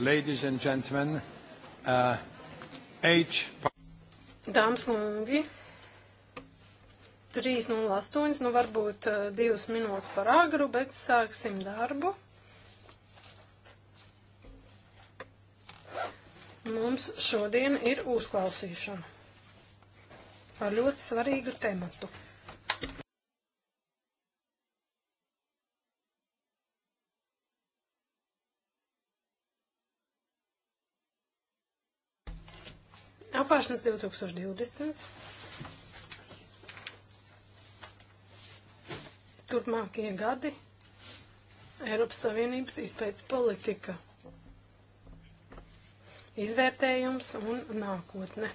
ladies and gentlemen, uh, H. Dāmas kungi, 3.08, nu varbūt uh, divas minūtes par agru, bet sāksim darbu. Mums šodien ir uzklausīšana par ļoti svarīgu tematu. Apvāršanas 2020. Turpmākie gadi Eiropas Savienības izpētes politika. Izvērtējums un nākotne.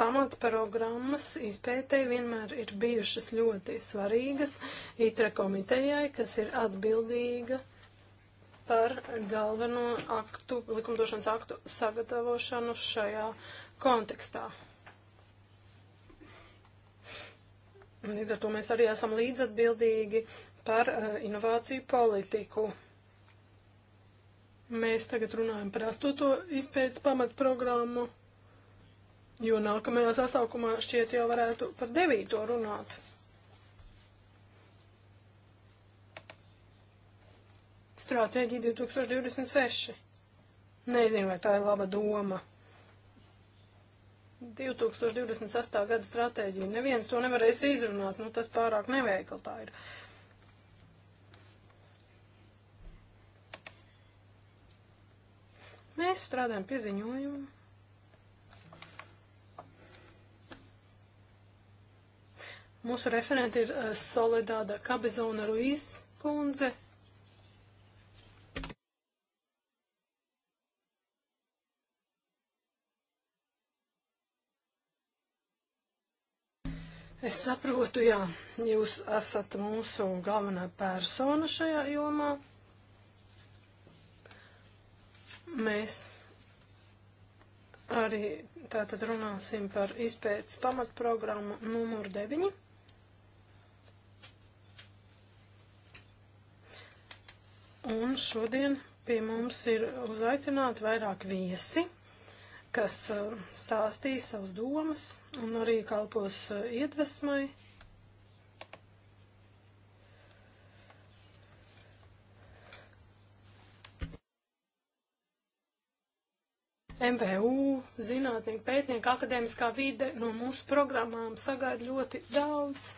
pamatprogrammas izpētēji vienmēr ir bijušas ļoti svarīgas ITRA komitejai, kas ir atbildīga par galveno aktu, likumdošanas aktu sagatavošanu šajā kontekstā. Līdz ar to mēs arī esam līdzatbildīgi par uh, inovāciju politiku. Mēs tagad runājam par astoto izpētes pamatprogrammu, jo nākamajā sasaukumā šķiet jau varētu par devīto runāt. stratēģija 2026. Nezinu, vai tā ir laba doma. 2028. gada stratēģija. Neviens to nevarēs izrunāt, nu tas pārāk neveikli tā ir. Mēs strādājam pie ziņojuma. Mūsu referenti ir eh, Soledāda Kabezona Ruiz kundze, Es saprotu, jā, jūs esat mūsu galvenā persona šajā jomā. Mēs arī tātad runāsim par izpētes pamatprogrammu numur 9. Un šodien pie mums ir uzaicināti vairāk viesi kas uh, stāstīs savus domas un arī kalpos uh, iedvesmai. MVU, zinātnieki, pētnieki, akadēmiskā vide no mūsu programmām sagaida ļoti daudz,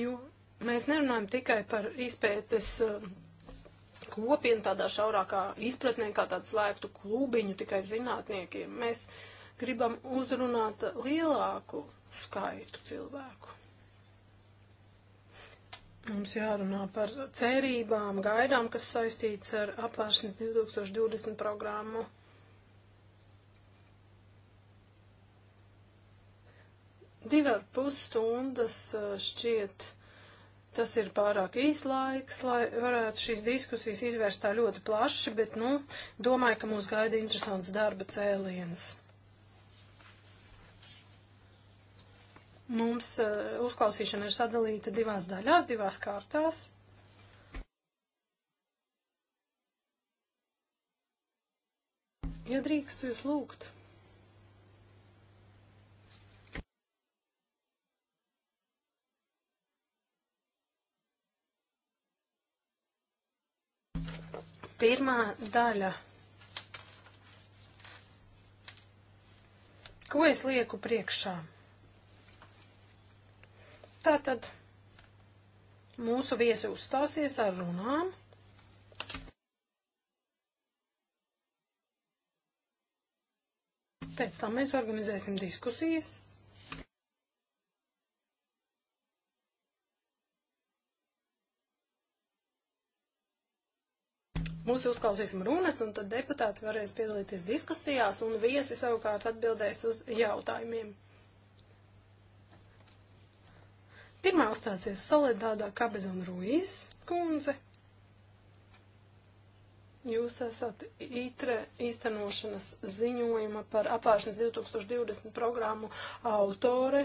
jo mēs nerunājam tikai par izpētes uh, kopienu tādā šaurākā izpratnē, kā tādu slēgtu klubiņu tikai zinātniekiem. Mēs gribam uzrunāt lielāku skaitu cilvēku. Mums jārunā par cerībām, gaidām, kas saistīts ar apvēršanas 2020 programmu. Divi ar pus stundas eh, šķiet Tas ir pārāk īs laiks, lai varētu šīs diskusijas izvērst tā ļoti plaši, bet, nu, domāju, ka mūs gaida interesants darba cēliens. Mums uh, uzklausīšana ir sadalīta divās daļās, divās kārtās. Ja drīkstu jūs lūgt. Pirmā daļa. Ko es lieku priekšā? Tātad mūsu viesi uzstāsies ar runām. Pēc tam mēs organizēsim diskusijas. Mums uzklausīsim runas, un tad deputāti varēs piedalīties diskusijās, un viesi savukārt atbildēs uz jautājumiem. Pirmā uzstāsies Soledādā Kabezona Ruiz kundze. Jūs esat ITRE īstenošanas ziņojuma par apvēršanas 2020 programmu autore.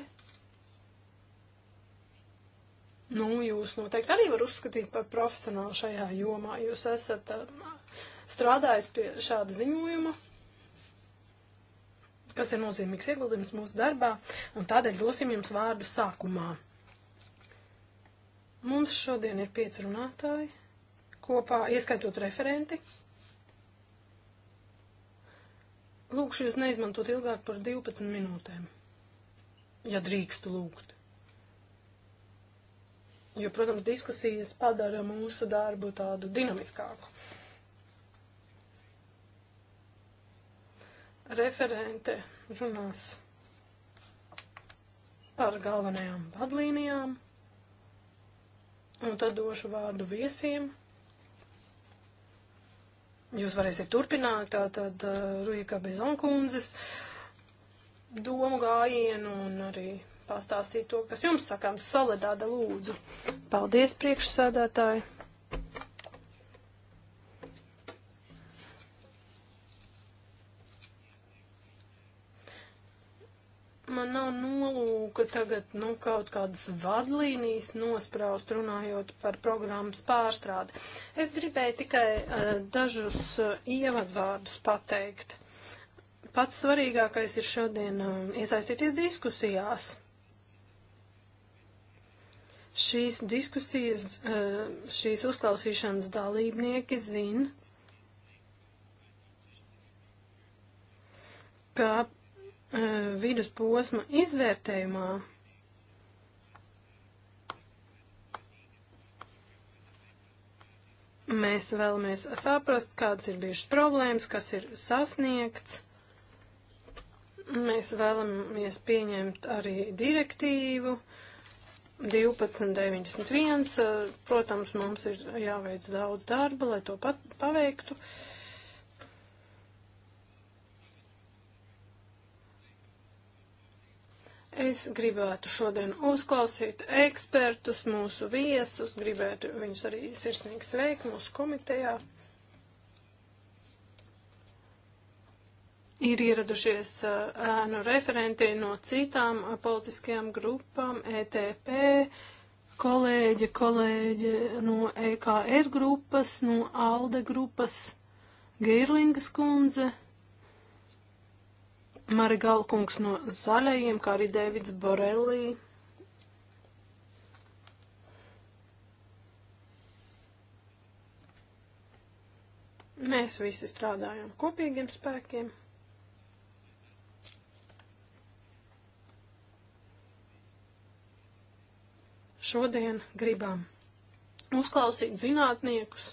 Nu, jūs noteikti arī var uzskatīt par profesionālu šajā jomā. Jūs esat um, strādājis pie šāda ziņojuma, kas ir nozīmīgs ieguldījums mūsu darbā, un tādēļ dosim jums vārdu sākumā. Mums šodien ir pieci runātāji, kopā ieskaitot referenti. Lūkšu jūs neizmantot ilgāk par 12 minūtēm, ja drīkstu lūgt jo, protams, diskusijas padara mūsu darbu tādu dinamiskāku. Referente runās par galvenajām vadlīnijām, un tad došu vārdu viesiem. Jūs varēsiet turpināt tātad uh, Ruika Bezonkundzes domu gājienu un arī pastāstīt to, kas jums sakāms solidāda lūdzu. Paldies, priekšsēdētāji. Man nav nolūka tagad nu, kaut kādas vadlīnijas nospraust, runājot par programmas pārstrādi. Es gribēju tikai uh, dažus uh, ievadvārdus pateikt pats svarīgākais ir šodien um, iesaistīties diskusijās. Šīs diskusijas, eh, šīs uzklausīšanas dalībnieki zina, ka eh, vidusposma izvērtējumā mēs vēlamies saprast, kādas ir bijušas problēmas, kas ir sasniegts. Mēs vēlamies pieņemt arī direktīvu, uh, 12.91. Eh, protams, mums ir jāveic daudz darba, lai to pat, paveiktu. Es gribētu šodien uzklausīt ekspertus, mūsu viesus, gribētu viņus arī sirsnīgi sveikt mūsu komitejā. Ir ieradušies eh, ēnu referenti no citām eh, politiskajām grupām, ETP, kolēģi, kolēģi no EKR grupas, no ALDE grupas, Geirlingas kundze, Marigal kungs no zaļajiem, kā arī Dēvids Borelī. Mēs visi strādājam kopīgiem spēkiem. šodien gribam. Uzklausīt zinātniekus.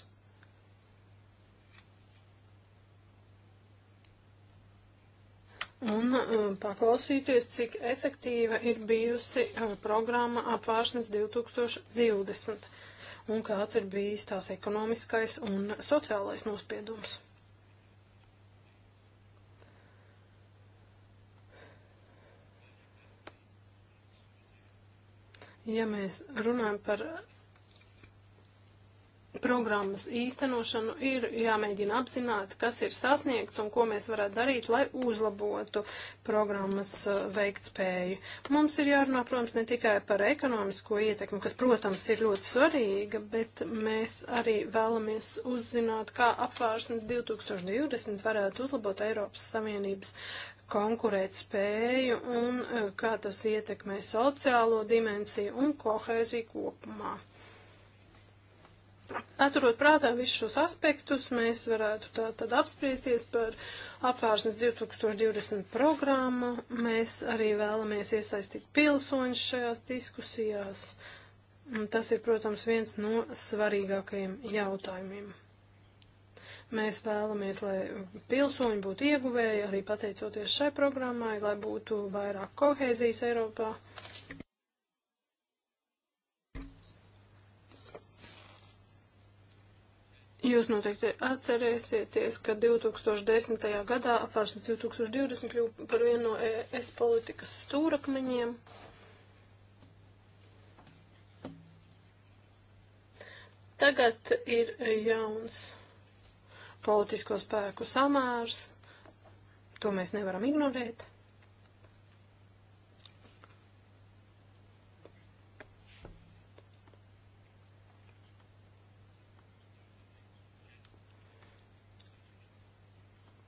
Un uh, paklausīties, cik efektīva ir bijusi uh, programma apvārsnes 2020 un kāds ir bijis tās ekonomiskais un sociālais nospiedums. Ja mēs runājam par programmas īstenošanu, ir jāmēģina apzināt, kas ir sasniegts un ko mēs varētu darīt, lai uzlabotu programmas uh, veiktspēju. Mums ir jārunā, protams, ne tikai par ekonomisko ietekmi, kas, protams, ir ļoti svarīga, bet mēs arī vēlamies uzzināt, kā apvārsnes 2020 varētu uzlabot Eiropas Savienības konkurēt spēju un e, kā tas ietekmē sociālo dimensiju un kohēziju kopumā. Paturot prātā visus šos aspektus, mēs varētu tā tad apspriesties par apvārsnes 2020 programmu. Mēs arī vēlamies iesaistīt pilsoņus šajās diskusijās. Un tas ir, protams, viens no svarīgākajiem jautājumiem. Mēs vēlamies, lai pilsoņi būtu ieguvēji arī pateicoties šai programmai, lai būtu vairāk kohēzijas Eiropā. Jūs noteikti atcerēsieties, ka 2010. gadā apvārsnes 2020 kļūpa par vienu no ES politikas stūrakmeņiem. Tagad ir jauns politisko spēku samērs. To mēs nevaram ignorēt.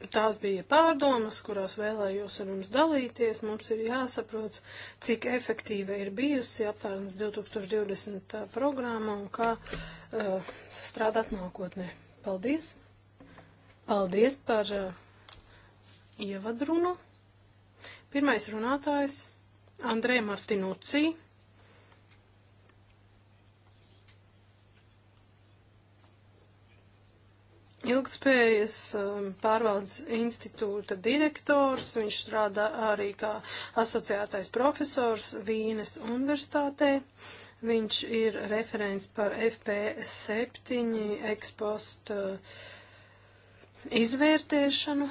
tās bija pārdomas, kurās vēlējos ar jums dalīties. Mums ir jāsaprot, cik efektīva ir bijusi apvērnas 2020 programma un kā uh, strādāt nākotnē. Paldies! Paldies par uh, ievadrunu. Pirmais runātājs Andrē Martinucī. Ilgspējas um, pārvaldes institūta direktors, viņš strādā arī kā asociētais profesors Vīnes universitātē. Viņš ir referents par FP7 ekspostu uh, izvērtēšanu.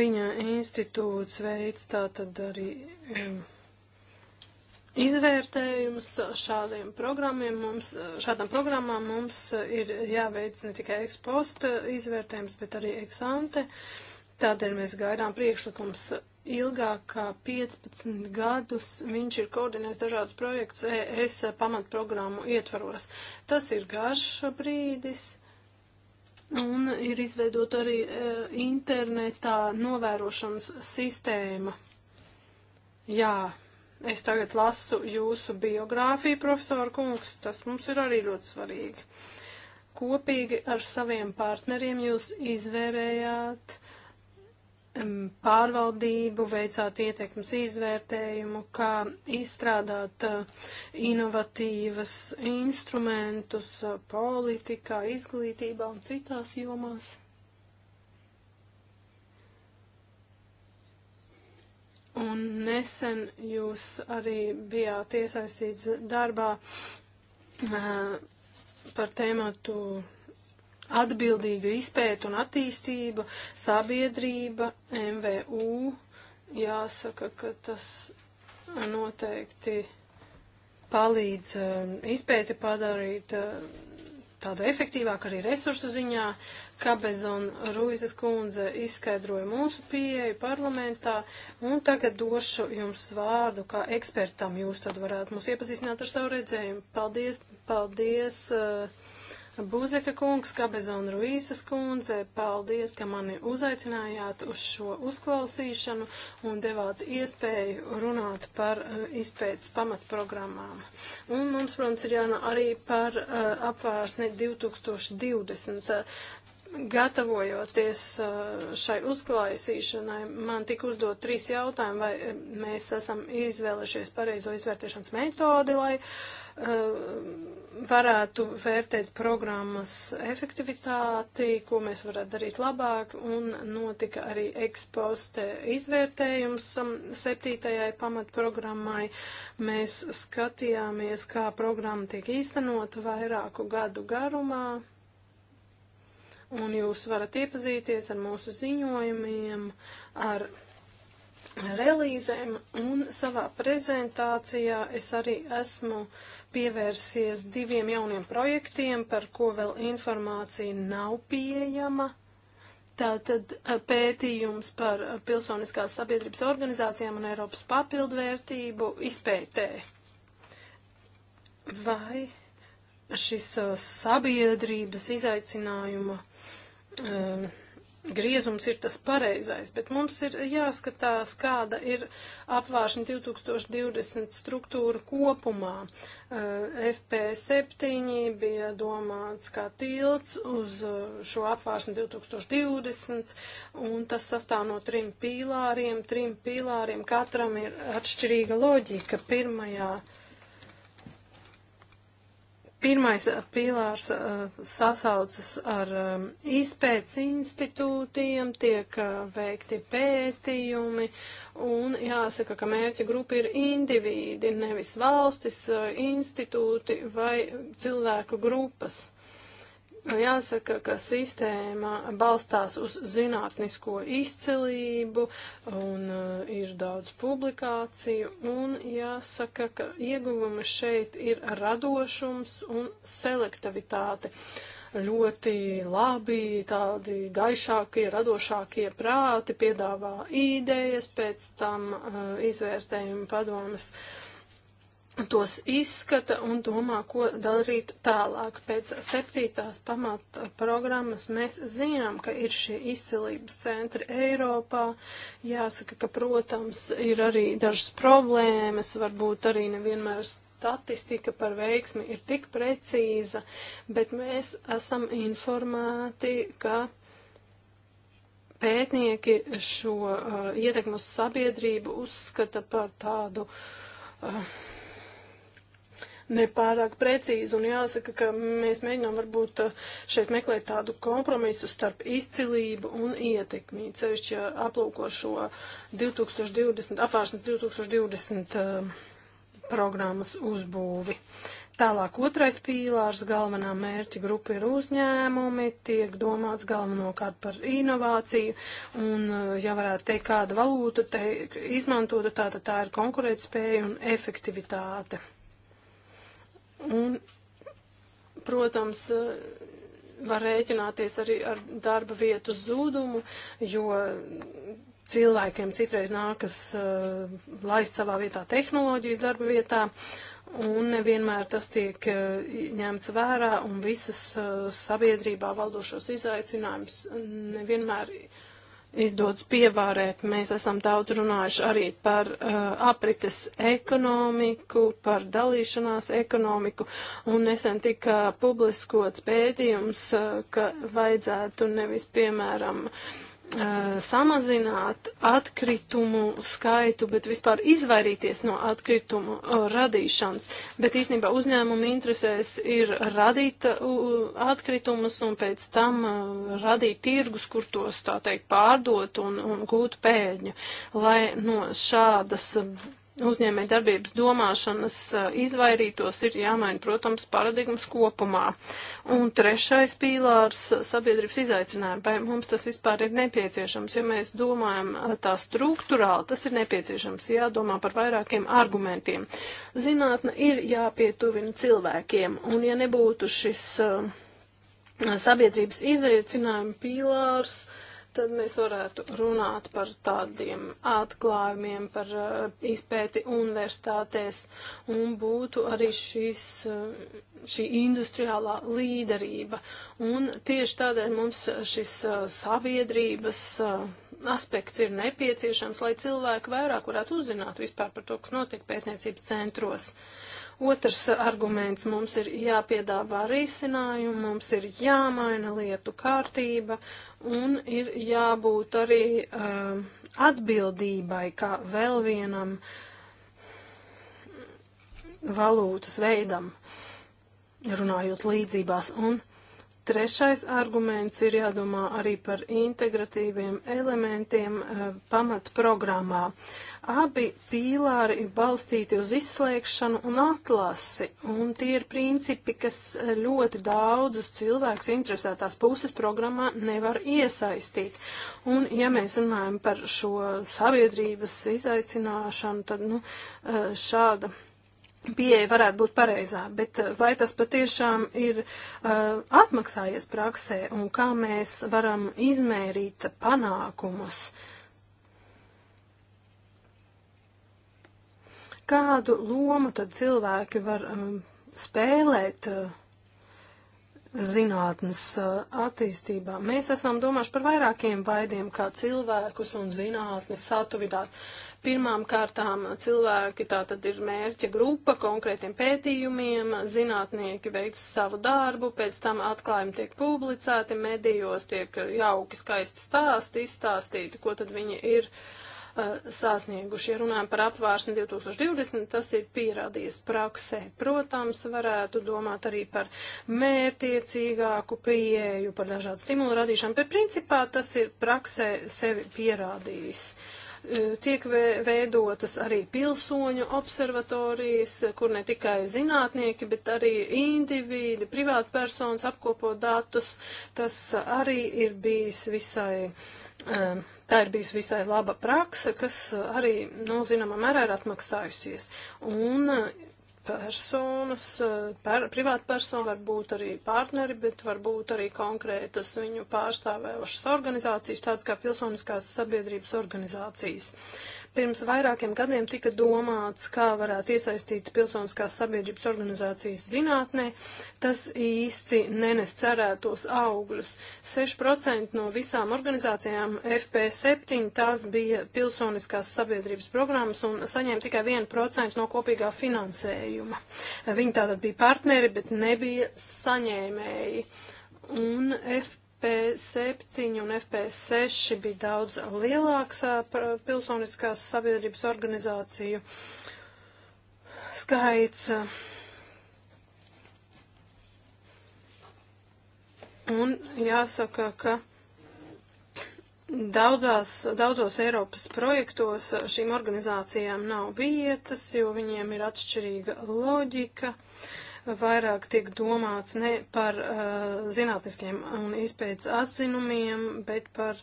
Viņa institūts veids tātad arī um, izvērtējumus šādiem programmiem. Mums, šādām programmām mums ir jāveic ne tikai eksposta izvērtējums, bet arī eksante. Tādēļ mēs gaidām priekšlikums ilgāk kā 15 gadus viņš ir koordinējis dažādus projektus ES pamatprogrammu ietvaros. Tas ir garš brīdis. Un ir izveidot arī e, internetā novērošanas sistēma. Jā, es tagad lasu jūsu biogrāfiju, profesora kungs, tas mums ir arī ļoti svarīgi. Kopīgi ar saviem partneriem jūs izvērējāt uh, pārvaldību, veicāt ietekmes izvērtējumu, kā izstrādāt eh, inovatīvas instrumentus eh, politikā, izglītībā un citās jomās. Un nesen jūs arī bijāt iesaistīts darbā eh, par tēmatu atbildīgu izpētu un attīstību, sabiedrība, MVU, jāsaka, ka tas noteikti palīdz uh, izpēti padarīt uh, tādu efektīvāku arī resursu ziņā. Kabezon Ruizes kundze izskaidroja mūsu pieeju parlamentā, un tagad došu jums vārdu kā ekspertam. Jūs tad varētu mūs iepazīstināt ar savu redzējumu. Paldies, paldies. Uh, Buzeka kungs, Kabezona Ruīsas kundze, paldies, ka mani uzaicinājāt uz šo uzklausīšanu un devāt iespēju runāt par uh, izpētes pamatprogrammām. Un mums, protams, ir jāna arī par uh, apvārsni 2020. Gatavojoties uh, šai uzklausīšanai, man tika uzdot trīs jautājumi, vai mēs esam izvēlējušies pareizo izvērtēšanas metodi, lai uh, Um, varētu vērtēt programmas efektivitāti, ko mēs varētu darīt labāk, un notika arī eksposte izvērtējums um, septītajai pamatprogrammai. Mēs skatījāmies, kā programma tiek īstenota vairāku gadu garumā, un jūs varat iepazīties ar mūsu ziņojumiem, ar relīzēm un savā prezentācijā es arī esmu pievērsies diviem jauniem projektiem, par ko vēl informācija nav pieejama. Tātad eh, pētījums par pilsoniskās sabiedrības organizācijām un Eiropas papildvērtību izpētē. Vai šis eh, sabiedrības izaicinājuma uh, griezums ir tas pareizais, bet mums ir jāskatās, kāda ir apvāršana 2020 struktūra kopumā. Eh, FP7 bija domāts kā tilts uz eh, šo apvāršanu 2020, un tas sastāv no trim pīlāriem. Trim pīlāriem katram ir atšķirīga loģika. Pirmajā uh, Pirmais eh, pīlārs uh, sasaucas ar um, izpētes institūtiem, tiek uh, veikti pētījumi, un jāsaka, ka mērķa grupa ir indivīdi, nevis valstis, uh, institūti vai cilvēku grupas. Nu, jāsaka, ka sistēma balstās uz zinātnisko izcelību un uh, ir daudz publikāciju, un jāsaka, ka ieguvumi šeit ir radošums un selektivitāte. Ļoti labi tādi gaišākie, radošākie prāti piedāvā idejas, pēc tam uh, izvērtējumu padomas. Uh, tos izskata un domā, ko darīt tālāk. Pēc septītās pamata programmas mēs zinām, ka ir šie izcilības centri Eiropā. Jāsaka, ka, protams, ir arī dažas problēmas, varbūt arī nevienmēr statistika par veiksmi ir tik precīza, bet mēs esam informēti, ka pētnieki šo uh, ietekmu uz sabiedrību uzskata par tādu uh, nepārāk precīzi. Un jāsaka, ka mēs mēģinām varbūt uh, šeit meklēt tādu kompromisu starp izcilību un ietekmi. Cevišķi ja aplūko šo 2020, apvārsnes 2020 uh, programmas uzbūvi. Tālāk otrais pīlārs galvenā mērķa grupa ir uzņēmumi, tiek domāts galvenokārt par inovāciju un, uh, ja varētu teikt, kāda valūta te izmantota, tā, tā, tā ir konkurētspēja un efektivitāte. Un, protams, var rēķināties arī ar darba vietu zudumu, jo cilvēkiem citreiz nākas uh, laist savā vietā tehnoloģijas darba vietā, un nevienmēr tas tiek uh, ņemts vērā, un visas uh, sabiedrībā valdošos izaicinājumus nevienmēr. Uh, izdodas pievārēt. Mēs esam daudz runājuši arī par uh, aprites ekonomiku, par dalīšanās ekonomiku, un nesen tika publiskots pētījums, uh, ka vajadzētu nevis, piemēram, uh, samazināt atkritumu skaitu, bet vispār izvairīties no atkritumu radīšanas. Bet īstenībā uzņēmuma interesēs ir radīt atkritumus un pēc tam radīt tirgus, kur tos, tā teikt, pārdot un, un gūt pēļņu, lai no šādas uzņēmē darbības domāšanas izvairītos, ir jāmaina, protams, paradigmas kopumā. Un trešais pīlārs - sabiedrības izaicinājumi. Vai mums tas vispār ir nepieciešams? Ja mēs domājam tā struktūrāli, tas ir nepieciešams. Jādomā par vairākiem argumentiem. Zinātne ir jāpietuvina cilvēkiem, un ja nebūtu šis sabiedrības izaicinājumi pīlārs, uh, tad mēs varētu runāt par tādiem atklājumiem, par uh, izpēti universitātēs un būtu arī šis, uh, šī industriālā līderība. Un tieši tādēļ mums šis uh, sabiedrības uh, aspekts ir nepieciešams, lai cilvēki vairāk varētu uzzināt vispār par to, kas notiek pētniecības centros. Uh, Otrs arguments - mums ir jāpiedāvā risinājumi, mums ir jāmaina lietu kārtība un ir jābūt arī uh, atbildībai kā vēl vienam valūtas veidam, runājot līdzībās. Un Trešais arguments ir jādomā arī par integratīviem elementiem e, pamatprogrammā. Abi pīlāri ir balstīti uz izslēgšanu un atlasi, un tie ir principi, kas ļoti daudzus cilvēkus interesētās puses programmā nevar iesaistīt. Un, ja mēs runājam par šo sabiedrības izaicināšanu, tad nu, e, šāda pieeja varētu būt pareizā, bet eh, vai tas patiešām ir uh, atmaksājies praksē un kā mēs varam izmērīt panākumus? Kādu lomu tad cilvēki var um, spēlēt uh, zinātnes uh, attīstībā? Mēs esam domājuši par vairākiem vaidiem, kā cilvēkus un zinātnes satuvināt. Uh, Pirmām kārtām cilvēki tā tad ir mērķa grupa konkrētiem pētījumiem, zinātnieki veic savu darbu, pēc tam atklājumi tiek publicēti, medijos tiek jauki skaisti stāsti izstāstīti, ko tad viņi ir uh, sasnieguši. Ja runājam par apvārsni 2020, tas ir pierādījis praksē. Protams, varētu domāt arī par mērtiecīgāku pieeju, par dažādu stimulu radīšanu, bet principā tas ir praksē sevi pierādījis. Uh, tiek veidotas arī pilsoņu observatorijas, kur ne tikai zinātnieki, bet arī indivīdi, privātpersonas apkopo datus. Tas arī ir bijis visai. Tā ir bijusi visai laba praksa, kas arī, nu, zināmā mērā ir atmaksājusies. Un personas, eh, per, privātpersona, var būt arī partneri, bet var būt arī konkrētas viņu pārstāvējušas organizācijas, tādas kā pilsoniskās sabiedrības organizācijas. Pirms vairākiem gadiem tika domāts, kā varētu iesaistīt pilsoniskās sabiedrības organizācijas zinātnē. Tas īsti nenes cerētos augļus. 6% no visām organizācijām FP7 tās bija pilsoniskās sabiedrības programmas un saņēma tikai 1% no kopīgā finansējuma. Viņi tātad bija partneri, bet nebija saņēmēji. Un FP FP7 un FP6 bija daudz lielāks pilsoniskās sabiedrības organizāciju skaits. Un jāsaka, ka daudzās, daudzos Eiropas projektos šīm organizācijām nav vietas, jo viņiem ir atšķirīga loģika vairāk tiek domāts ne par uh, zinātniskiem un izpētes atzinumiem, bet par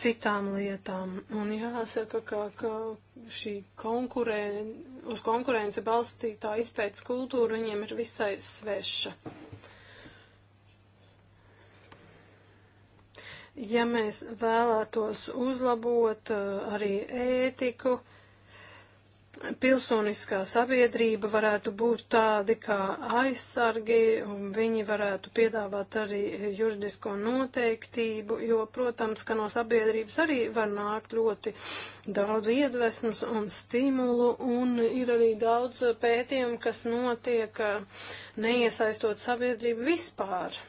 citām lietām. Un jāsaka, ka, ka šī konkurēn, uz konkurence balstītā izpētes kultūra viņiem ir visai sveša. Ja mēs vēlētos uzlabot uh, arī ētiku, pilsoniskā sabiedrība varētu būt tādi kā aizsargi, un viņi varētu piedāvāt arī juridisko noteiktību, jo, protams, ka no sabiedrības arī var nākt ļoti daudz iedvesmas un stimulu, un ir arī daudz pētījumu, kas notiek neiesaistot sabiedrību vispār.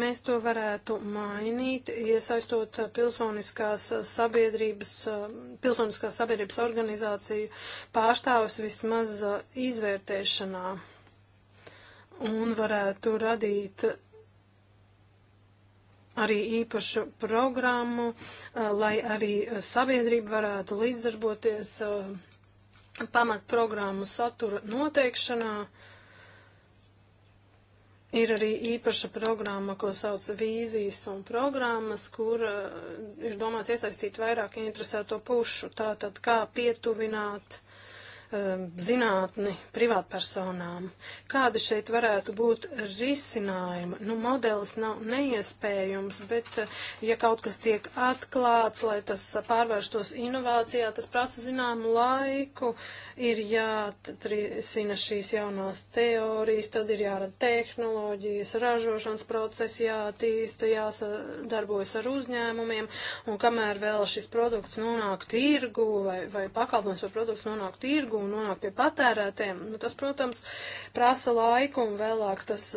Mēs to varētu mainīt, iesaistot uh, pilsoniskās uh, sabiedrības, uh, pilsoniskās sabiedrības organizāciju pārstāvis vismaz izvērtēšanā un varētu radīt arī īpašu programmu, lai arī sabiedrība varētu līdzdarboties pamatprogrammu satura noteikšanā. Ir arī īpaša programma, ko sauc vīzijas un programmas, kur uh, ir domāts iesaistīt vairāk interesēto pušu. Tātad, kā pietuvināt Um, zinātni privātpersonām. Kāda šeit varētu būt risinājuma? Nu, modelis nav neiespējams, bet uh, ja kaut kas tiek atklāts, lai tas pārvērstos inovācijā, tas prasa zināmu laiku, ir jāatrisina šīs jaunās teorijas, tad ir jārada tehnoloģijas, ražošanas procesi jātīsta, jāsadarbojas ar uzņēmumiem, un kamēr vēl šis produkts nonāk tirgu vai, vai pakalpojums vai produkts nonāk tirgu, tirgu un nonāk pie patērētiem, nu, tas, protams, prasa laiku un vēlāk tas,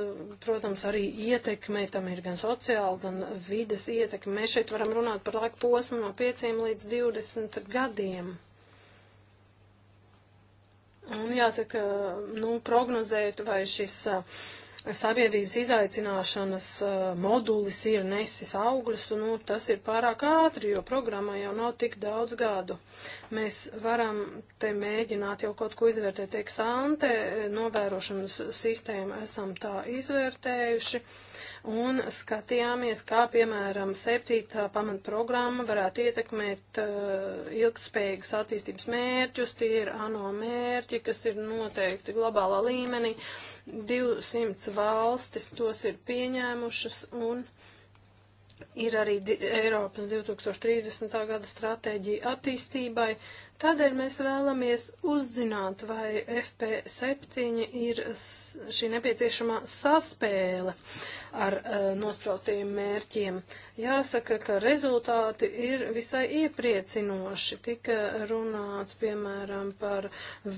protams, arī ietekmē, tam ir gan sociāla, gan vides ietekme. Mēs šeit varam runāt par laika posmu no 5 līdz 20 gadiem. Un jāsaka, nu, prognozējot, vai šis uh, sabiedrības izaicināšanas eh, modulis ir nesis augļus, un nu, tas ir pārāk ātri, jo programmā jau nav tik daudz gadu. Mēs varam te mēģināt jau kaut ko izvērtēt, teiks Ante, eh, novērošanas sistēmu esam tā izvērtējuši. Uh, un skatījāmies, kā piemēram septītā pamatprogramma varētu ietekmēt uh, ilgtspējīgas attīstības mērķus, tie ir ANO mērķi, kas ir noteikti globālā līmenī, 200 valstis tos ir pieņēmušas un ir arī Eiropas 2030. gada stratēģija attīstībai, uh, Tādēļ mēs vēlamies uzzināt, vai FP7 ir šī nepieciešamā saspēle ar uh, e, nospraustajiem mērķiem. Jāsaka, ka rezultāti ir visai iepriecinoši. Tika runāts, piemēram, par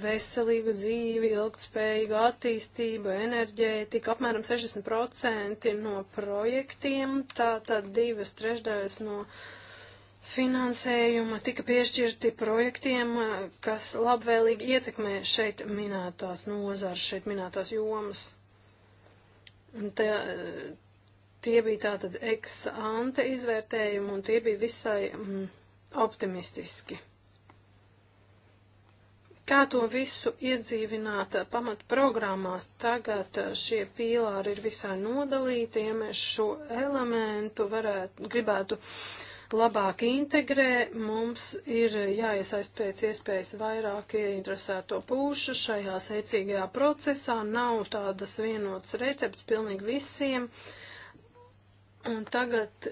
veselīgu dzīvi, ilgtspējīgu attīstību, enerģētiku, apmēram 60% no projektiem, tātad divas trešdaļas no projektiem finansējuma tika piešķirti projektiem, kas labvēlīgi ietekmē šeit minētās nozars, šeit minētās jomas. Te, tie bija tātad ex ante izvērtējumi un tie bija visai mm, optimistiski. Kā to visu iedzīvināt pamatprogrammās, tagad šie pīlāri ir visai nodalīti, ja mēs šo elementu varētu, gribētu uh, labāk integrē. Mums ir jāiesaist pēc iespējas vairāk ieinteresēto pušu šajā secīgajā procesā. Nav tādas vienotas recepts pilnīgi visiem. Un tagad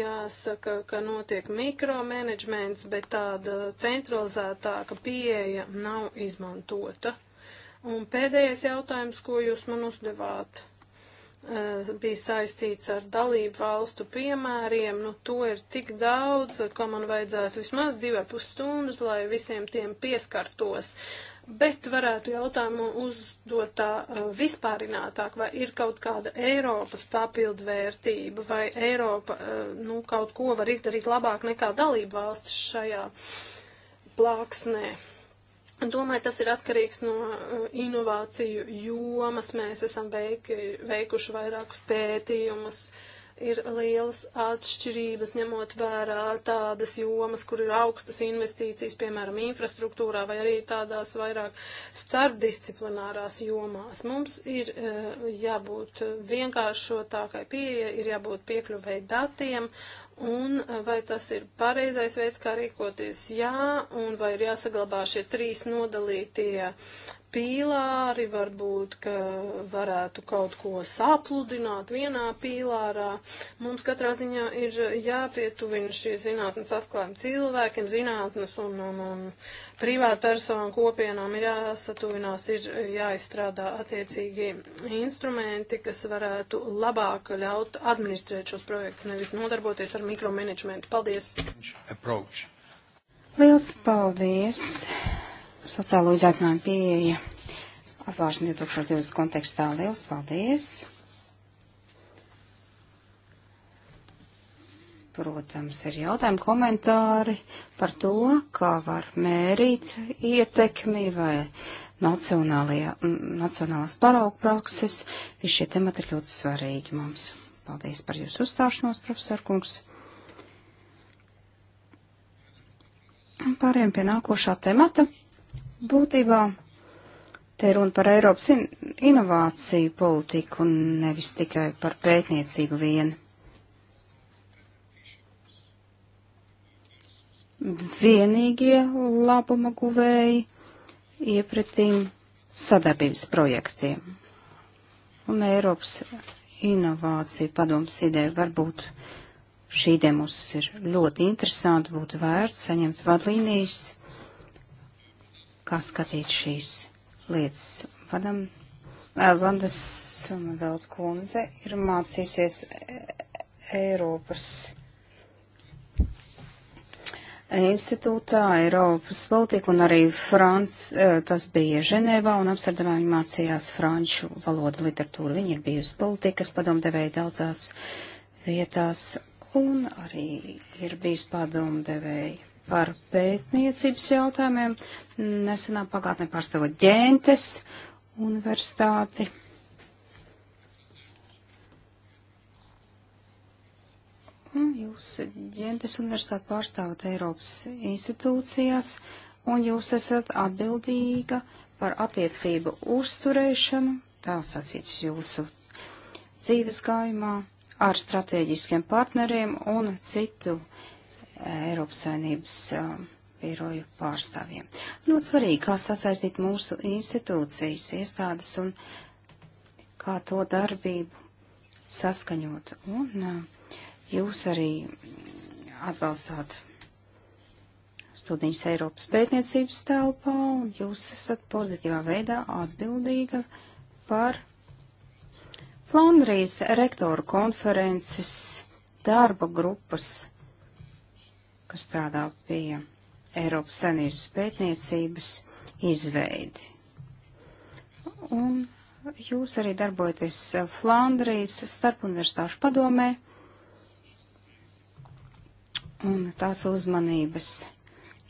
jāsaka, ka notiek mikromanagements, bet tāda centralizētāka pieeja nav izmantota. Un pēdējais jautājums, ko jūs man uzdevāt. Eh, bija saistīts ar dalību valstu piemēriem, nu to ir tik daudz, ko man vajadzētu vismaz divi ar pus stundas, lai visiem tiem pieskartos. Bet varētu jautājumu uzdot tā eh, vispārinātāk, vai ir kaut kāda Eiropas papildvērtība, vai Eiropa, eh, nu, kaut ko var izdarīt labāk nekā dalību valsts šajā plāksnē. Domāju, tas ir atkarīgs no eh, inovāciju jomas. Mēs esam veiki, veikuši vairākus pētījumus. Ir lielas atšķirības, ņemot vērā tādas jomas, kur ir augstas investīcijas, piemēram, infrastruktūrā vai arī tādās vairāk starpdisciplinārās jomās. Mums ir eh, jābūt vienkāršotākai pieeja, ir jābūt piekļuvēji datiem Un vai tas ir pareizais veids, kā rīkoties? Jā, un vai ir jāsaglabā šie trīs nodalītie pīlāri, varbūt, ka varētu kaut ko sapludināt vienā pīlārā. Mums katrā ziņā ir jāpietuvina šie zinātnes atklājumi cilvēkiem, zinātnes un, un, un privāta persona kopienām ir jāsatuvinās, ir jāizstrādā attiecīgi instrumenti, kas varētu labāk ļaut administrēt šos projektus, nevis nodarboties ar mikromanagementu. Paldies! Approach. Liels paldies! sociālo izaicinājumu pieeja apvāršana 2020 kontekstā. Liels paldies! Protams, ir jautājumi, komentāri par to, kā var mērīt ietekmi vai nacionālās paraugu prakses. Visi šie temati ir ļoti svarīgi mums. Paldies par jūsu uzstāšanos, profesor Kungs. Pārējiem pie nākošā temata. Būtībā te runa par Eiropas in inovāciju politiku un nevis tikai par pētniecību vienu. Vienīgie labuma guvēji iepretīm sadarbības projektiem. Un Eiropas inovācija padoms ideja varbūt šī ideja mums ir ļoti interesanta, būtu vērts saņemt vadlīnijas kā skatīt šīs lietas. Vadam, Vandas Sumadelt kundze ir mācīsies e, e, Eiropas institūtā, Eiropas politika un arī Frans, tas bija Ženēvā un Amsterdamā viņa mācījās franču valodu literatūru. Viņa ir bijusi politikas padomdevēja daudzās vietās un arī ir bijusi padomdevēja par pētniecības jautājumiem. Nesenā pagātnē pārstāvot ģēntes universitāti. Jūs ģēntes universitāti pārstāvat Eiropas institūcijās, un jūs esat atbildīga par attiecību uzturēšanu, tā sacīts jūsu dzīves gājumā, ar strateģiskiem partneriem un citu Eiropas Savienības um, biroju pārstāvjiem. Ļoti svarīgi, kā sasaistīt mūsu institūcijas, iestādes un kā to darbību saskaņot. Un um, jūs arī atbalstāt studijas Eiropas pētniecības telpā, un jūs esat pozitīvā veidā atbildīga par Flandrijas rektoru konferences darba grupas kas strādā pie Eiropas senības pētniecības izveidi. Un jūs arī darbojaties Flandrijas starpuniversitāšu padomē, un tās uzmanības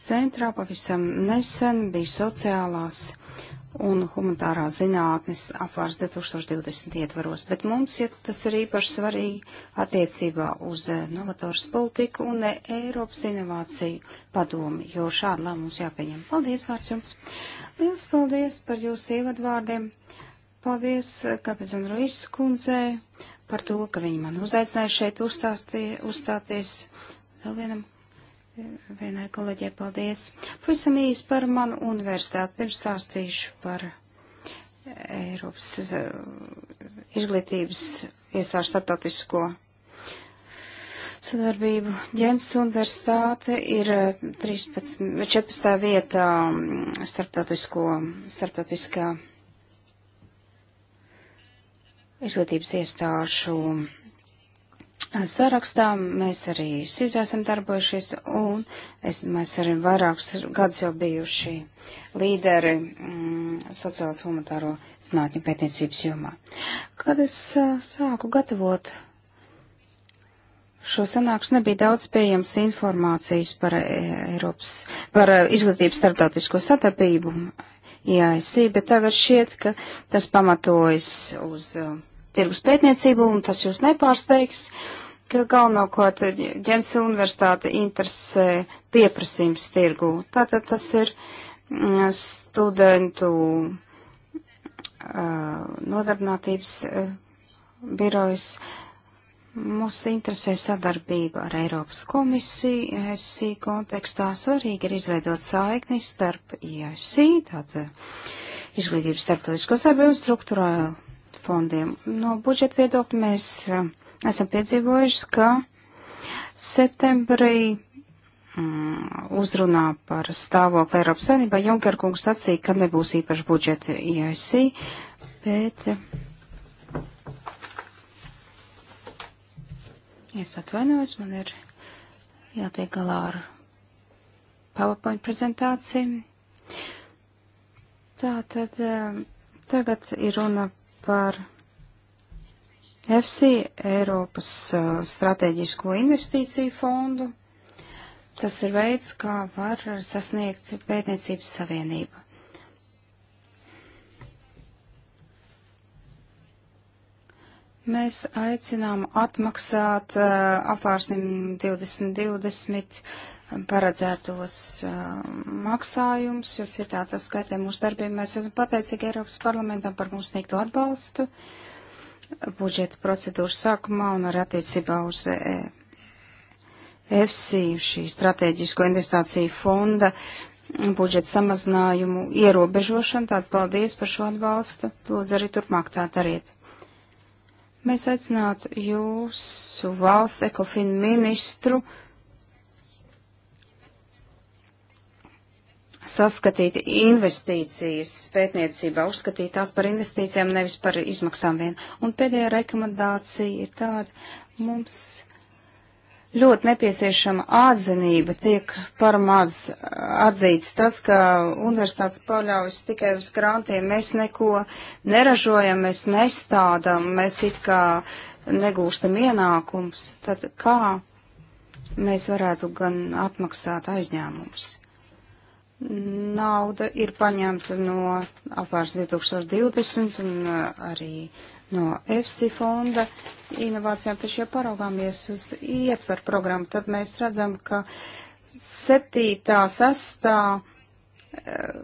centrā pavisam nesen bija sociālās un humanitārās zinātnes apvārs 2020 ietvaros, bet mums ja tas ir īpaši svarīgi attiecībā uz eh, novatoras politiku un eh, Eiropas inovāciju padomi, jo šādi lēmums jāpieņem. Paldies vārds jums! Liels paldies par jūsu ievadvārdiem! Paldies eh, Kapizan Ruijas kundzei par to, ka viņi man uzaicināja šeit uzstāties vēl vienam vienai kolēģē paldies. Pavisam īsi par manu universitāti. Pirms stāstīšu par Eiropas eh, izglītības iestāžu starptautisko sadarbību. Ģents universitāte ir 13, eh, 14. vietā mm, starptautisko, starptautiskā izglītības iestāžu sarakstā, mēs arī SIS esam darbojušies, un es, mēs arī vairākus gadus jau bijuši līderi mm, sociālas humanitāro zinātņu pētniecības jomā. Kad es sāku gatavot šo sanāks, nebija daudz pieejams informācijas par, Eiropas, par izglītības starptautisko sadarbību, IASI, e bet tagad šķiet, ka tas pamatojas uz. Uh, tirgus pētniecību, un tas jūs nepārsteigs. Uh, ka galvenokārt Ģensa universitāte interesē pieprasījums tirgū. Tātad tas ir mm, studentu nodarbinātības birojas. Mūs interesē sadarbība ar Eiropas komisiju, ESI kontekstā svarīgi ir izveidot saikni starp ESI, tātad izglītības starptautisko sadarbību un struktūrālu fondiem. No budžeta viedokļa mēs uh, esam piedzīvojuši, ka septembrī mm, uzrunā par stāvokli Eiropas Savienībā Junkerkungs sacīja, ka nebūs īpaši budžeta ISC, bet. Es atvainojos, man ir jātiek galā ar PowerPoint prezentāciju. Tā tad eh, tagad ir runa par EFSI, Eiropas uh, strateģisko investīciju fondu. Tas ir veids, kā var sasniegt pētniecības savienību. Mēs aicinām atmaksāt uh, apvārsnim 2020 um, paredzētos uh, maksājumus, jo citā tas skaitē mūsu darbiem. Mēs esam pateicīgi Eiropas parlamentam par mūsu sniegto atbalstu. Uh, budžeta procedūras sākumā un arī attiecībā uz EFSI, e, šī strateģisko investāciju fonda, budžeta samazinājumu ierobežošanu. Tātad paldies par šo atbalstu. Lūdzu, arī turpmāk tā dariet. Mēs aicinātu jūsu valsts ekofinu ministru saskatīt investīcijas pētniecībā, uzskatīt tās par investīcijām, nevis par izmaksām vien. Un pēdējā rekomendācija ir tāda, mums ļoti nepieciešama atzinība, tiek par maz atzīts tas, ka universitātes paļaujas tikai uz grantiem, mēs neko neražojam, mēs nestādam, mēs it kā negūstam ienākums, tad kā mēs varētu gan atmaksāt aizņēmumus? Nauda ir paņemta no apārs 2020 un uh, arī no EFSI fonda inovācijām, taču, ja paraugāmies uz ietver programmu, tad mēs redzam, ka septītā, sastā uh,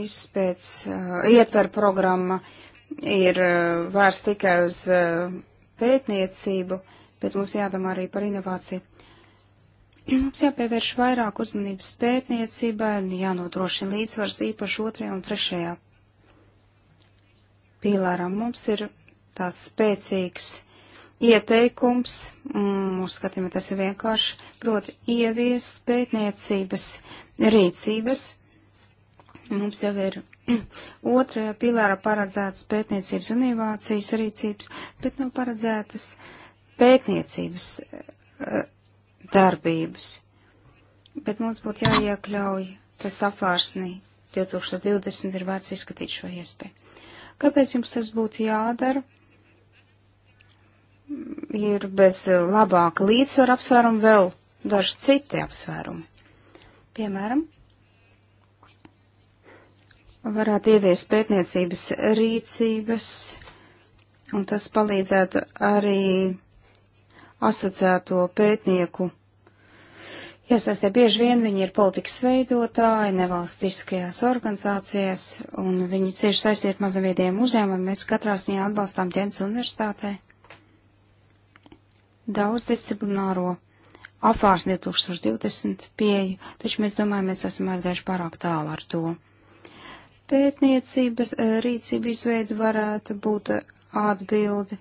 izpēc, uh, ietver programma ir vērsta tikai uz pētniecību, bet mums jādomā arī par inovāciju. Mums jāpievērš vairāk uzmanības pētniecībai un jānodrošina līdzsvars īpaši otrajā un trešajā pīlārā. Mums ir tāds spēcīgs ieteikums, mūsu skatījumā tas ir vienkārši, proti ieviest pētniecības rīcības. Mums jau ir otrajā pilāra paredzētas pētniecības un inovācijas rīcības, bet nav paredzētas pētniecības eh, darbības. Bet mums būtu jāiekļauj, ka sapvārsnī 2020 ir vērts izskatīt šo iespēju. Kāpēc jums tas būtu jādara? Ir bez labāka līdzsvara apsvērumu vēl daži citi apsvērumi. Piemēram, varētu ieviest pētniecības rīcības, un tas palīdzētu arī asociēto pētnieku Iesaistē bieži vien viņi ir politikas veidotāji, nevalstiskajās organizācijās, un viņi cieši saistīti ar mazaviediem uzņēmumiem. Mēs katrā ziņā atbalstām ģents universitātē daudzdisciplināro apvārs 2020 pieju, taču mēs domājam, mēs esam aizgājuši pārāk tālu ar to. Pētniecības eh, rīcība izveidu varētu būt atbildi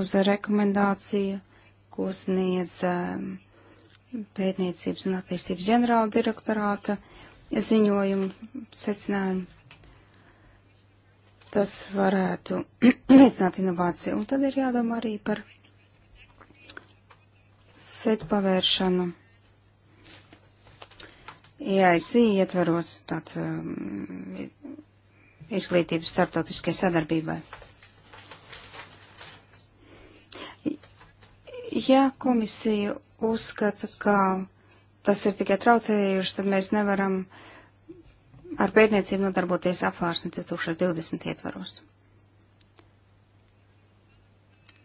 uz rekomendāciju, ko sniedz um, pētniecības un attīstības ģenerāla direktorāta ziņojumu secinājumu. Tas varētu veicināt inovāciju. Un tad ir jādomā arī par fetu pavēršanu. EIC ietvaros tātad um, izglītības starptautiskai sadarbībai. Ja komisija uzskata, ka tas ir tikai traucējuši, tad mēs nevaram ar pētniecību nodarboties apvārsni 2020 ietvaros.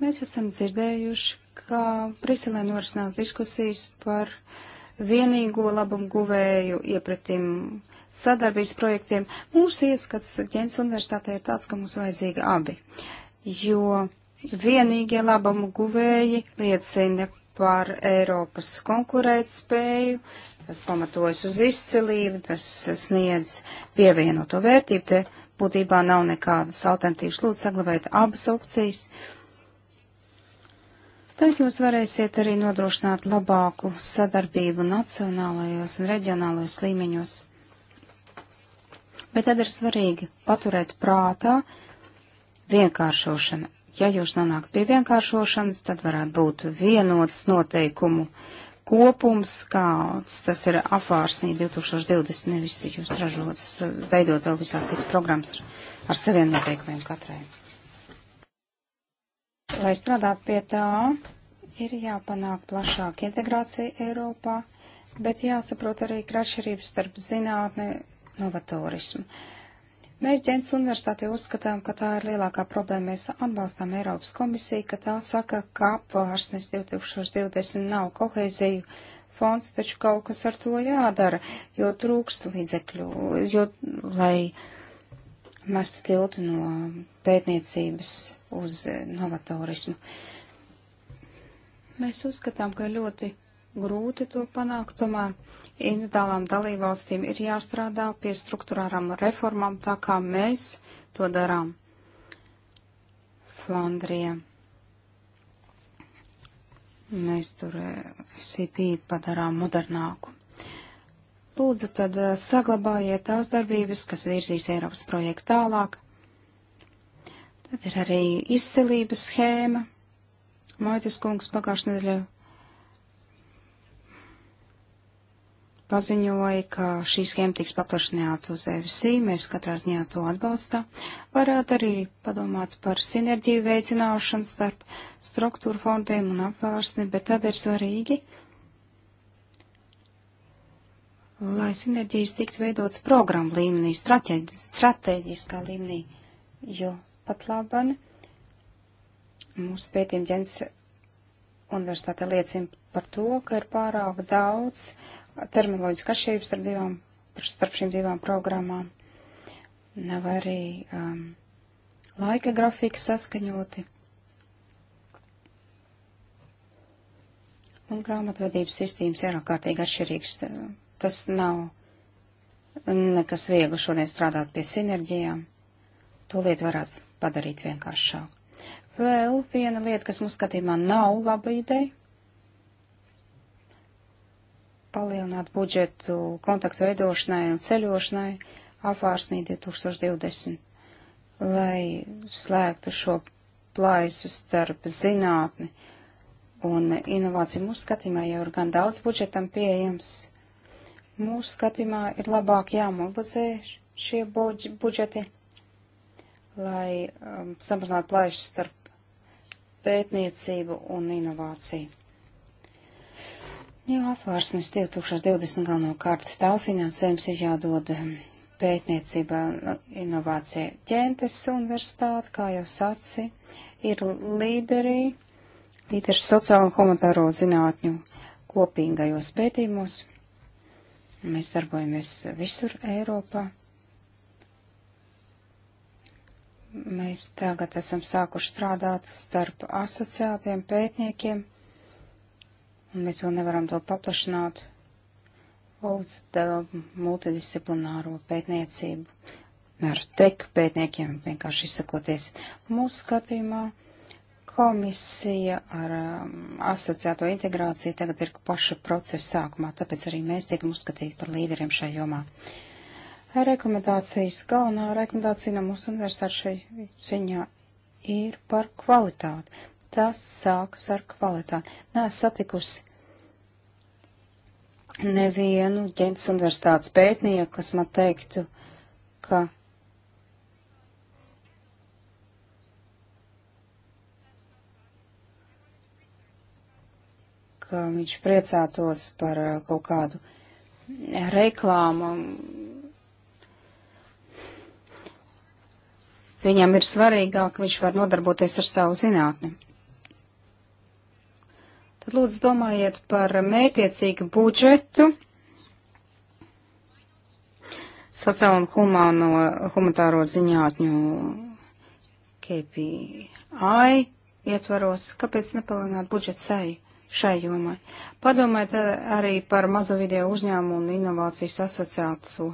Mēs esam dzirdējuši, ka Briselē norisinās diskusijas par vienīgo labumu guvēju iepratim sadarbības projektiem. Mūsu ieskats Ģents universitātē ir tāds, ka mums vajadzīga abi, jo vienīgie labumu guvēji liecina par Eiropas konkurētspēju, tas pamatojas uz izcilību, tas sniedz pievienoto vērtību, te būtībā nav nekādas alternatīvas. Lūdzu, saglabājiet abas opcijas. Tad jūs varēsiet arī nodrošināt labāku sadarbību nacionālajos un reģionālajos līmeņos. Bet tad ir svarīgi paturēt prātā vienkāršošana. Ja jūs nonākat pie vienkāršošanas, tad varētu būt vienots noteikumu kopums, kāds tas ir apvārsnī 2020, nevis jūs ražotas, veidot vēl visāds cits programmas ar, ar saviem noteikumiem katrai. Lai strādātu pie tā, ir jāpanāk plašāka integrācija Eiropā, bet jāsaprot arī krašķirības starp zinātni, novatorismu. Uh, Mēs Dzēnas universitātē uzskatām, ka tā ir lielākā problēma. Mēs atbalstām Eiropas komisiju, ka tā saka, ka apvārsnes 2020 nav kohēziju fonds, taču kaut kas ar to jādara, jo trūkst līdzekļu, jo, lai mestu tiltu no pētniecības uz novatorismu. Mēs uzskatām, ka ļoti grūti to panākt, tomēr individuālām dalībvalstīm ir jāstrādā pie struktūrārām reformām, tā kā mēs to darām Flandrijā. Mēs tur eh, CP padarām modernāku. Lūdzu, tad eh, saglabājiet tās darbības, kas virzīs Eiropas projektu tālāk. Tad ir arī izcelības schēma. Moitis kungs pagājušajā nedēļā paziņoja, ka šī schēma tiks paplašināta uz EFC, mēs katrā ziņā to atbalstā. Varētu arī padomāt par sinerģiju veicināšanu starp struktūra fondiem un apvārsni, bet tad ir svarīgi, lai sinerģijas tiktu veidotas programmu līmenī, strateģiskā līmenī, jo pat labani mūsu pētījuma ģens universitāte liecina par to, ka ir pārāk daudz terminoloģiska atšķirības starp, divām, starp šīm divām programmām. Nav arī um, laika grafika saskaņoti. Un grāmatvedības sistēmas ir ārkārtīgi atšķirīgas. Tas nav nekas viegli šodien strādāt pie sinerģijām. To lietu varētu padarīt vienkāršāk. Vēl viena lieta, kas mums skatījumā nav laba ideja palielināt budžetu kontaktu veidošanai un ceļošanai apvārsnī 2020, lai slēgtu šo plaisu starp zinātni un inovāciju. Mūsu skatījumā jau ir gan daudz budžetam pieejams. Mūsu skatījumā ir labāk jāmobilizē šie budžeti, lai um, samazinātu plaisu starp pētniecību un inovāciju. Jā, apvārsnes 2020 galvenokārt tavu finansējums ir jādod pētniecībā inovācija ķentes universitāte, kā jau saci, ir līderī, līderi sociālo un humanitāro zinātņu kopīgajos pētījumos. Mēs darbojamies visur Eiropā. Mēs tagad esam sākuši strādāt starp asociātiem pētniekiem un mēs vēl nevaram to paplašināt uz multidisciplināro pētniecību ar teku pētniekiem, vienkārši izsakoties mūsu skatījumā. Komisija ar um, asociēto integrāciju tagad ir paša procesa sākumā, tāpēc arī mēs tiekam uzskatīti par līderiem šajā jomā. Rekomendācijas galvenā rekomendācija no mūsu universitātes šai ziņā ir par kvalitāti tas sākas ar kvalitāti. Nē, satikusi nevienu ģentas universitātes pētnieku, kas man teiktu, ka ka viņš priecātos par uh, kaut kādu reklāmu. Viņam ir svarīgāk, viņš var nodarboties ar savu zinātni. Tad lūdzu domājiet par mētiecīgu budžetu sociālo un humāno, humanitāro ziņātņu KPI ietvaros. Kāpēc nepalielināt budžetu seju? šai jomai. Padomājiet arī par mazo video uzņēmumu un inovācijas asociāciju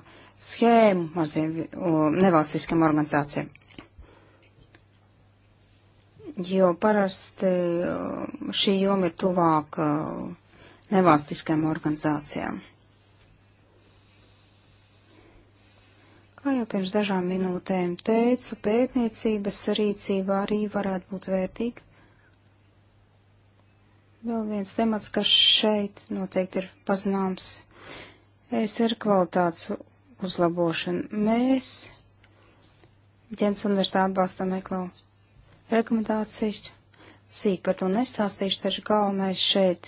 schēmu maziem nevalstiskam organizācijām jo parasti uh, šī joma ir tuvāk uh, nevalstiskajām organizācijām. Kā jau pirms dažām minūtēm teicu, pētniecības rīcība arī varētu būt vērtīga. Vēl viens temats, kas šeit noteikti ir pazināms, ESR kvalitātes uzlabošana. Mēs, ģens universitāte atbalstam eklau rekomendācijas. Sīk par to nestāstīšu, taču galvenais šeit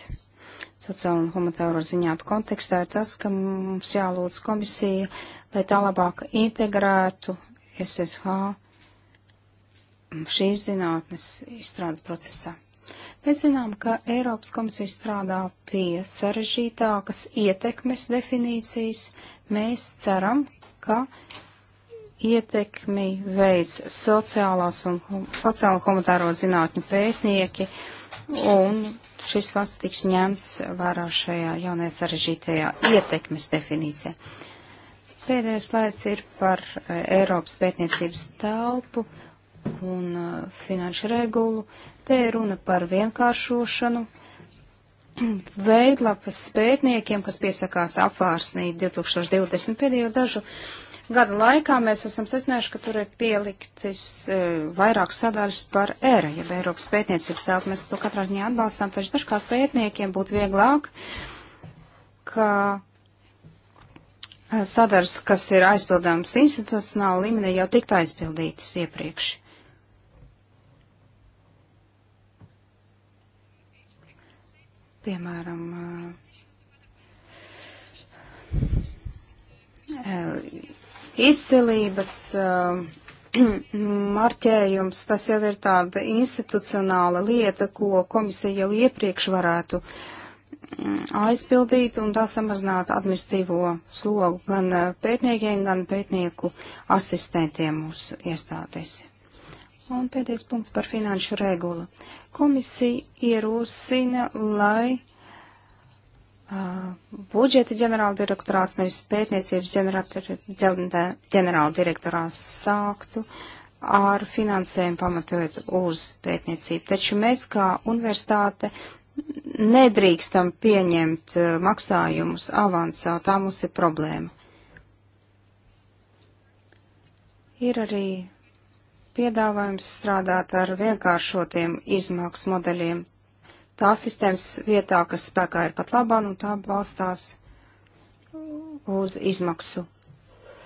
sociālo un humanitāro ziņātu kontekstā ir tas, ka mums jālūdz komisija, lai tā labāk integrētu SSH šīs zinātnes izstrādes procesā. Mēs zinām, ka Eiropas komisija strādā pie sarežģītākas ietekmes definīcijas. Mēs ceram, ka ietekmi veids sociālās un sociālo komentāro zinātņu pētnieki, un šis fakts tiks ņemts vērā šajā jaunajā sarežģītajā ietekmes definīcijā. Pēdējais slaids ir par eh, Eiropas pētniecības telpu un eh, finanšu regulu. Te ir runa par vienkāršošanu, veidlapas pētniekiem, kas piesakās apvārsnī 2020 pēdējo dažu gada laikā mēs esam secinājuši, ka tur ir pieliktas e, vairāk sadaļas par ERA, ja Eiropas pētniecības telpu. Mēs to katrā ziņā atbalstām, taču dažkārt pētniekiem būtu vieglāk, ka e, sadars, kas ir aizpildāms institucionāla līmenī, jau tiktu aizpildītas iepriekš. Piemēram, e, izcilības eh, marķējums, tas jau ir tāda institucionāla lieta, ko komisija jau iepriekš varētu mm, aizpildīt un tā samazināt administīvo slogu gan eh, pētniekiem, gan pētnieku asistentiem mūsu iestādēs. Un pēdējais punkts par finanšu regulu. Komisija ierosina, lai budžeta ģenerāla direktorāts, nevis pētniecības ģenerāla direktorāts sāktu ar finansējumu pamatojot uz pētniecību. Taču mēs kā universitāte nedrīkstam pieņemt maksājumus avansā, tā mums ir problēma. Ir arī piedāvājums strādāt ar vienkāršotiem izmaksu modeļiem, tās sistēmas vietā, kas spēkā ir pat labā, un tā balstās uz izmaksu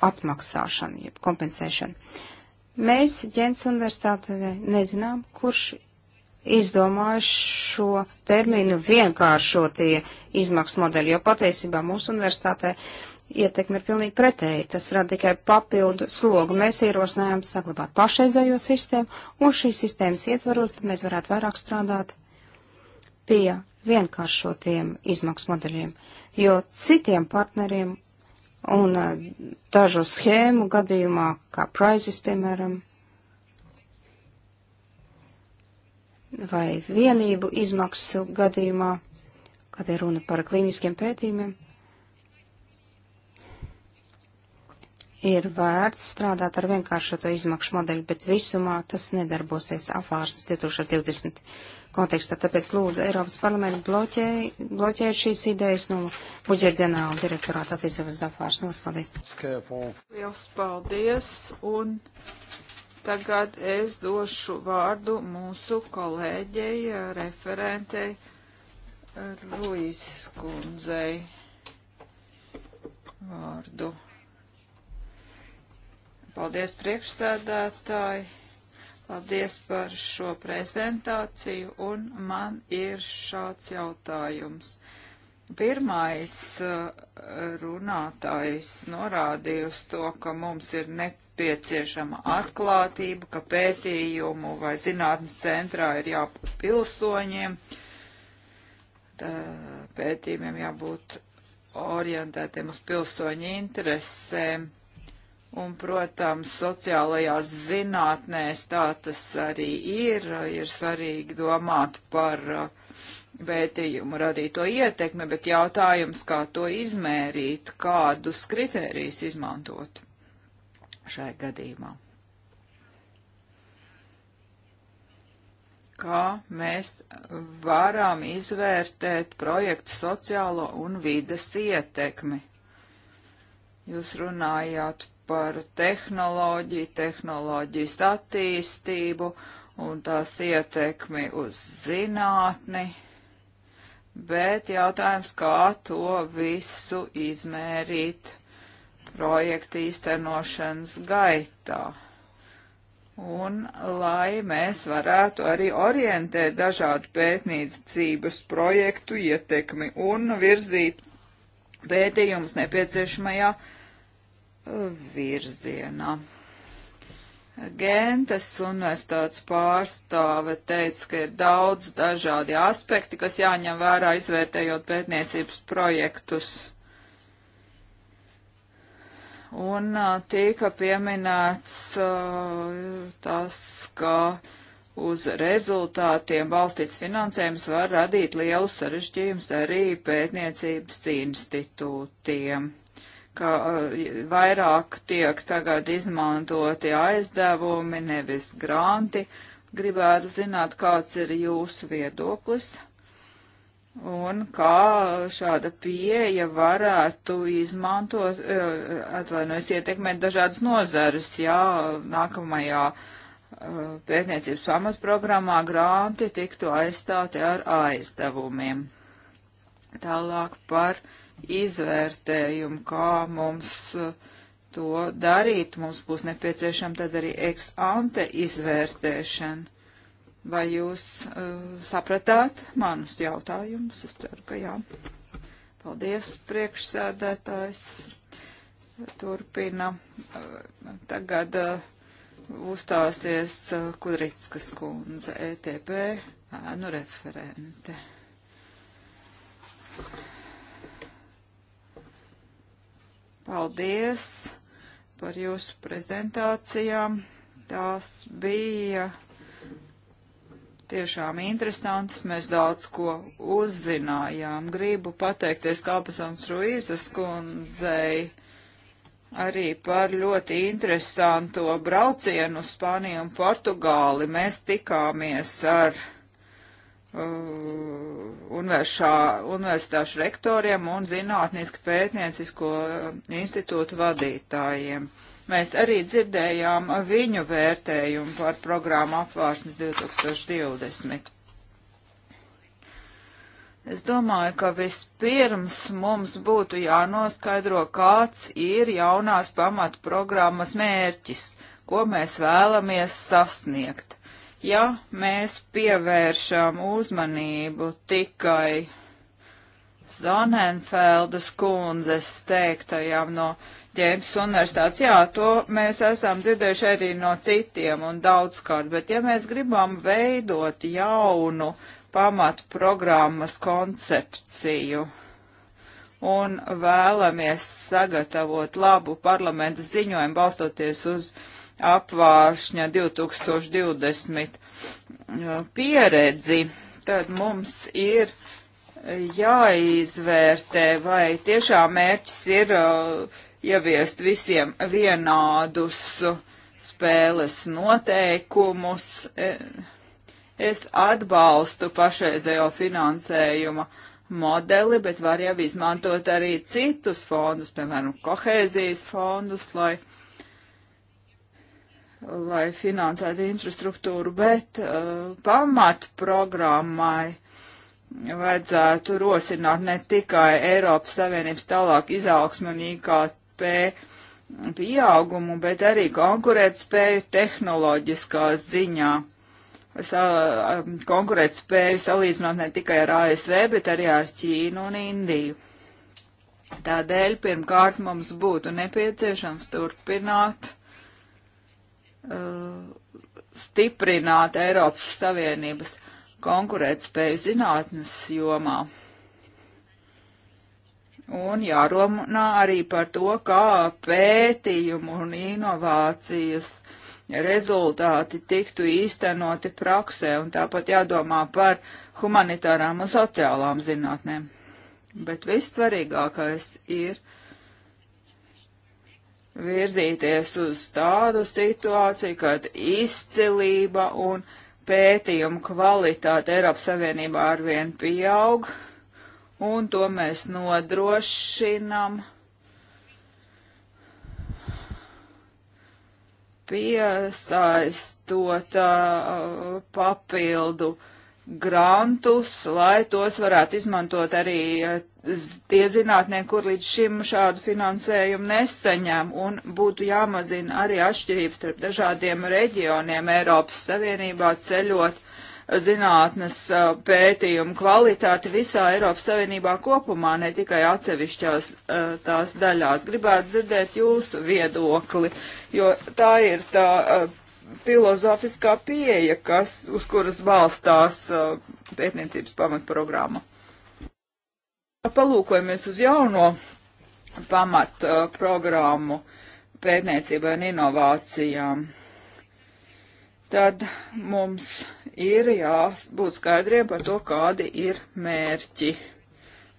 atmaksāšanu, jeb kompensēšanu. Mēs ģents universitātē nezinām, kurš izdomāja šo terminu vienkāršotie izmaksu modeļi, jo patiesībā mūsu universitātē ietekme ir pilnīgi pretēji. Tas rada tikai papildu slogu. Mēs ierosinājām saglabāt pašreizējo sistēmu, un šīs sistēmas ietvaros, tad mēs varētu vairāk strādāt pie vienkāršotiem izmaksu modeļiem, jo citiem partneriem un eh, dažu schēmu gadījumā, kā prizes, piemēram, vai vienību izmaksu gadījumā, kad ir runa par klīniskiem pētījumiem, ir vērts strādāt ar vienkāršoto izmaksu modeļu, bet visumā tas nedarbosies afārs 2020 kontekstā. Tāpēc lūdzu Eiropas parlamentu bloķē, bloķēt šīs idejas no nu, budžeta ģenerāla direktorāta attīstības zafārs. Lielas paldies! Lielas paldies! Un tagad es došu vārdu mūsu kolēģei, referentei Ruijas kundzei. Vārdu. Paldies priekšstādātāji! Paldies par šo prezentāciju, un man ir šāds jautājums. Pirmais uh, runātājs norādīja uz to, ka mums ir nepieciešama atklātība, ka pētījumu vai zinātnes centrā ir jābūt pilsoņiem, Tā pētījumiem jābūt orientētiem uz pilsoņu interesēm. Un, protams, sociālajās zinātnēs tā tas arī ir. Ir svarīgi domāt par pētījumu uh, radīto ietekmi, bet jautājums, kā to izmērīt, kādus kritērijus izmantot šai gadījumā. Kā mēs varam izvērtēt projektu sociālo un vidas ietekmi? Jūs runājāt par tehnoloģiju, tehnoloģijas attīstību un tās ietekmi uz zinātni, bet jautājums, kā to visu izmērīt projekta īstenošanas gaitā. Un lai mēs varētu arī orientēt dažādu pētniecības projektu ietekmi un virzīt pētījumus nepieciešamajā virzienā. Gentes universitātes pārstāve teica, ka ir daudz dažādi aspekti, kas jāņem vērā izvērtējot pētniecības projektus. Un tika pieminēts tas, ka uz rezultātiem balstīts finansējums var radīt lielu sarežģījumus arī pētniecības institūtiem ka eh, vairāk tiek tagad izmantoti aizdevumi, nevis granti. Gribētu zināt, kāds ir jūsu viedoklis un kā šāda pieeja varētu izmantot, eh, atvainojos, ietekmēt dažādas nozares, jā, nākamajā eh, pētniecības pamatprogrammā granti tiktu aizstāti ar aizdevumiem. Tālāk par uh, izvērtējumu, kā mums uh, to darīt. Mums būs nepieciešama tad arī ex ante izvērtēšana. Vai jūs uh, sapratāt manus jautājumus? Es ceru, ka jā. Paldies, priekšsēdētājs. Turpina. Uh, tagad uh, uzstāsies uh, Kudrickas kundze, ETP, ēnu referente. Thank you. Paldies par jūsu prezentācijām. Tās bija tiešām interesantas. Mēs daudz ko uzzinājām. Gribu pateikties Kāpasons Ruīzes kundzei arī par ļoti interesanto braucienu uz Spāniju un Portugāli. Mēs tikāmies ar Uh, universitāšu rektoriem un zinātniski pētniecisko uh, institūtu vadītājiem. Mēs arī dzirdējām viņu vērtējumu par programmu apvārsnes 2020. Es domāju, ka vispirms mums būtu jānoskaidro, kāds ir jaunās pamatprogrammas mērķis, ko mēs vēlamies sasniegt Ja mēs pievēršam uzmanību tikai Zonenfeldas kundzes teiktajām no Ķēdes universitātes, jā, to mēs esam dzirdējuši arī no citiem un daudzkārt, bet ja mēs gribam veidot jaunu pamatu programmas koncepciju, un vēlamies sagatavot labu parlamenta ziņojumu balstoties uz apvāršņa 2020 uh, pieredzi, tad mums ir jāizvērtē, vai tiešām mērķis ir uh, ieviest visiem vienādus spēles noteikumus. E, es atbalstu pašreizējo finansējuma modeli, bet var jau izmantot arī citus fondus, piemēram, kohēzijas fondus, lai lai finansētu infrastruktūru, bet uh, pamatprogrammai vajadzētu rosināt ne tikai Eiropas Savienības tālāk izaugsmu un IKP pieaugumu, bet arī konkurētspēju tehnoloģiskā ziņā. Sa, uh, um, konkurētspēju salīdzinot ne tikai ar ASV, bet arī ar Ķīnu un Indiju. Tādēļ pirmkārt mums būtu nepieciešams turpināt Uh, stiprināt Eiropas Savienības konkurētspēju zinātnes jomā. Un jārunā arī par to, kā pētījumu un inovācijas rezultāti tiktu īstenoti praksē, un tāpat jādomā par humanitārām un sociālām zinātnēm. Bet viss svarīgākais ir virzīties uz tādu situāciju, kad izcilība un pētījuma kvalitāte Eiropas Savienībā arvien pieaug, un to mēs nodrošinam piesaistot uh, papildu grantus, lai tos varētu izmantot arī tie zinātnieki, kur līdz šim šādu finansējumu nesaņem, un būtu jāmazina arī atšķirības starp dažādiem reģioniem Eiropas Savienībā ceļot eh, zinātnes eh, pētījumu kvalitāti visā Eiropas Savienībā kopumā, ne tikai atsevišķās eh, tās daļās. Gribētu dzirdēt jūsu viedokli, jo tā ir tā filozofiskā pieeja, kas, uz kuras balstās pētniecības pamatprogramma. Palūkojamies uz jauno pamat uh, programmu pētniecībai un inovācijām. Tad mums ir jābūt skaidriem par to, kādi ir mērķi.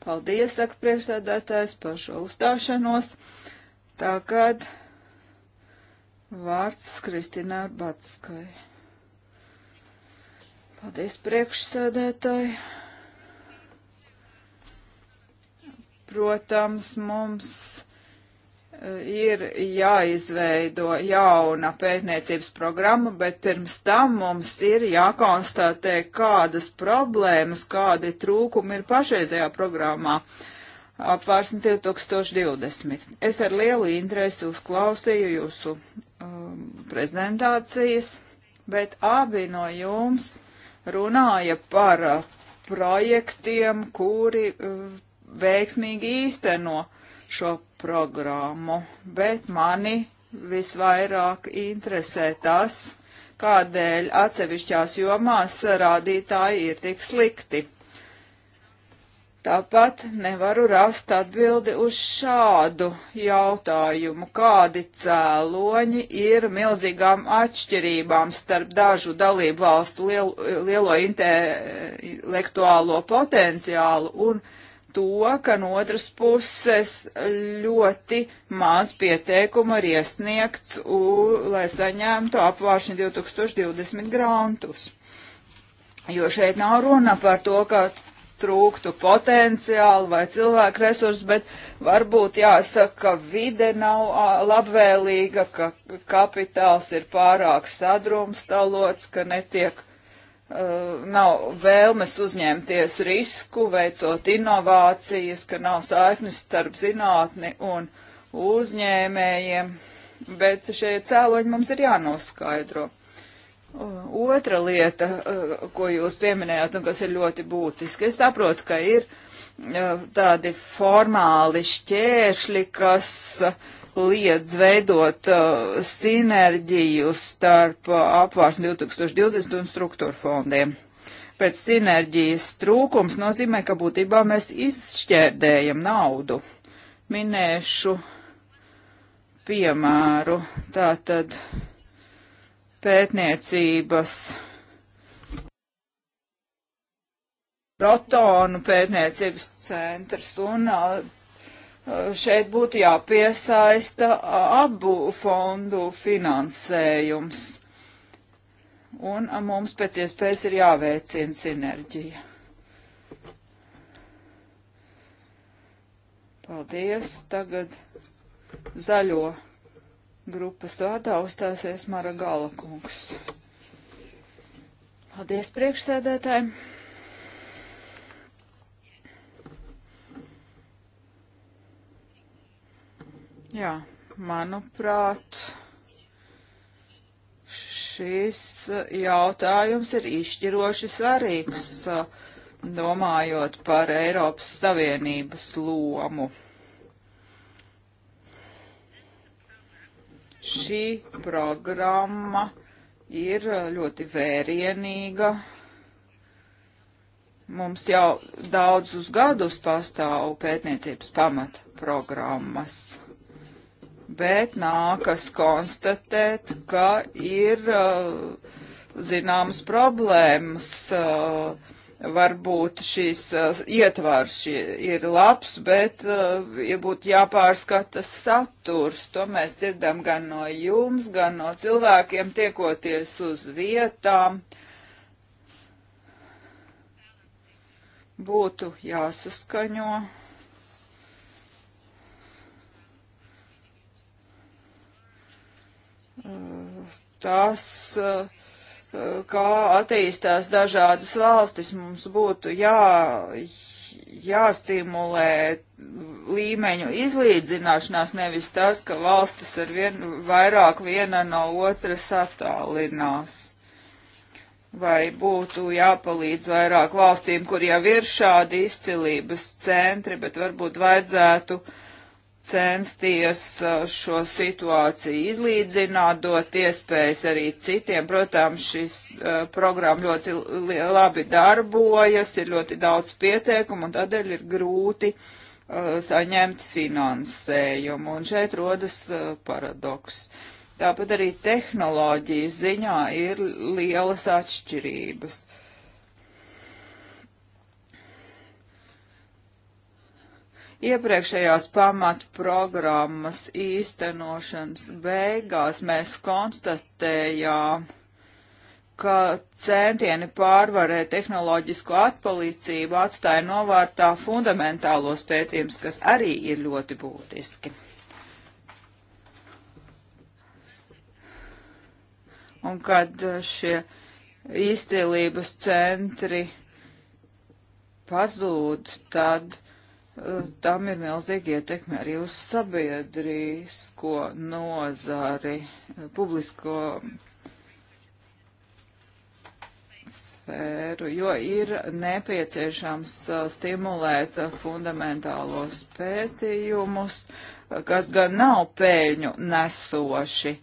Paldies, saka priekšsēdētājs, par šo uzstāšanos. Tagad vārds Kristinā Batskai. Paldies, priekšsēdētāji. Protams, mums e, ir jāizveido jauna pētniecības programma, bet pirms tam mums ir jākonstatē, kādas problēmas, kādi trūkumi ir pašreizajā programmā apvārsni 2020. Es ar lielu interesi uzklausīju jūsu um, prezentācijas, bet abi no jums runāja par uh, projektiem, kuri uh, veiksmīgi īsteno šo programmu, bet mani visvairāk interesē tas, kādēļ atsevišķās jomās rādītāji ir tik slikti. Tāpat nevaru rast atbildi uz šādu jautājumu, kādi cēloņi ir milzīgām atšķirībām starp dažu dalību valstu lielo, lielo intelektuālo potenciālu un uh, to, ka no otras puses ļoti maz pieteikumu ir iesniegts, u, lai saņemtu apvāršņu 2020 grantus. Jo šeit nav runa par to, ka trūktu potenciāli vai cilvēku resursu, bet varbūt jāsaka, ka vide nav labvēlīga, ka kapitāls ir pārāk sadrumstalots, ka netiek Eh, nav vēlmes uzņemties risku, veicot inovācijas, ka nav saiknes starp zinātni un uzņēmējiem, bet šie cēloņi mums ir jānoskaidro. Eh, otra lieta, eh, ko jūs pieminējāt un kas ir ļoti būtiski, es saprotu, ka ir tādi formāli šķēršļi, kas uh, liedz veidot uh, sinerģiju starp uh, apvārsni 2020 un struktūra fondiem. Pēc sinerģijas trūkums nozīmē, ka būtībā mēs izšķērdējam naudu. Minēšu piemēru. Tātad pētniecības. Protonu pētniecības centrs un uh, Eh, šeit būtu jāpiesaista eh, abu fondu finansējums. Un eh, mums pēc iespējas ir jāveicina sinerģija. Paldies. Tagad zaļo grupas vārdā uzstāsies Mara Galakungs. Paldies priekšsēdētājiem. Jā, manuprāt, šis jautājums ir izšķiroši svarīgs, domājot par Eiropas Savienības lomu. Šī programma ir ļoti vērienīga. Mums jau daudzus gadus pastāv pētniecības pamata programmas bet nākas konstatēt, ka ir uh, zināmas problēmas. Uh, varbūt šīs uh, ietvars ir labs, bet ja būtu jāpārskata saturs. To mēs dzirdam gan no jums, gan no cilvēkiem tiekoties uz vietām. Būtu jāsaskaņo. tas, eh, kā attīstās dažādas valstis, mums būtu jā, jāstimulē līmeņu izlīdzināšanās, nevis tas, ka valstis ar vien, vairāk viena no otras attālinās. Vai būtu jāpalīdz vairāk valstīm, kur jau ir šādi izcilības centri, bet varbūt vajadzētu uh, censties uh, šo situāciju izlīdzināt, dot iespējas arī citiem. Protams, šis uh, programma ļoti labi darbojas, ir ļoti daudz pieteikumu un tādēļ ir grūti uh, saņemt finansējumu. Un šeit rodas uh, paradoks. Tāpat arī tehnoloģijas ziņā ir lielas atšķirības. Iepriekšējās pamatu programmas īstenošanas beigās mēs konstatējām, ka centieni pārvarēt tehnoloģisko atpalīdzību atstāja novārtā fundamentālos pētījumus, kas arī ir ļoti būtiski. Un kad šie izcīlības centri pazūd, tad tam ir milzīgi ietekme arī uz sabiedrīsko nozari, publisko sfēru, jo ir nepieciešams stimulēt fundamentālos pētījumus, kas gan nav pēļņu nesoši.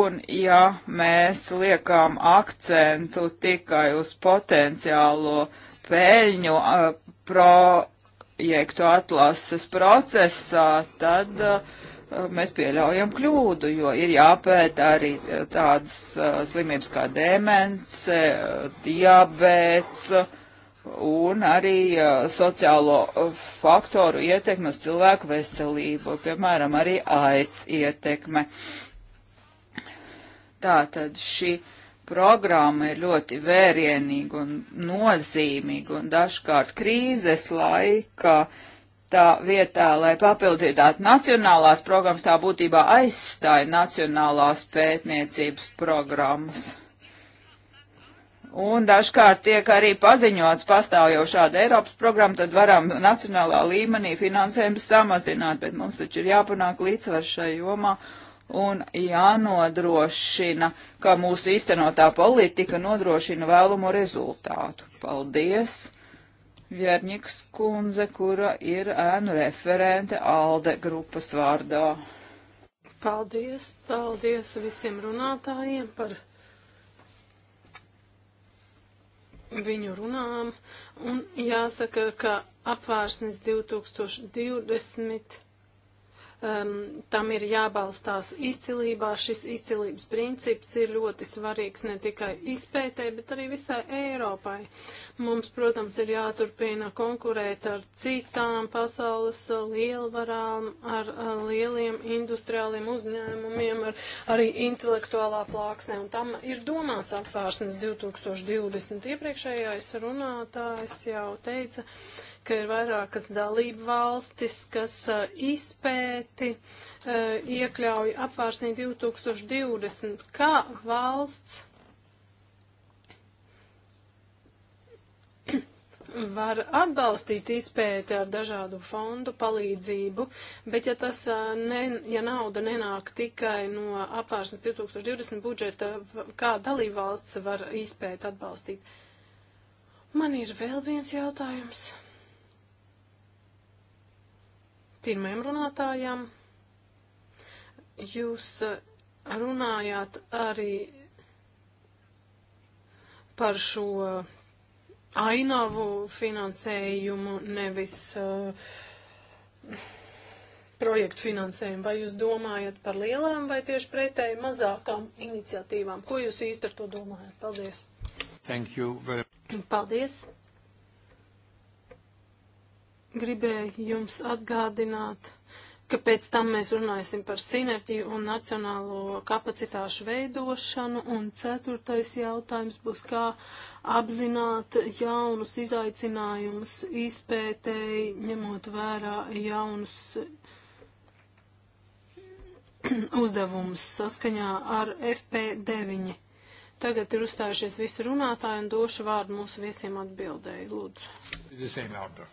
Un ja mēs liekām akcentu tikai uz potenciālo pēļņu pro ietu atlases procesā, tad uh, mēs pieļaujam kļūdu, jo ir jāpēta arī uh, tādas uh, slimības kā demence, diabēts un arī sociālo faktoru ietekme uz cilvēku veselību, piemēram, arī aids ietekme. Tātad šī. Uh, programma ir ļoti vērienīga un nozīmīga, un dažkārt krīzes laikā tā vietā, lai papildinātu nacionālās programmas, tā būtībā aizstāja nacionālās pētniecības programmas. Un dažkārt tiek arī paziņots, pastāv jau šāda Eiropas programma, tad varam nacionālā līmenī finansējumu samazināt, bet mums taču ir jāpanāk līdzsvars šai jomā un jānodrošina, ka mūsu īstenotā politika nodrošina vēlamo rezultātu. Paldies! Vierņiks kundze, kura ir ēnu referente ALDE grupas vārdā. Paldies, paldies visiem runātājiem par viņu runām. Un jāsaka, ka apvārsnes 2020 um, tam ir jābalstās izcilībā. Šis izcilības princips ir ļoti svarīgs ne tikai izpētē, bet arī visai Eiropai. Mums, protams, ir jāturpina konkurēt ar citām pasaules lielvarām, ar, ar lieliem industriāliem uzņēmumiem, ar, arī intelektuālā plāksnē. Un tam ir domāts apvārsnes 2020. Iepriekšējais runātājs jau teica, ka ir vairākas dalību valstis, kas uh, izpēti uh, iekļauj apvārsnī 2020. Kā valsts var atbalstīt izpēti ar dažādu fondu palīdzību, bet ja, tas, ne, ja nauda nenāk tikai no apvārsnes 2020 budžeta, kā dalībvalsts var izpēti atbalstīt? Man ir vēl viens jautājums pirmajam runātājam. Jūs eh, runājāt arī par šo ainavu finansējumu, nevis uh, projektu finansējumu. Vai jūs domājat par lielām vai tieši pretēji mazākām iniciatīvām? Ko jūs īsti ar to domājat? Paldies! Thank you very much. Paldies! gribēju jums atgādināt, ka pēc tam mēs runāsim par sinerģiju un nacionālo kapacitāšu veidošanu, un ceturtais jautājums būs, kā apzināt jaunus izaicinājumus izpētēji, ņemot vērā jaunus uzdevumus saskaņā ar FP9. Tagad ir uzstājušies visi runātāji un došu vārdu mūsu viesiem atbildēji. Lūdzu.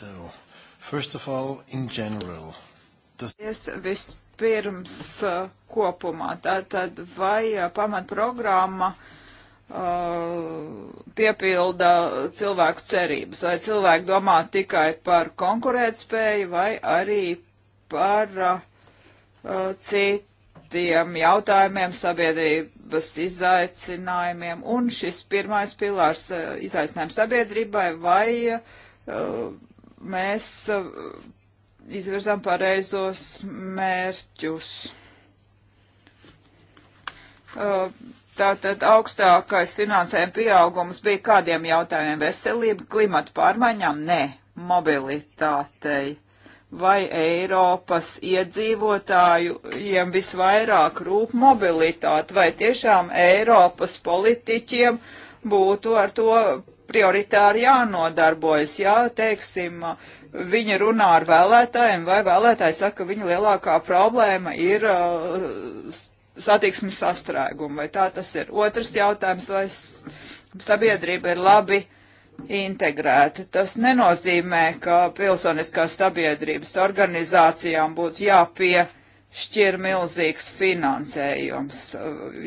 So, first of all, in general. Tas... Yes, vispirms uh, kopumā, tātad vai uh, pamatprogramma uh, piepilda cilvēku cerības, vai cilvēki domā tikai par konkurētspēju, vai arī par uh, citu tiem jautājumiem, sabiedrības izaicinājumiem, un šis pirmais pilārs uh, izaicinājums sabiedrībai vai uh, mēs uh, izvirzām pareizos mērķus. Uh, tātad augstākais finansējuma pieaugums bija kādiem jautājumiem - veselība, klimata pārmaiņām? Nē, mobilitātei. Vai Eiropas iedzīvotājiem visvairāk rūp mobilitāte, vai tiešām Eiropas politiķiem būtu ar to prioritāri jānodarbojas, jā, teiksim, viņi runā ar vēlētājiem vai vēlētāji saka, ka viņa lielākā problēma ir uh, satiksmes sastrēguma, vai tā tas ir. Otrs jautājums, vai sabiedrība ir labi integrēta. Tas nenozīmē, ka pilsoniskās sabiedrības organizācijām būtu jāpie šķir milzīgs finansējums.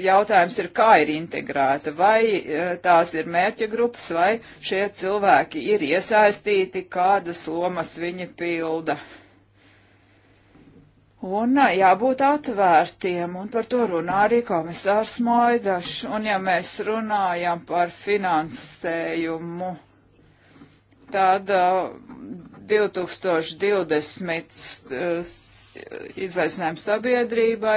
Jautājums ir, kā ir integrēta, vai eh, tās ir mērķa grupas, vai šie cilvēki ir iesaistīti, kādas lomas viņi pilda. Un eh, jābūt atvērtiem, un par to runā arī komisārs Maidašs. Un ja mēs runājam par finansējumu, tad uh, eh, 2020 izaicinājums sabiedrībai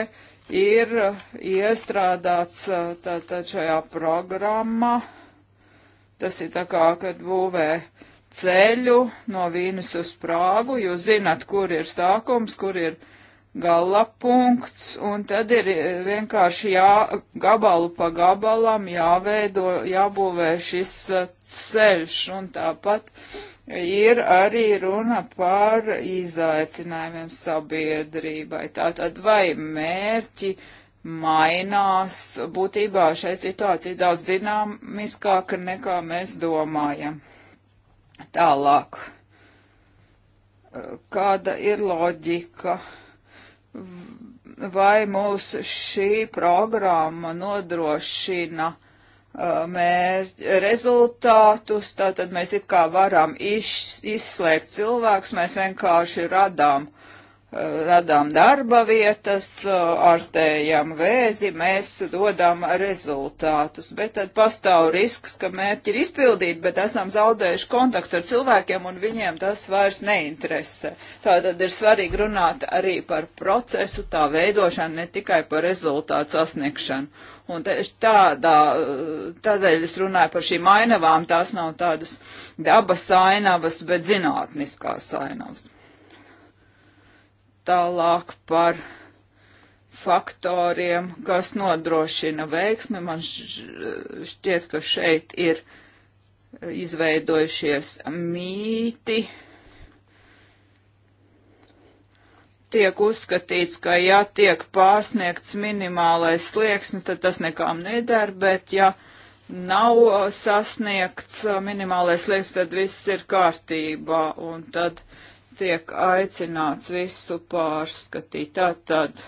ir uh, iestrādāts uh, tātad šajā programmā. Tas ir tā kā, kad būvē ceļu no Vīnes uz Prāgu, jūs zināt, kur ir sākums, kur ir gala punkts, un tad ir uh, vienkārši jā, gabalu pa gabalam jāveido, jābūvē šis ceļš, un tāpat uh, ir arī runa par izaicinājumiem sabiedrībai. Tātad vai mērķi mainās, būtībā šeit situācija daudz dinamiskāka nekā mēs domājam. Tālāk. Kāda ir loģika? Vai mūs šī programma nodrošina Uh, mērķi, rezultātus, tātad mēs it kā varam iz, izslēgt cilvēkus, mēs vienkārši radām radām darba vietas, ārstējam vēzi, mēs dodam rezultātus. Bet tad pastāv risks, ka mērķi ir izpildīti, bet esam zaudējuši kontaktu ar cilvēkiem un viņiem tas vairs neinteresē. Tā tad ir svarīgi runāt arī par procesu, tā veidošanu, ne tikai par rezultātu sasniegšanu. Un tādā, tādēļ es runāju par šīm ainavām, tās nav tādas dabas ainavas, bet zinātniskās ainavas. Tālāk par faktoriem, kas nodrošina veiksmi. Man šķiet, ka šeit ir izveidojušies mīti. Tiek uzskatīts, ka ja tiek pārsniegts minimālais slieksnis, tad tas nekām neder, bet ja nav sasniegts minimālais slieksnis, tad viss ir kārtībā. Un tad uh, tiek aicināts visu pārskatīt. Tātad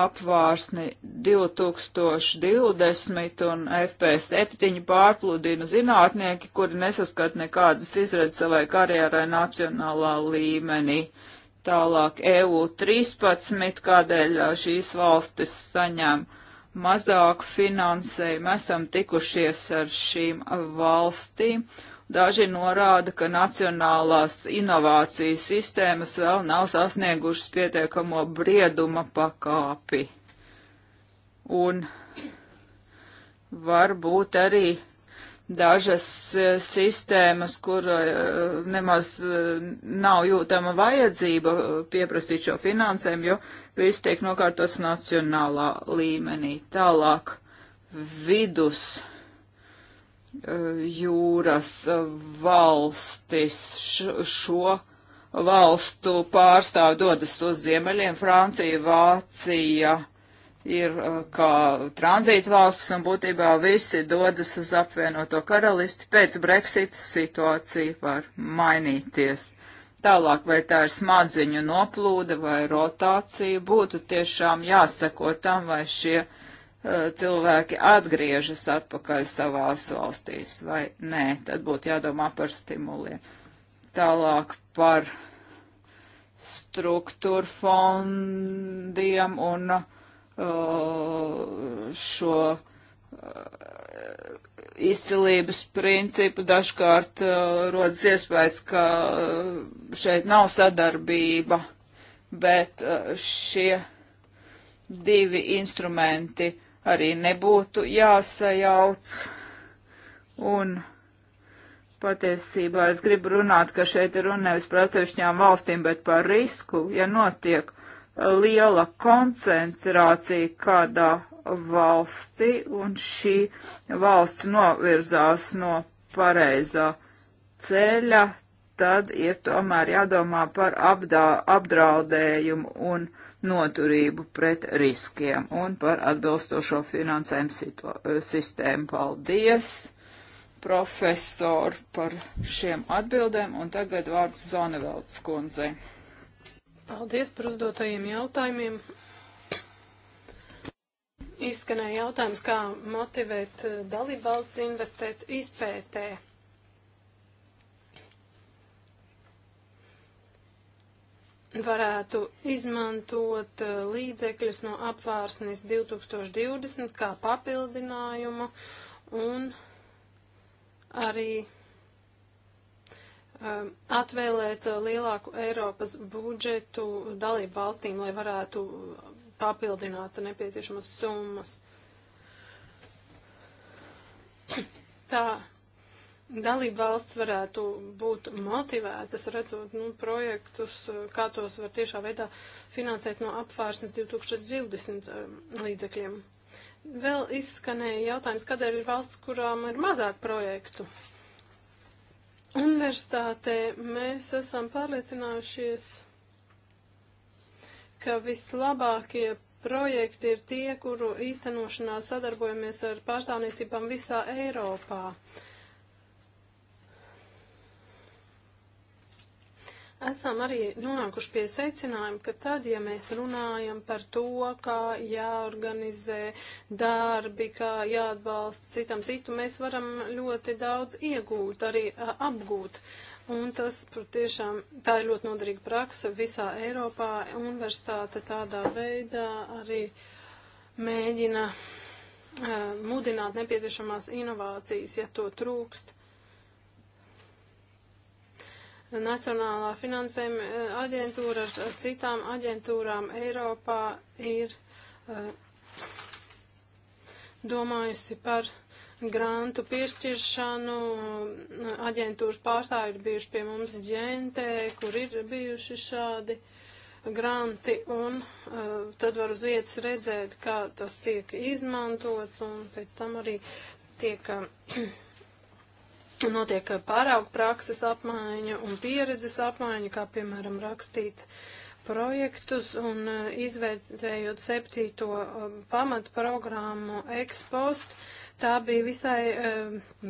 apvārsni 2020 un FP7 pārpludina zinātnieki, kuri nesaskat nekādas izredzes savai karjerai nacionālā līmenī. Tālāk EU 13, kādēļ šīs valstis saņem mazāk finansējumu, esam tikušies ar šīm valstīm Daži norāda, ka nacionālās inovācijas sistēmas vēl nav sasniegušas pietiekamo brieduma pakāpi. Un varbūt arī dažas e, sistēmas, kur e, nemaz e, nav jūtama vajadzība pieprasīt šo finansējumu, jo viss tiek nokārtots nacionālā līmenī. Tālāk vidus jūras valstis šo valstu pārstāvi dodas uz ziemeļiem. Francija, Vācija ir uh, kā tranzīts valstis un būtībā visi dodas uz apvienoto karalisti. Pēc Brexita situācija var mainīties. Tālāk, vai tā ir smadziņu noplūde vai rotācija, būtu tiešām jāseko tam, vai šie uh, Eh, cilvēki atgriežas atpakaļ savās valstīs vai nē. Tad būtu jādomā par stimuliem. Tālāk par struktūra fondiem un uh, šo uh, izcilības principu dažkārt uh, rodas iespējas, ka šeit nav sadarbība, bet šie divi instrumenti arī nebūtu jāsajauc. Un patiesībā es gribu runāt, ka šeit ir runa nevis par atsevišķām valstīm, bet par risku, ja notiek liela koncentrācija kādā valstī un šī valsts novirzās no pareizā ceļa, tad ir tomēr jādomā par apdā, apdraudējumu un apdraudējumu noturību pret riskiem un par atbilstošo finansējumu eh, sistēmu. Paldies, profesor, par šiem atbildēm, un tagad vārds Zonevelds kundzei. Paldies par uzdotajiem jautājumiem. Izskanēja jautājums, kā motivēt eh, dalībvalsts investēt izpētē. varētu izmantot eh, līdzekļus no apvārsnes 2020 kā papildinājumu un arī um, atvēlēt eh, lielāku Eiropas budžetu dalību valstīm, lai varētu papildināt nepieciešamas summas. Tā dalība valsts varētu būt motivētas, redzot nu, projektus, eh, kā tos var tiešā veidā finansēt no apvārsnes 2020 eh, līdzekļiem. Vēl izskanēja jautājums, kādēļ ir valsts, kurām ir mazāk projektu. Universitātē mēs esam pārliecinājušies, ka vislabākie projekti ir tie, kuru īstenošanā sadarbojamies ar pārstāvniecībām visā Eiropā. Uh, esam arī nonākuši pie secinājuma, ka tad, ja mēs runājam par to, kā jāorganizē darbi, kā jāatbalsta citam citu, mēs varam ļoti daudz iegūt, arī apgūt. Un tas, tiešām, tā ir ļoti noderīga praksa visā Eiropā. Universitāte tādā veidā arī mēģina uh, mudināt nepieciešamās inovācijas, ja to trūkst. Nacionālā finansējuma eh, aģentūra ar citām aģentūrām Eiropā ir uh, domājusi par grantu piešķiršanu. Aģentūras pārstāvji ir bijuši pie mums ģentē, kur ir bijuši šādi granti, un uh, tad var uz vietas redzēt, kā tas tiek izmantots, un pēc tam arī tiek. Uh, notiek pārauga prakses apmaiņa un pieredzes apmaiņa, kā piemēram rakstīt projektus un eh, izvērtējot septīto eh, pamatu programmu ekspost, tā bija visai e,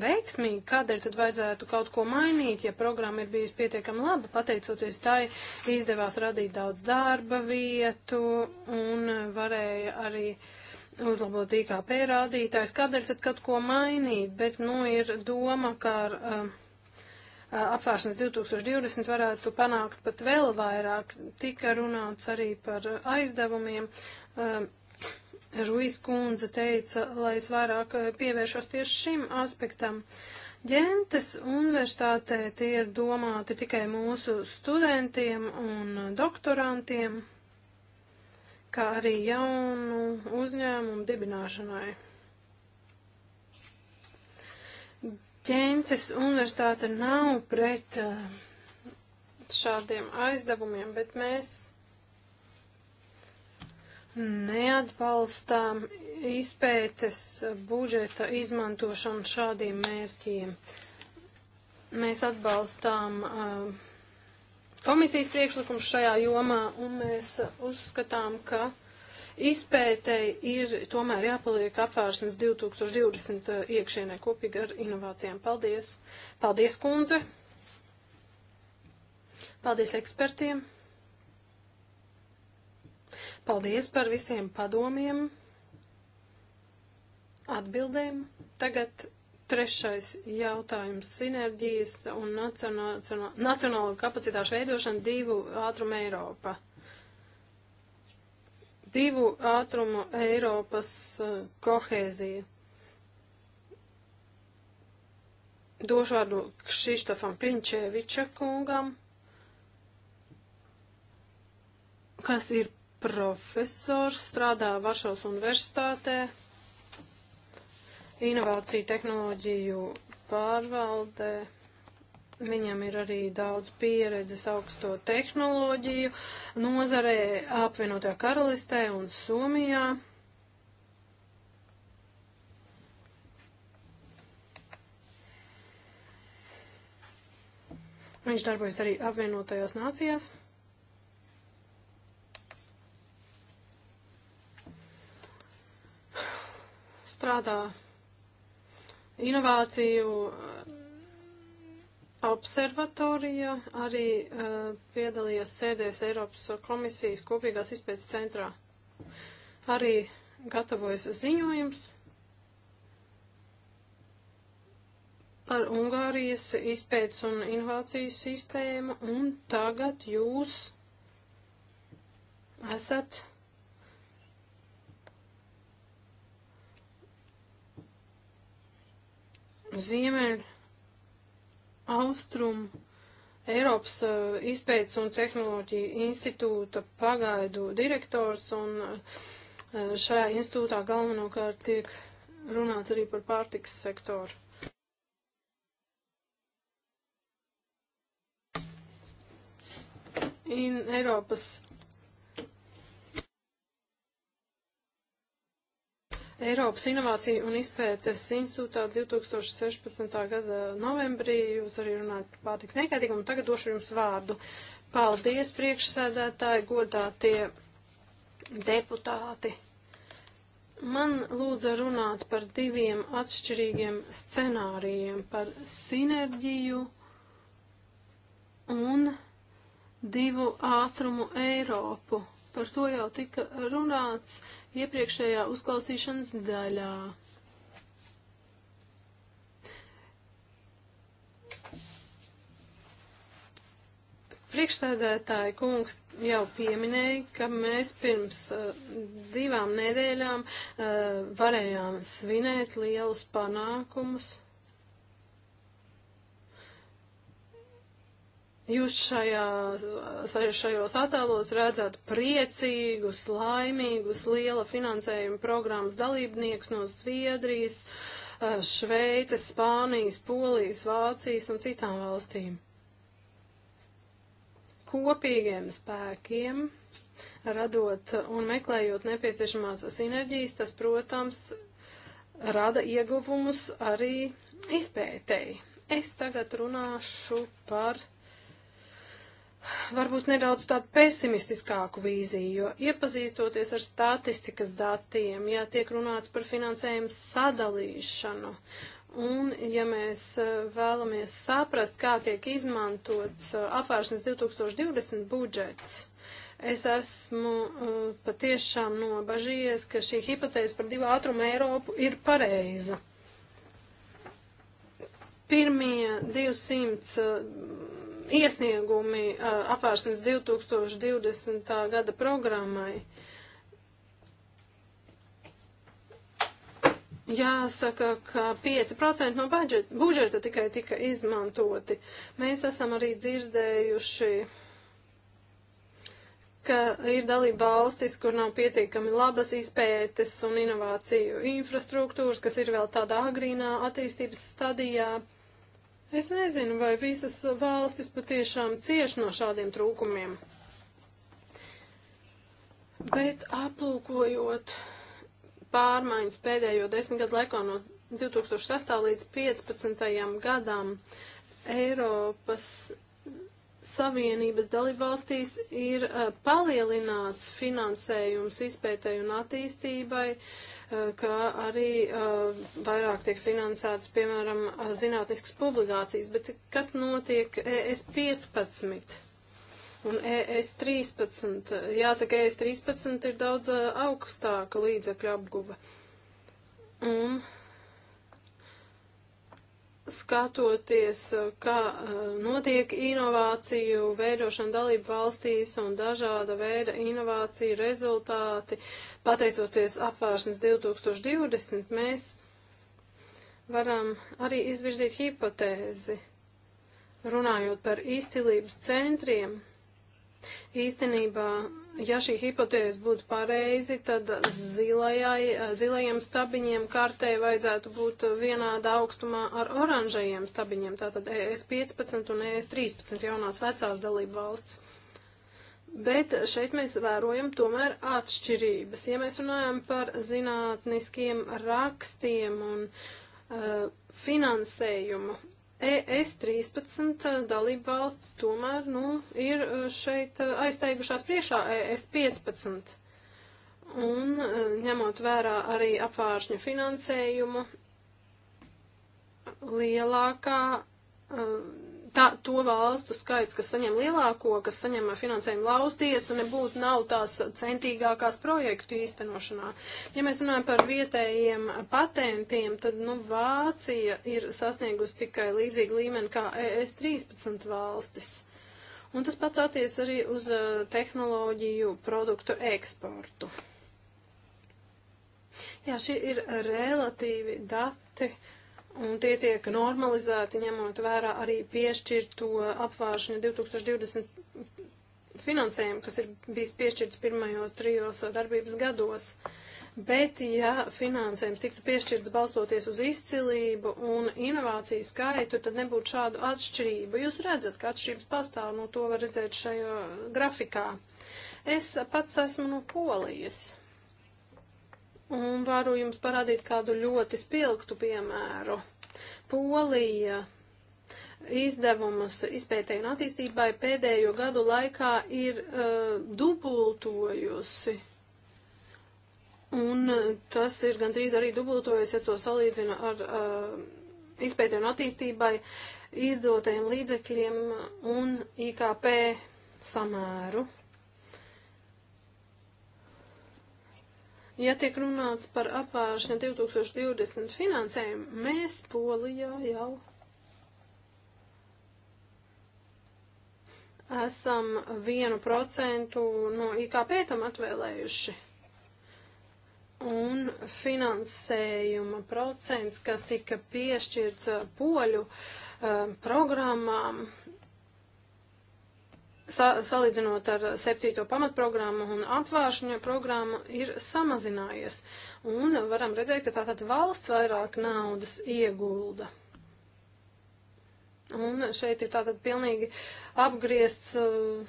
veiksmīga. Kādēļ tad vajadzētu kaut ko mainīt, ja programma ir bijusi pietiekami laba, pateicoties tai izdevās radīt daudz darba vietu un varēja arī uh, uzlabot IKP rādītājs, kādēļ tad kaut ko mainīt, bet, nu, ir doma, ka ar uh, apvēršanas 2020 varētu panākt pat vēl vairāk. Tika runāts arī par aizdevumiem. Uh, Ruiz kundze teica, lai es vairāk uh, pievēršos tieši šim aspektam. Ģentes universitātē tie ir domāti tikai mūsu studentiem un doktorantiem kā arī jaunu uzņēmumu dibināšanai. Ķentes universitāte nav pret uh, šādiem aizdevumiem, bet mēs neatbalstām izpētes budžeta izmantošanu šādiem mērķiem. Mēs atbalstām uh, komisijas priekšlikums šajā jomā, un mēs uzskatām, ka izpētei ir tomēr jāpaliek apvārsnes 2020 uh, iekšienē kopīgi ar inovācijām. Paldies! Paldies, kundze! Paldies ekspertiem! Paldies par visiem padomiem, atbildēm. Tagad Trešais jautājums - sinerģijas un nacionāla, nacionāla kapacitāšu veidošana divu ātrumu Eiropā. Divu ātrumu Eiropas uh, kohēzija. Došu vārdu Kšištofam Klinčēviča kungam, kas ir profesors, strādā Varšavas universitātē inovāciju tehnoloģiju pārvaldē. Viņam ir arī daudz pieredzes augsto tehnoloģiju nozarē apvienotā karalistē un Somijā. Viņš darbojas arī apvienotajās nācijās. Strādā Inovāciju uh, observatorija arī uh, piedalījās sēdēs Eiropas komisijas kopīgās izpētes centrā. Arī gatavojas ziņojums par Ungārijas izpētes un inovāciju sistēmu, un tagad jūs esat ziemeļ, austrum, Eiropas uh, izpētes un tehnoloģija institūta pagaidu direktors, un uh, šajā institūtā galvenokārt tiek runāts arī par pārtikas sektoru. In Eiropas Eiropas Inovāciju un izpētes institūtā 2016. gada novembrī. Jūs arī runājat par pārtiks nekaitīgumu. Tagad došu jums vārdu. Paldies, priekšsēdētāji, godātie deputāti. Man lūdza runāt par diviem atšķirīgiem scenārijiem, par sinerģiju un divu ātrumu Eiropu. Par to jau tika runāts. Uh, iepriekšējā uzklausīšanas daļā. Priekšsēdētāji kungs jau pieminēja, ka mēs pirms uh, divām nedēļām uh, varējām svinēt lielus panākumus. Jūs šajās, šajos attēlos redzat priecīgus, laimīgus, liela finansējuma programmas dalībniekus no Zviedrijas, eh, Šveices, Spānijas, Polijas, Vācijas un citām valstīm. Kopīgiem spēkiem, radot un meklējot nepieciešamās sinerģijas, tas, protams, rada ieguvumus arī izpētēji. Es tagad runāšu par varbūt nedaudz tādu pesimistiskāku vīziju, jo iepazīstoties ar statistikas datiem, ja tiek runāts par finansējumu sadalīšanu, un ja mēs eh, vēlamies saprast, kā tiek izmantots eh, apvēršanas 2020 budžets, es esmu eh, patiešām nobažījies, ka šī hipotēze par divu ātrumu Eiropu ir pareiza. Pirmie 200 iesniegumi apvērsnes 2020. gada programmai. Jāsaka, ka 5% no budžeta, budžeta tikai tika izmantoti. Mēs esam arī dzirdējuši, ka ir dalība valstis, kur nav pietiekami labas izpētes un inovāciju infrastruktūras, kas ir vēl tādā agrīnā attīstības stadijā. Es nezinu, vai visas valstis patiešām cieš no šādiem trūkumiem. Bet aplūkojot pārmaiņas pēdējo desmit gadu laikā no 2006. līdz 2015. gadam Eiropas Savienības dalībvalstīs ir eh, palielināts finansējums izpētēju un attīstībai. Uh, ka arī uh, vairāk tiek finansētas, piemēram, uh, zinātniskas publikācijas, bet kas notiek ES 15? Un ES 13, jāsaka, ES 13 ir daudz uh, augstāka līdzekļa apguva. Un skatoties, eh, kā eh, notiek inovāciju veidošana dalību valstīs un dažāda veida inovāciju rezultāti, pateicoties apvāršanas 2020, mēs varam arī izvirzīt hipotēzi, runājot par izcilības centriem. Īstenībā ja šī hipotēze būtu pareizi, tad zilajai, zilajiem stabiņiem kartē vajadzētu būt vienāda augstumā ar oranžajiem stabiņiem, tātad ES 15 un ES 13 jaunās vecās dalību valsts. Bet šeit mēs vērojam tomēr atšķirības. Ja mēs runājam par zinātniskiem rakstiem un uh, finansējumu, ES 13 dalību valsts tomēr, nu, ir eh, šeit eh, aizteigušās priekšā ES 15. Un eh, ņemot vērā arī apvāršņu finansējumu, lielākā tā, to valstu skaits, kas saņem lielāko, kas saņem finansējumu lausties un nebūtu nav tās centīgākās projektu īstenošanā. Ja mēs runājam par vietējiem patentiem, tad, nu, Vācija ir sasniegusi tikai līdzīgu līmeni kā ES 13 valstis. Un tas pats attiec arī uz uh, tehnoloģiju produktu eksportu. Jā, šie ir relatīvi dati. Uh, un tie tiek normalizēti, ņemot vērā arī piešķirto apvāršanu 2020 finansējumu, kas ir bijis piešķirts pirmajos trijos darbības gados. Bet, ja finansējums tiktu piešķirts balstoties uz izcilību un inovāciju skaitu, tad nebūtu šādu atšķirību. Jūs redzat, ka atšķirības pastāv, nu no to var redzēt šajā grafikā. Es pats esmu no Polijas. Un varu jums parādīt kādu ļoti spilgtu piemēru. Polija izdevumus izpētēji un attīstībai pēdējo gadu laikā ir uh, dubultojusi. Un eh, tas ir gandrīz arī dubultojies, ja to salīdzina ar uh, izpētēji un attīstībai izdotajiem līdzekļiem un IKP samēru. Ja tiek runāts par apvāršanu 2020 finansējumu, mēs Polijā jau esam vienu procentu no IKP tam atvēlējuši. Un finansējuma procents, kas tika piešķirts poļu uh, programmām, uh, sa, salīdzinot ar septīto pamatprogrammu un apvāršņa programmu, ir samazinājies. Un varam redzēt, ka tātad valsts vairāk naudas iegulda. Un šeit ir tātad pilnīgi apgriezts uh,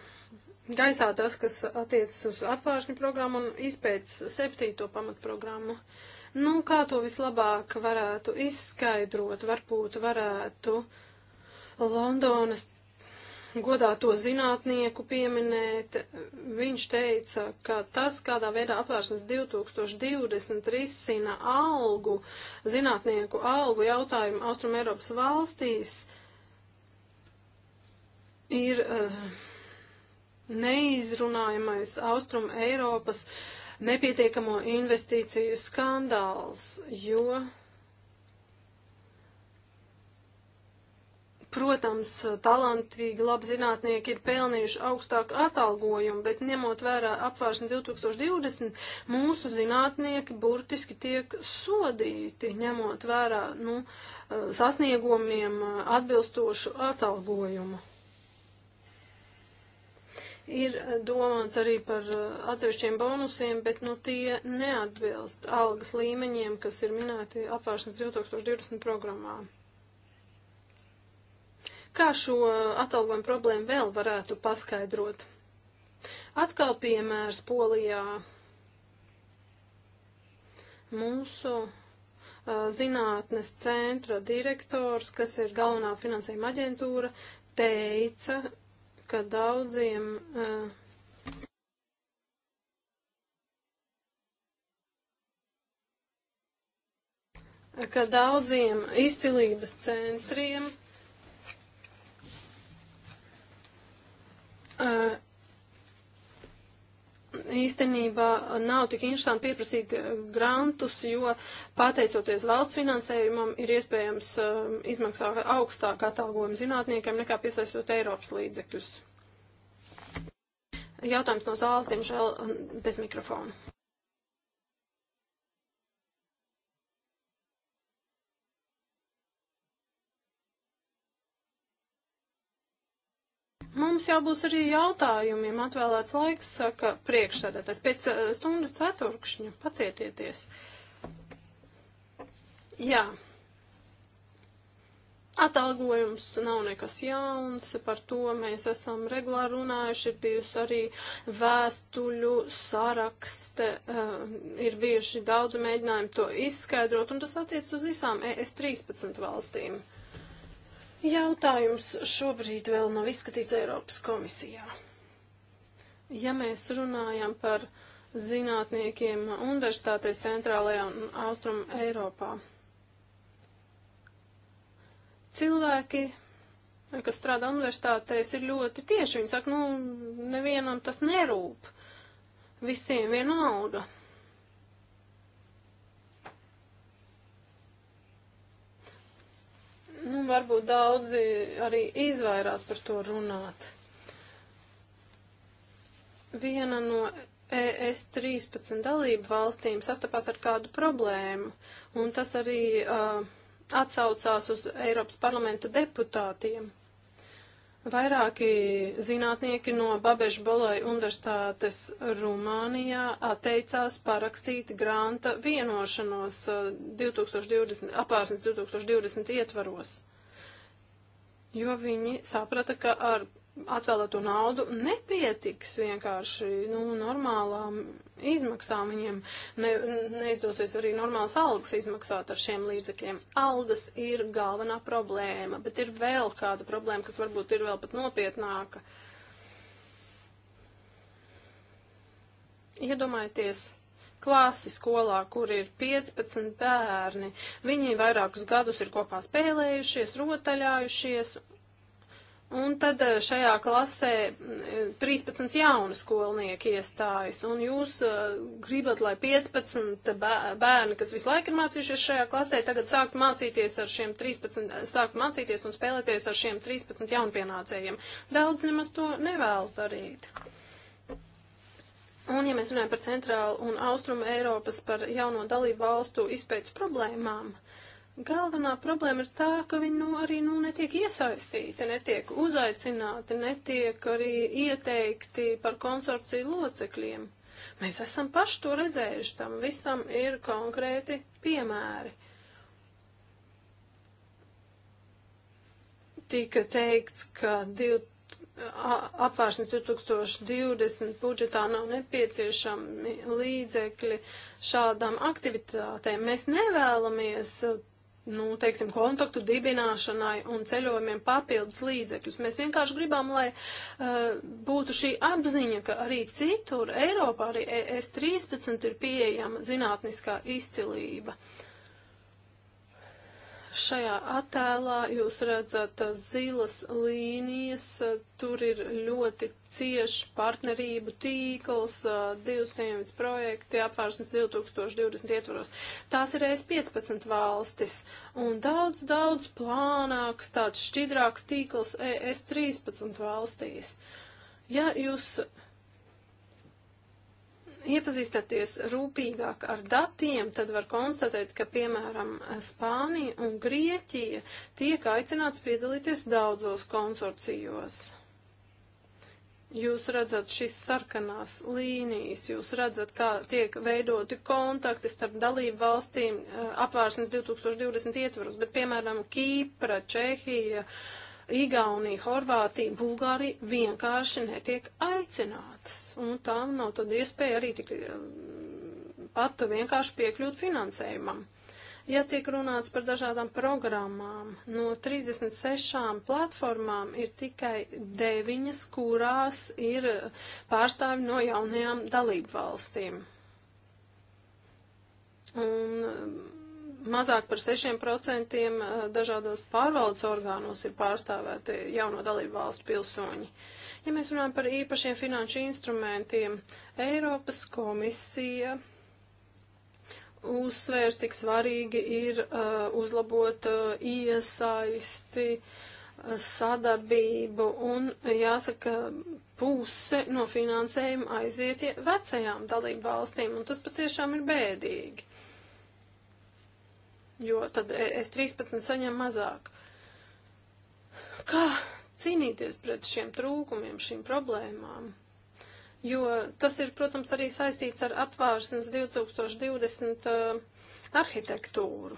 gaisā tas, kas attiecas uz apvāršņu programmu un izpēc septīto pamatprogrammu. Nu, kā to vislabāk varētu izskaidrot, varbūt varētu Londonas godāto zinātnieku pieminēt. Viņš teica, ka tas, kādā veidā apvērsnes 2020 risina algu, zinātnieku algu jautājumu Austrum Eiropas valstīs, ir uh, neizrunājamais Austrum Eiropas nepietiekamo investīciju skandāls, jo Protams, talantīgi, labi zinātnieki ir pelnījuši augstāku atalgojumu, bet ņemot vērā apvārsni 2020, mūsu zinātnieki burtiski tiek sodīti, ņemot vērā nu, sasniegumiem atbilstošu atalgojumu. Ir domāts arī par uh, atsevišķiem bonusiem, bet nu, tie neatbilst algas līmeņiem, kas ir minēti apvāršanas 2020 programmā. Kā šo atalgojumu problēmu vēl varētu paskaidrot? Atkal piemērs Polijā. Mūsu zinātnes centra direktors, kas ir galvenā finansējuma aģentūra, teica, ka daudziem uh, ka daudziem izcilības centriem Uh, īstenībā nav tik interesanti pieprasīt grantus, jo pateicoties valsts finansējumam ir iespējams um, izmaksāt augstāk atalgojumu zinātniekiem nekā piesaistot Eiropas līdzekļus. Jautājums no zāles, diemžēl, bez mikrofona. Mums jau būs arī jautājumiem atvēlēts laiks, saka priekšsēdētājs. Pēc eh, stundas ceturkšņa pacietieties. Jā. Atalgojums nav nekas jauns, par to mēs esam regulāri runājuši, ir bijusi arī vēstuļu sarakste, uh, ir bijuši daudz mēģinājumu to izskaidrot, un tas attiec uz visām ES 13 valstīm. Uh, Jautājums šobrīd vēl nav izskatīts Eiropas komisijā. Ja mēs runājam par zinātniekiem universitātē centrālajā un austrum Eiropā, cilvēki kas strādā universitātēs, ir ļoti tieši. Viņi saka, nu, nevienam tas nerūp. Visiem vienalga. Nu, varbūt daudzi arī izvairās par to runāt. Viena no ES 13 dalību valstīm sastapās ar kādu problēmu, un tas arī uh, atsaucās uz Eiropas parlamentu deputātiem. Vairāki zinātnieki no Babeža Bolai universitātes Rumānijā atteicās parakstīt granta vienošanos 2020, apārsnes 2020 ietvaros, jo viņi saprata, ka ar atvēlēto naudu nepietiks vienkārši nu, normālām izmaksām. Viņiem ne, neizdosies arī normālas algas izmaksāt ar šiem līdzekļiem. Algas ir galvenā problēma, bet ir vēl kāda problēma, kas varbūt ir vēl pat nopietnāka. Iedomājieties, klasi skolā, kur ir 15 bērni. Viņi vairākus gadus ir kopā spēlējušies, rotaļājušies Un tad eh, šajā klasē 13 mm, jauni skolnieki iestājas, un jūs eh, gribat, lai 15 bērni, kas visu laiku ir mācījušies šajā klasē, tagad sākt mācīties ar šiem 13, eh, sākt mācīties un spēlēties ar šiem 13 jaunpienācējiem. Daudz nemaz to nevēlas darīt. Un, ja mēs runājam par centrālu un austrumu Eiropas, par jauno dalību valstu izpētes problēmām, uh, Galvenā problēma ir tā, ka viņi nu, arī nu, netiek iesaistīti, netiek uzaicināti, netiek arī ieteikti par konsorciju locekļiem. Mēs esam paši to redzējuši, tam visam ir konkrēti piemēri. Tika teikts, ka div, apvāršanas 2020 budžetā nav nepieciešami līdzekļi šādām aktivitātēm. Mēs nevēlamies nu, teiksim, kontaktu dibināšanai un ceļojumiem papildus līdzekļus. Mēs vienkārši gribam, lai uh, būtu šī apziņa, ka arī citur Eiropā, arī ES 13 ir pieejama zinātniskā izcilība. Uh, Šajā attēlā jūs redzat zilas līnijas, tur ir ļoti cieši partnerību tīkls, 200 projekti apvāršanas 2020 ietvaros. Tās ir ES15 valstis un daudz, daudz plānāks, tāds šķidrāks tīkls ES13 valstīs. Ja jūs iepazīstaties rūpīgāk ar datiem, tad var konstatēt, ka, piemēram, Spānija un Grieķija tiek aicināts piedalīties daudzos konsorcijos. Jūs redzat šīs sarkanās līnijas, jūs redzat, kā tiek veidoti kontakti starp dalību valstīm eh, apvārsnes 2020 ietvaros, bet, piemēram, Kīpra, Čehija, uh, Igaunija, Horvātija, Bulgārija vienkārši netiek aicinātas, un tām nav tad iespēja arī tik eh, pat vienkārši piekļūt finansējumam. Ja tiek runāts par dažādām programmām, no 36 platformām ir tikai 9, kurās ir pārstāvi no jaunajām dalību valstīm. Un mazāk par 6% eh, dažādos pārvaldes orgānos ir pārstāvēti jauno dalību valstu pilsoņi. Ja mēs runājam par īpašiem finanšu instrumentiem, Eiropas komisija uzsvērs, cik svarīgi ir uh, uzlabot uh, iesaisti, uh, sadarbību un, jāsaka, puse no finansējuma aiziet vecajām dalību valstīm, un tas patiešām ir bēdīgi jo tad e- es 13 saņem mazāk. Kā cīnīties pret šiem trūkumiem, šīm problēmām? Jo tas ir, protams, arī saistīts ar apvārsnes 2020 uh, e, arhitektūru.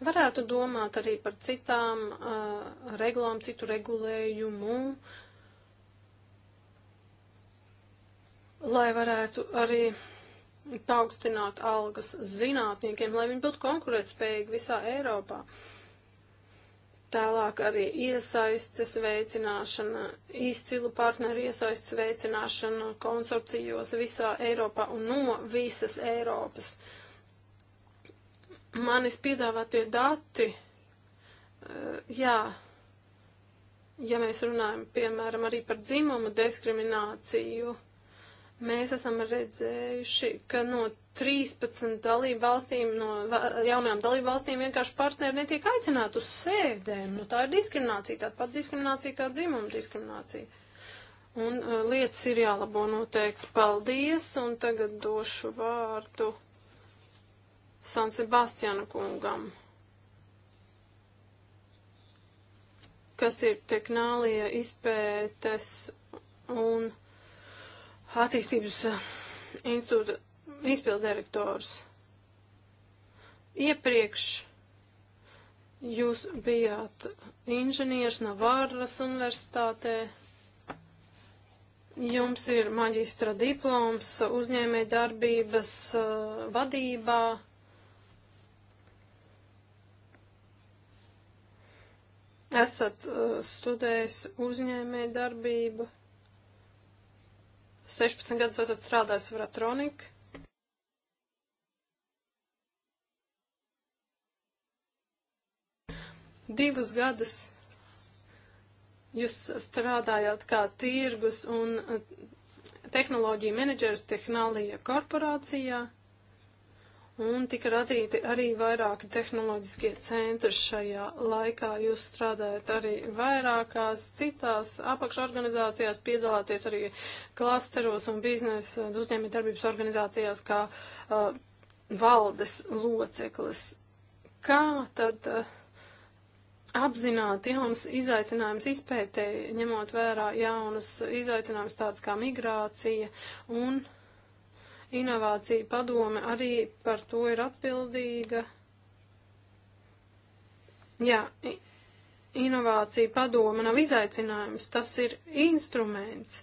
Varētu domāt arī par citām uh, regulām, citu regulējumu, lai varētu arī paaugstināt algas zinātniekiem, lai viņi būtu konkurētspējīgi visā Eiropā. Tālāk arī iesaistes veicināšana, izcilu partneru iesaistes veicināšana konsorcijos visā Eiropā un no visas Eiropas. Manis piedāvātie dati, eh, jā, ja mēs runājam, piemēram, arī par dzimumu diskrimināciju, Mēs esam redzējuši, ka no 13 dalību valstīm, no jaunajām dalību valstīm vienkārši partneri netiek aicināti uz sēdēm. Nu, tā ir diskriminācija, tāda pat diskriminācija kā dzimuma diskriminācija. Un uh, lietas ir jālabo noteikti. Paldies, un tagad došu vārdu San Sebastiana kungam, kas ir Teknālija izpētes un attīstības eh, institūta izpildirektors. Iepriekš jūs bijāt inženieris Navārras universitātē. Jums ir maģistra diploms uzņēmē darbības eh, vadībā. Esat eh, studējis uzņēmē darbību. 16 gadus esat strādājis Vratroniku. divus gadus jūs strādājāt kā tirgus un eh, tehnoloģija menedžers Tehnālija korporācijā un tika radīti arī vairāki tehnoloģiskie centri šajā laikā. Jūs strādājat arī vairākās citās apakšorganizācijās, piedalāties arī klasteros un biznesa uzņēmē darbības organizācijās kā uh, valdes loceklis. Kā tad uh, apzināti jaunas izaicinājumus izpētēji, ņemot vērā jaunas izaicinājumus tādas kā migrācija un uh, Inovācija padome arī par to ir atbildīga. Jā, inovācija padoma nav izaicinājums, tas ir instruments.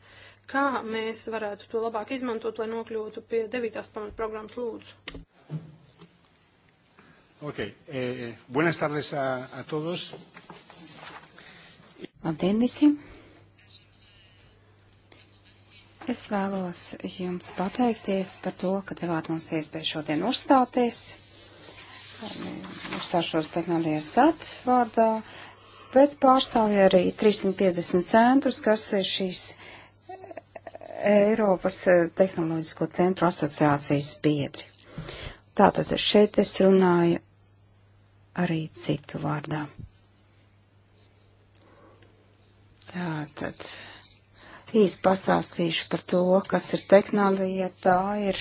Kā mēs varētu to labāk izmantot, lai nokļūtu pie devītās pamatprogrammas lūdzu? Ok, eh, buenas tardes a, a todos. Labdien visiem! Es vēlos jums pateikties par to, ka devāt mums iespēju šodien uzstāties. Uzstāšos Dagnalijas Sat vārdā, bet pārstāvju arī 350 centrus, kas ir šīs Eiropas eh, Tehnoloģisko centru asociācijas biedri. Tātad šeit es runāju arī citu vārdā. Tātad Īsti pastāstīšu par to, kas ir tehnoloģija, tā ir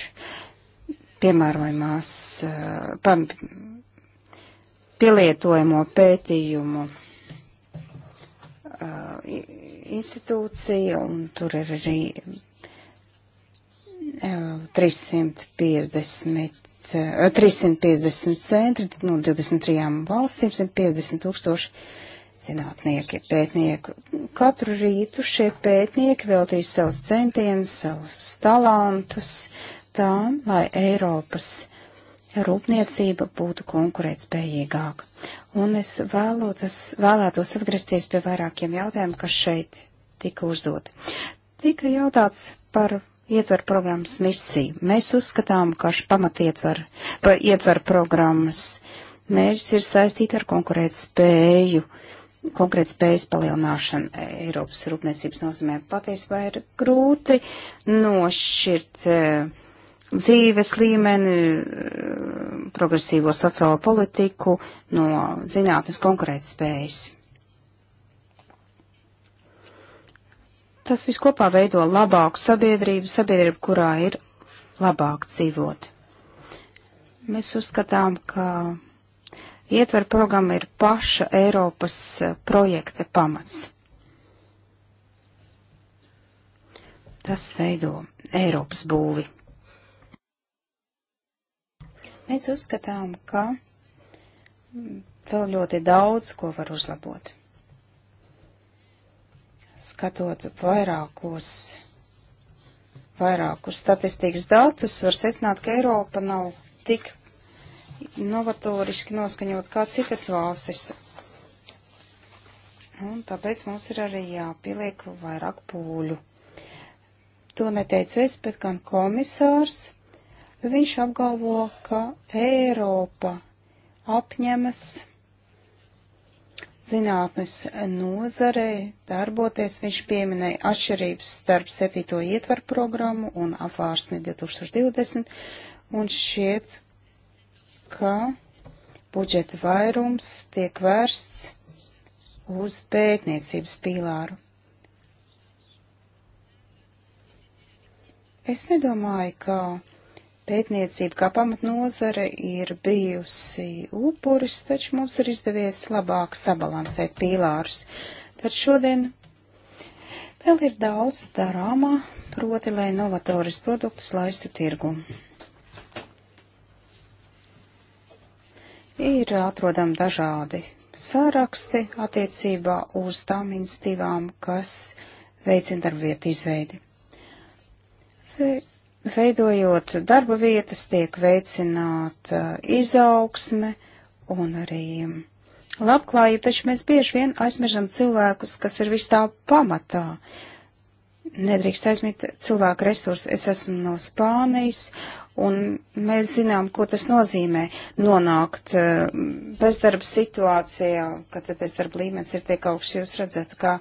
piemērojumās, eh, pam, pielietojamo pētījumu eh, institūcija, un tur ir arī 350 eh, 350 centri no 23 valstīm, 150 tūkstoši zinātnieki, pētnieki. Katru rītu šie pētnieki veltīs savus centienus, savus talantus tām, lai Eiropas rūpniecība būtu konkurētspējīgāka. Un es vēlotas, vēlētos atgriezties pie vairākiem jautājumiem, kas šeit tika uzdoti. Tika jautāts par ietver programmas misiju. Mēs uzskatām, ka šī pamatietver, pa ietver programmas mērķis ir saistīta ar konkurētspēju. spēju konkrēt spējas palielināšana Eiropas rūpniecības nozīmē patiesībā ir grūti nošķirt eh, dzīves līmeni, eh, progresīvo sociālo politiku no zinātnes konkrētas spējas. Tas viss kopā veido labāku sabiedrību, sabiedrību, kurā ir labāk dzīvot. Mēs uzskatām, ka Ietver programma ir paša Eiropas eh, projekta pamats. Tas veido Eiropas būvi. Mēs uzskatām, ka mm, vēl ļoti daudz, ko var uzlabot. Skatot vairākos, vairākus statistikas datus, var secināt, ka Eiropa nav tik novatoriski noskaņot kā citas valstis. Un tāpēc mums ir arī jāpieliek vairāk pūļu. To neteicu es, bet gan komisārs. Viņš apgalvo, ka Eiropa apņemas zinātnes nozarei darboties. Viņš pieminēja atšķirības starp 7. ietvaru programmu un apvārsni 2020, un šķiet, ka budžeta vairums tiek vērsts uz pētniecības pīlāru. Es nedomāju, ka pētniecība kā pamatnozare ir bijusi upuris, taču mums ir izdevies labāk sabalansēt pīlārus. Tad šodien vēl ir daudz darāmā, proti, lai novatoris produktus laistu tirgu. Ir atrodam dažādi sāraksti attiecībā uz tām institīvām, kas veicina darbvietu izveidi. Veidojot darba vietas, tiek veicināta uh, izaugsme un arī labklājība, taču mēs bieži vien aizmirstam cilvēkus, kas ir vis tā pamatā. Nedrīkst aizmirst cilvēku resursu. Es esmu no Spānijas, Un mēs zinām, ko tas nozīmē nonākt eh, bezdarba situācijā, kad bezdarba līmenis ir tiek augsts. Jūs redzat, kā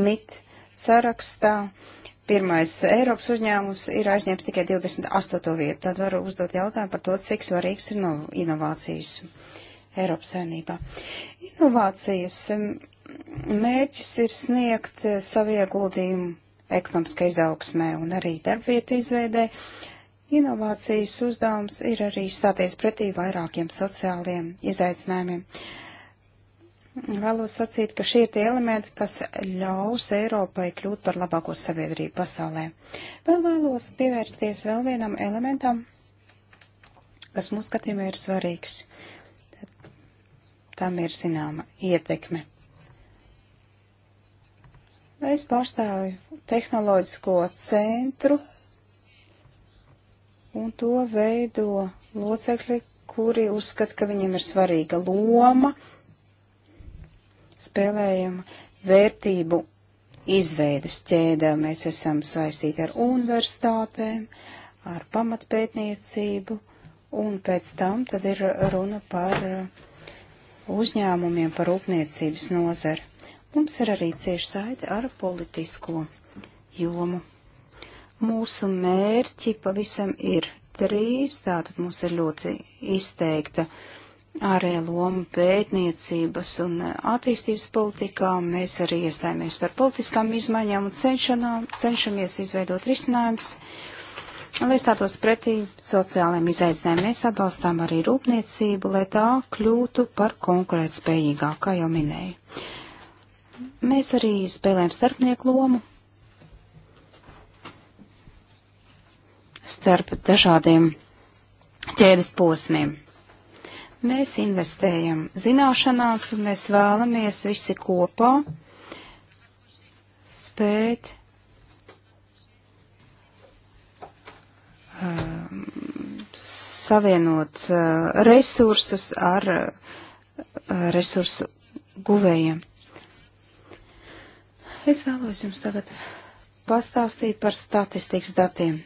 MIT sarakstā pirmais Eiropas uzņēmums ir aizņēmis tikai 28. vietu. Tad varu uzdot jautājumu par to, cik svarīgs ir no inovācijas Eiropas saimnībā. Inovācijas mērķis ir sniegt eh, savu ieguldījumu ekonomiskai izaugsmē un arī darbvietu izveidē Inovācijas uzdevums ir arī stāties pretī vairākiem sociāliem izaicinājumiem. Vēlos sacīt, ka šie ir tie elementi, kas ļaus Eiropai kļūt par labāko sabiedrību pasaulē. Vēl vēlos pievērsties vēl vienam elementam, kas mūsu skatījumā ir svarīgs. Tad, tam ir zināma ietekme. Es pārstāvu tehnoloģisko centru un to veido locekļi, kuri uzskata, ka viņiem ir svarīga loma spēlējama vērtību izveidas ķēdē. Mēs esam saistīti ar universitātēm, ar pamatpētniecību, un pēc tam tad ir runa par uzņēmumiem, par rūpniecības nozari. Mums ir arī cieši saiti ar politisko jomu. Mūsu mērķi pavisam ir trīs, tātad mums ir ļoti izteikta ārēja loma pētniecības un attīstības politikā. Mēs arī iestājāmies par politiskām izmaiņām un cenšanām, cenšamies izveidot risinājumus. Lai stātos pretī sociālajiem izaicinājumiem, mēs atbalstām arī rūpniecību, lai tā kļūtu par konkurētspējīgāku, kā jau minēju. Mēs arī spēlējam starpnieku lomu starp dažādiem ķēdes posmiem. Mēs investējam zināšanās un mēs vēlamies visi kopā spēt um, savienot uh, resursus ar uh, resursu guvējiem. Es vēlos jums tagad pastāstīt par statistikas datiem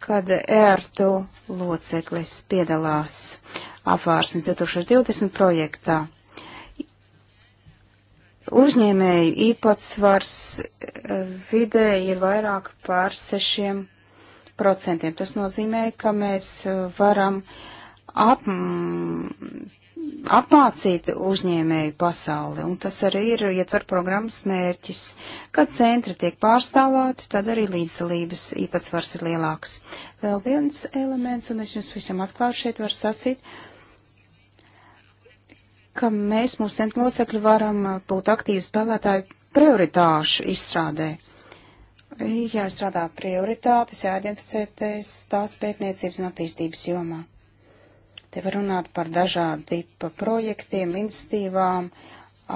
kad ērtu loceklis piedalās apvārsnes 2020 projektā. Uzņēmēju īpatsvars e, vidē ir vairāk pār 6%. Tas nozīmē, ka mēs e, varam ap, apmācīt uzņēmēju pasauli, un tas arī ir ietver programmas mērķis. Kad centri tiek pārstāvāti, tad arī līdzdalības īpatsvars ir lielāks. Vēl viens elements, un es jums visam atklāšu šeit var sacīt, ka mēs mūsu centra locekļi varam būt aktīvi spēlētāji prioritāšu izstrādē. Jāstrādā prioritātes, jāidentificēties tās pētniecības un attīstības jomā. Te var runāt par dažādu tipu projektiem, institīvām,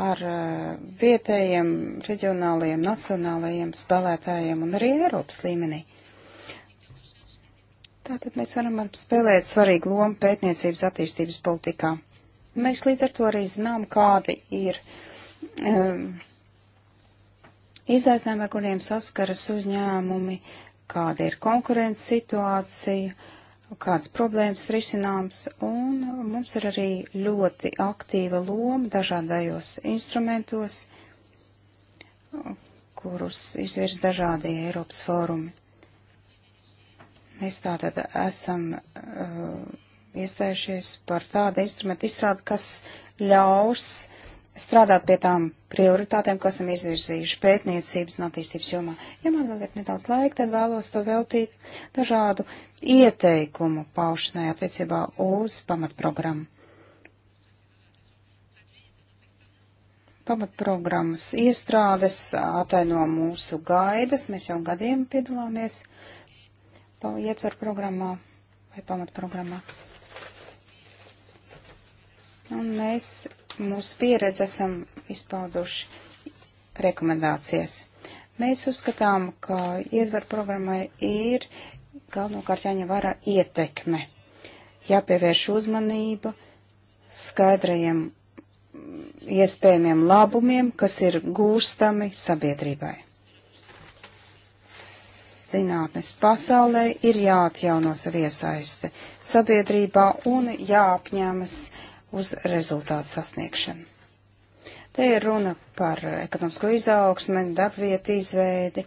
ar eh, vietējiem, reģionālajiem, nacionālajiem spēlētājiem un arī Eiropas līmenī. Tātad mēs varam spēlēt svarīgu lomu pētniecības attīstības politikā. Mēs līdz ar to arī zinām, kādi ir um, izaicinājumi, ar kuriem saskaras uzņēmumi, kāda ir konkurences situācija, uh, kādas problēmas risināms, un mums ir arī ļoti aktīva loma dažādajos instrumentos, kurus izvirs dažādie Eiropas fórumi. Mēs tātad esam uh, iestājušies par tādu instrumentu izstrādi, kas ļaus strādāt pie tām prioritātēm, ko esam izvirzījuši pētniecības un attīstības jomā. Ja man vēl ir nedaudz laika, tad vēlos to veltīt dažādu ieteikumu paušanai attiecībā uz pamatprogrammu. Pamatprogrammas iestrādes ataino mūsu gaidas, mēs jau gadiem piedalāmies ietver programmā vai pamatprogrammā. Un mēs mūsu pieredzi esam izpauduši rekomendācijas. Mēs uzskatām, ka ietver programmai ir galvenokārt jāņem vērā ietekme, jāpievērš uzmanība skaidrajiem iespējamiem labumiem, kas ir gūstami sabiedrībai. Zinātnes pasaulē ir jāatjauno savu iesaiste sabiedrībā un jāapņemas uh, uz rezultātu sasniegšanu. Te ir runa par ekonomisko izaugsmi, darbvietu izveidi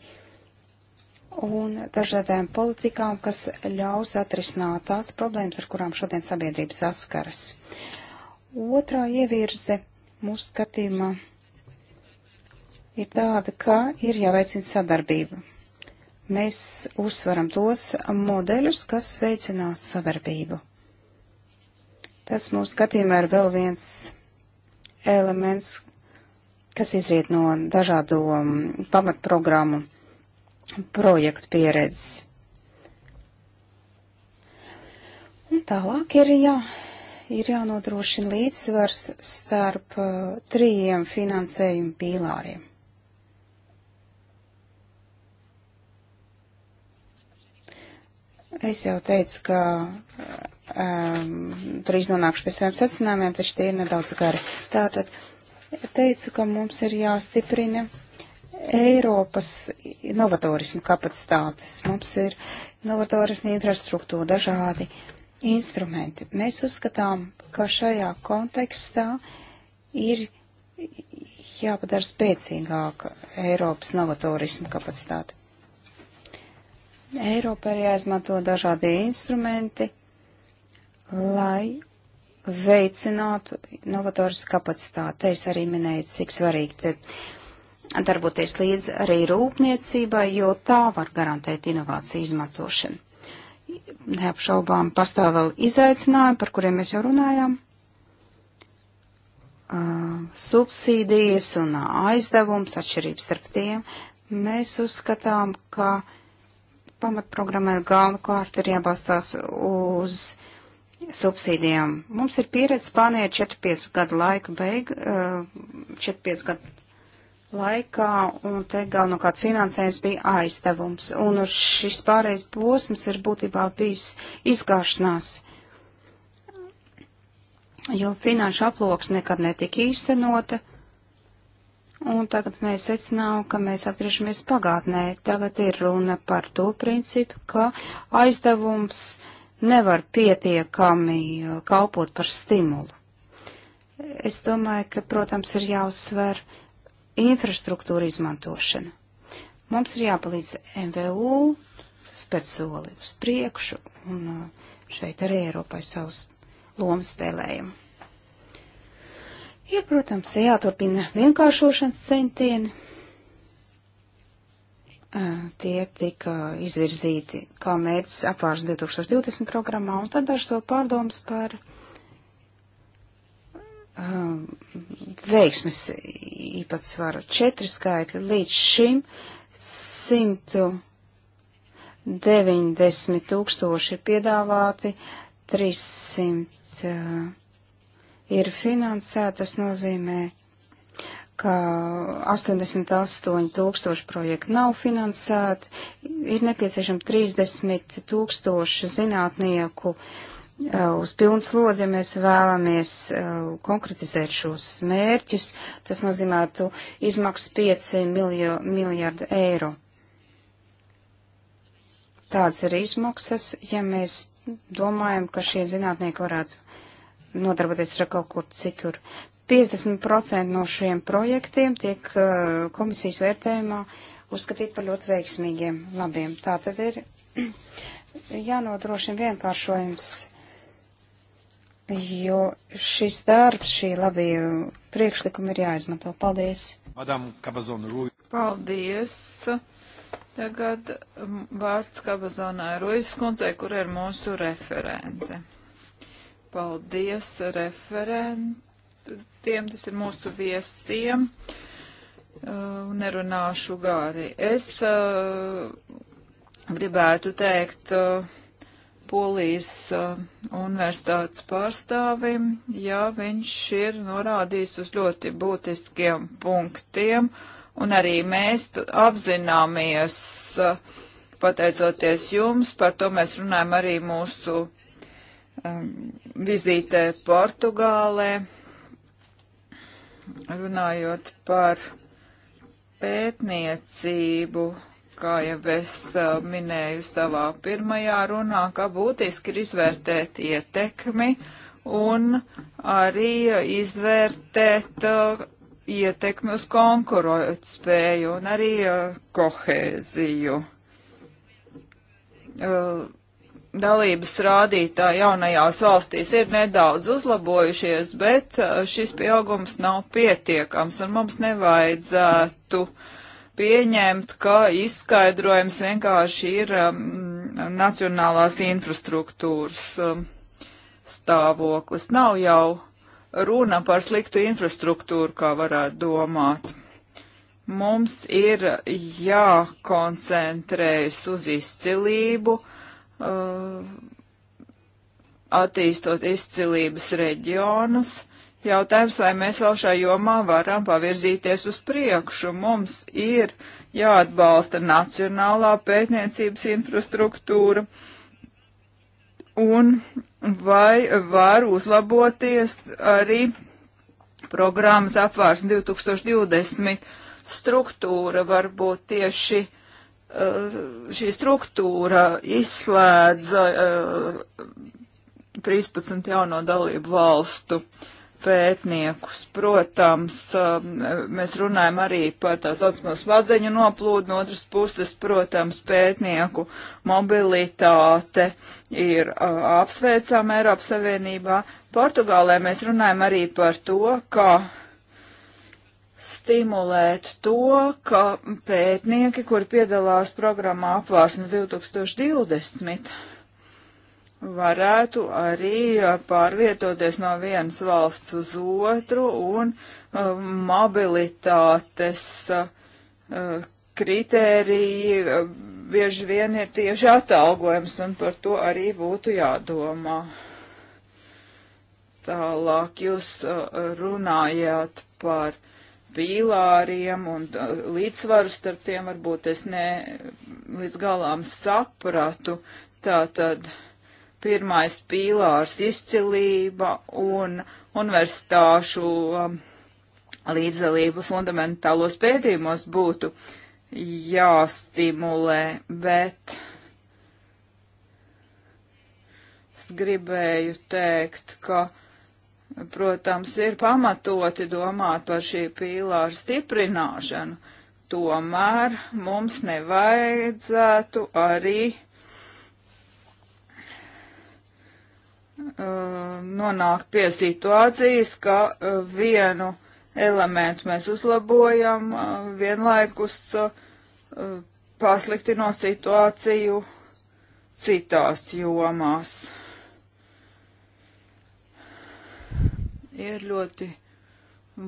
un dažādām politikām, kas ļaus atrisināt tās problēmas, ar kurām šodien sabiedrība saskaras. Otrā ievirze mūsu skatījumā ir tāda, ka ir jāveicina sadarbība. Mēs uzsveram tos modeļus, kas veicinās sadarbību. Tas mūsu skatījumā ir vēl viens elements, kas izriet no dažādu um, pamatprogrammu projektu pieredzes. Un tālāk ir, jā, ir jānodrošina līdzsvars starp uh, trījiem finansējumu pīlāriem. Es jau teicu, ka um, ehm, drīz nonākšu pie saviem secinājumiem, taču tie ir nedaudz gari. Tātad teicu, ka mums ir jāstiprina Eiropas novatorismu kapacitātes. Mums ir novatorismu infrastruktūra dažādi instrumenti. Mēs uzskatām, ka šajā kontekstā ir jāpadara spēcīgāka Eiropas novatorismu kapacitāte. Eiropā ir jāizmanto dažādi instrumenti, lai veicinātu novatoras kapacitāti. Te es arī minēju, cik svarīgi te darboties līdz arī rūpniecībai, jo tā var garantēt inovāciju izmantošanu. Neapšaubām pastāv vēl izaicinājumi, par kuriem mēs jau runājām. Uh, subsīdijas un aizdevums, atšķirības starp tiem. Mēs uzskatām, ka pamatprogrammai galvenokārt ir jābalstās uz uh, subsīdijām. Mums ir pieredze Spānijā 45 gadu laika beig, 45 eh, gadu laikā, un te galvenokārt finansējums bija aizdevums, un šis pārējais posms ir būtībā bijis izgāšanās, jo finanšu aploks nekad netika īstenota, un tagad mēs secinām, ka mēs atgriežamies pagātnē. Tagad ir runa par to principu, ka aizdevums uh, nevar pietiekami uh, kalpot par stimulu. Es domāju, ka, protams, ir jāuzsver infrastruktūra izmantošana. Mums ir jāpalīdz MVU spērt soli uz priekšu, un uh, šeit arī Eiropai savus lomu spēlējumu. Ir, protams, jāturpina vienkāršošanas centieni, Tie tika izvirzīti kā mērķis apvārs 2020 programmā, un tad dažs vēl pārdoms par um, veiksmes īpatsvaru. Četri skaitļi līdz šim 190 tūkstoši ir piedāvāti, 300 uh, ir finansēti, tas nozīmē ka 88 tūkstoši projektu nav finansēti, ir nepieciešami 30 tūkstoši zinātnieku uz pilnas lodzi, ja mēs vēlamies konkretizēt šos mērķus, tas nozīmētu izmaksas 5 miljo, miljardu eiro. Tāds ir izmaksas, ja mēs domājam, ka šie zinātnieki varētu nodarboties ar kaut kur citur. 50% no šiem projektiem tiek uh, komisijas vērtējumā uzskatīt par ļoti veiksmīgiem, labiem. Tā tad ir jānodrošina vienkāršojums, jo šis darbs, šī labie priekšlikumi ir jāizmanto. Paldies! Madam Kabazona Rūja. Paldies! Tagad um, vārds Kabazonai Rūjas kundzei, kur ir mūsu referente. Paldies referent ekspertiem, tas ir mūsu viesiem. Uh, nerunāšu gāri. Es uh, gribētu teikt uh, Polijas uh, universitātes pārstāvim, ja viņš ir norādījis uz ļoti būtiskiem punktiem, un arī mēs apzināmies, uh, pateicoties jums, par to mēs runājam arī mūsu um, vizītē Portugālē runājot par pētniecību, kā jau es uh, minēju savā pirmajā runā, ka būtiski ir izvērtēt ietekmi un arī izvērtēt uh, ietekmi uz konkurētspēju un arī uh, kohēziju. Uh, dalības rādītāji jaunajās valstīs ir nedaudz uzlabojušies, bet uh, šis pieaugums nav pietiekams un mums nevajadzētu pieņemt, ka izskaidrojums vienkārši ir um, nacionālās infrastruktūras um, stāvoklis. Nav jau runa par sliktu infrastruktūru, kā varētu domāt. Mums ir jākoncentrējas uz izcilību, uh, Uh, attīstot izcilības reģionus. Jautājums, vai mēs vēl šajā jomā varam pavirzīties uz priekšu. Mums ir jāatbalsta nacionālā pētniecības infrastruktūra un vai var uzlaboties arī programmas apvārs 2020 struktūra varbūt tieši Eh, šī struktūra izslēdza 13 eh, jauno dalību valstu pētniekus. Protams, eh, mēs runājam arī par tā saucamo smadzeņu noplūdu, no otras puses, protams, pētnieku mobilitāte ir apsveicama Eiropas Savienībā. Portugālē mēs runājam arī par to, ka stimulēt to, ka pētnieki, kuri piedalās programmā apvārsnes 2020, varētu arī uh, pārvietoties no vienas valsts uz otru un um, mobilitātes uh, kritēriji uh, bieži vien ir tieši atalgojums, un par to arī būtu jādomā. Tālāk jūs runājāt par pīlāriem un uh, līdzsvaru starp tiem varbūt es ne līdz galām sapratu. Tātad pirmais pīlārs izcilība un universitāšu um, līdzdalība fundamentālos pētījumos būtu jāstimulē, bet es gribēju teikt, ka uh, Protams, ir pamatoti domāt par šī pīlāra stiprināšanu, tomēr mums nevajadzētu arī uh, nonākt pie situācijas, ka uh, vienu elementu mēs uzlabojam, uh, vienlaikus uh, pasliktinot situāciju citās jomās. ir ļoti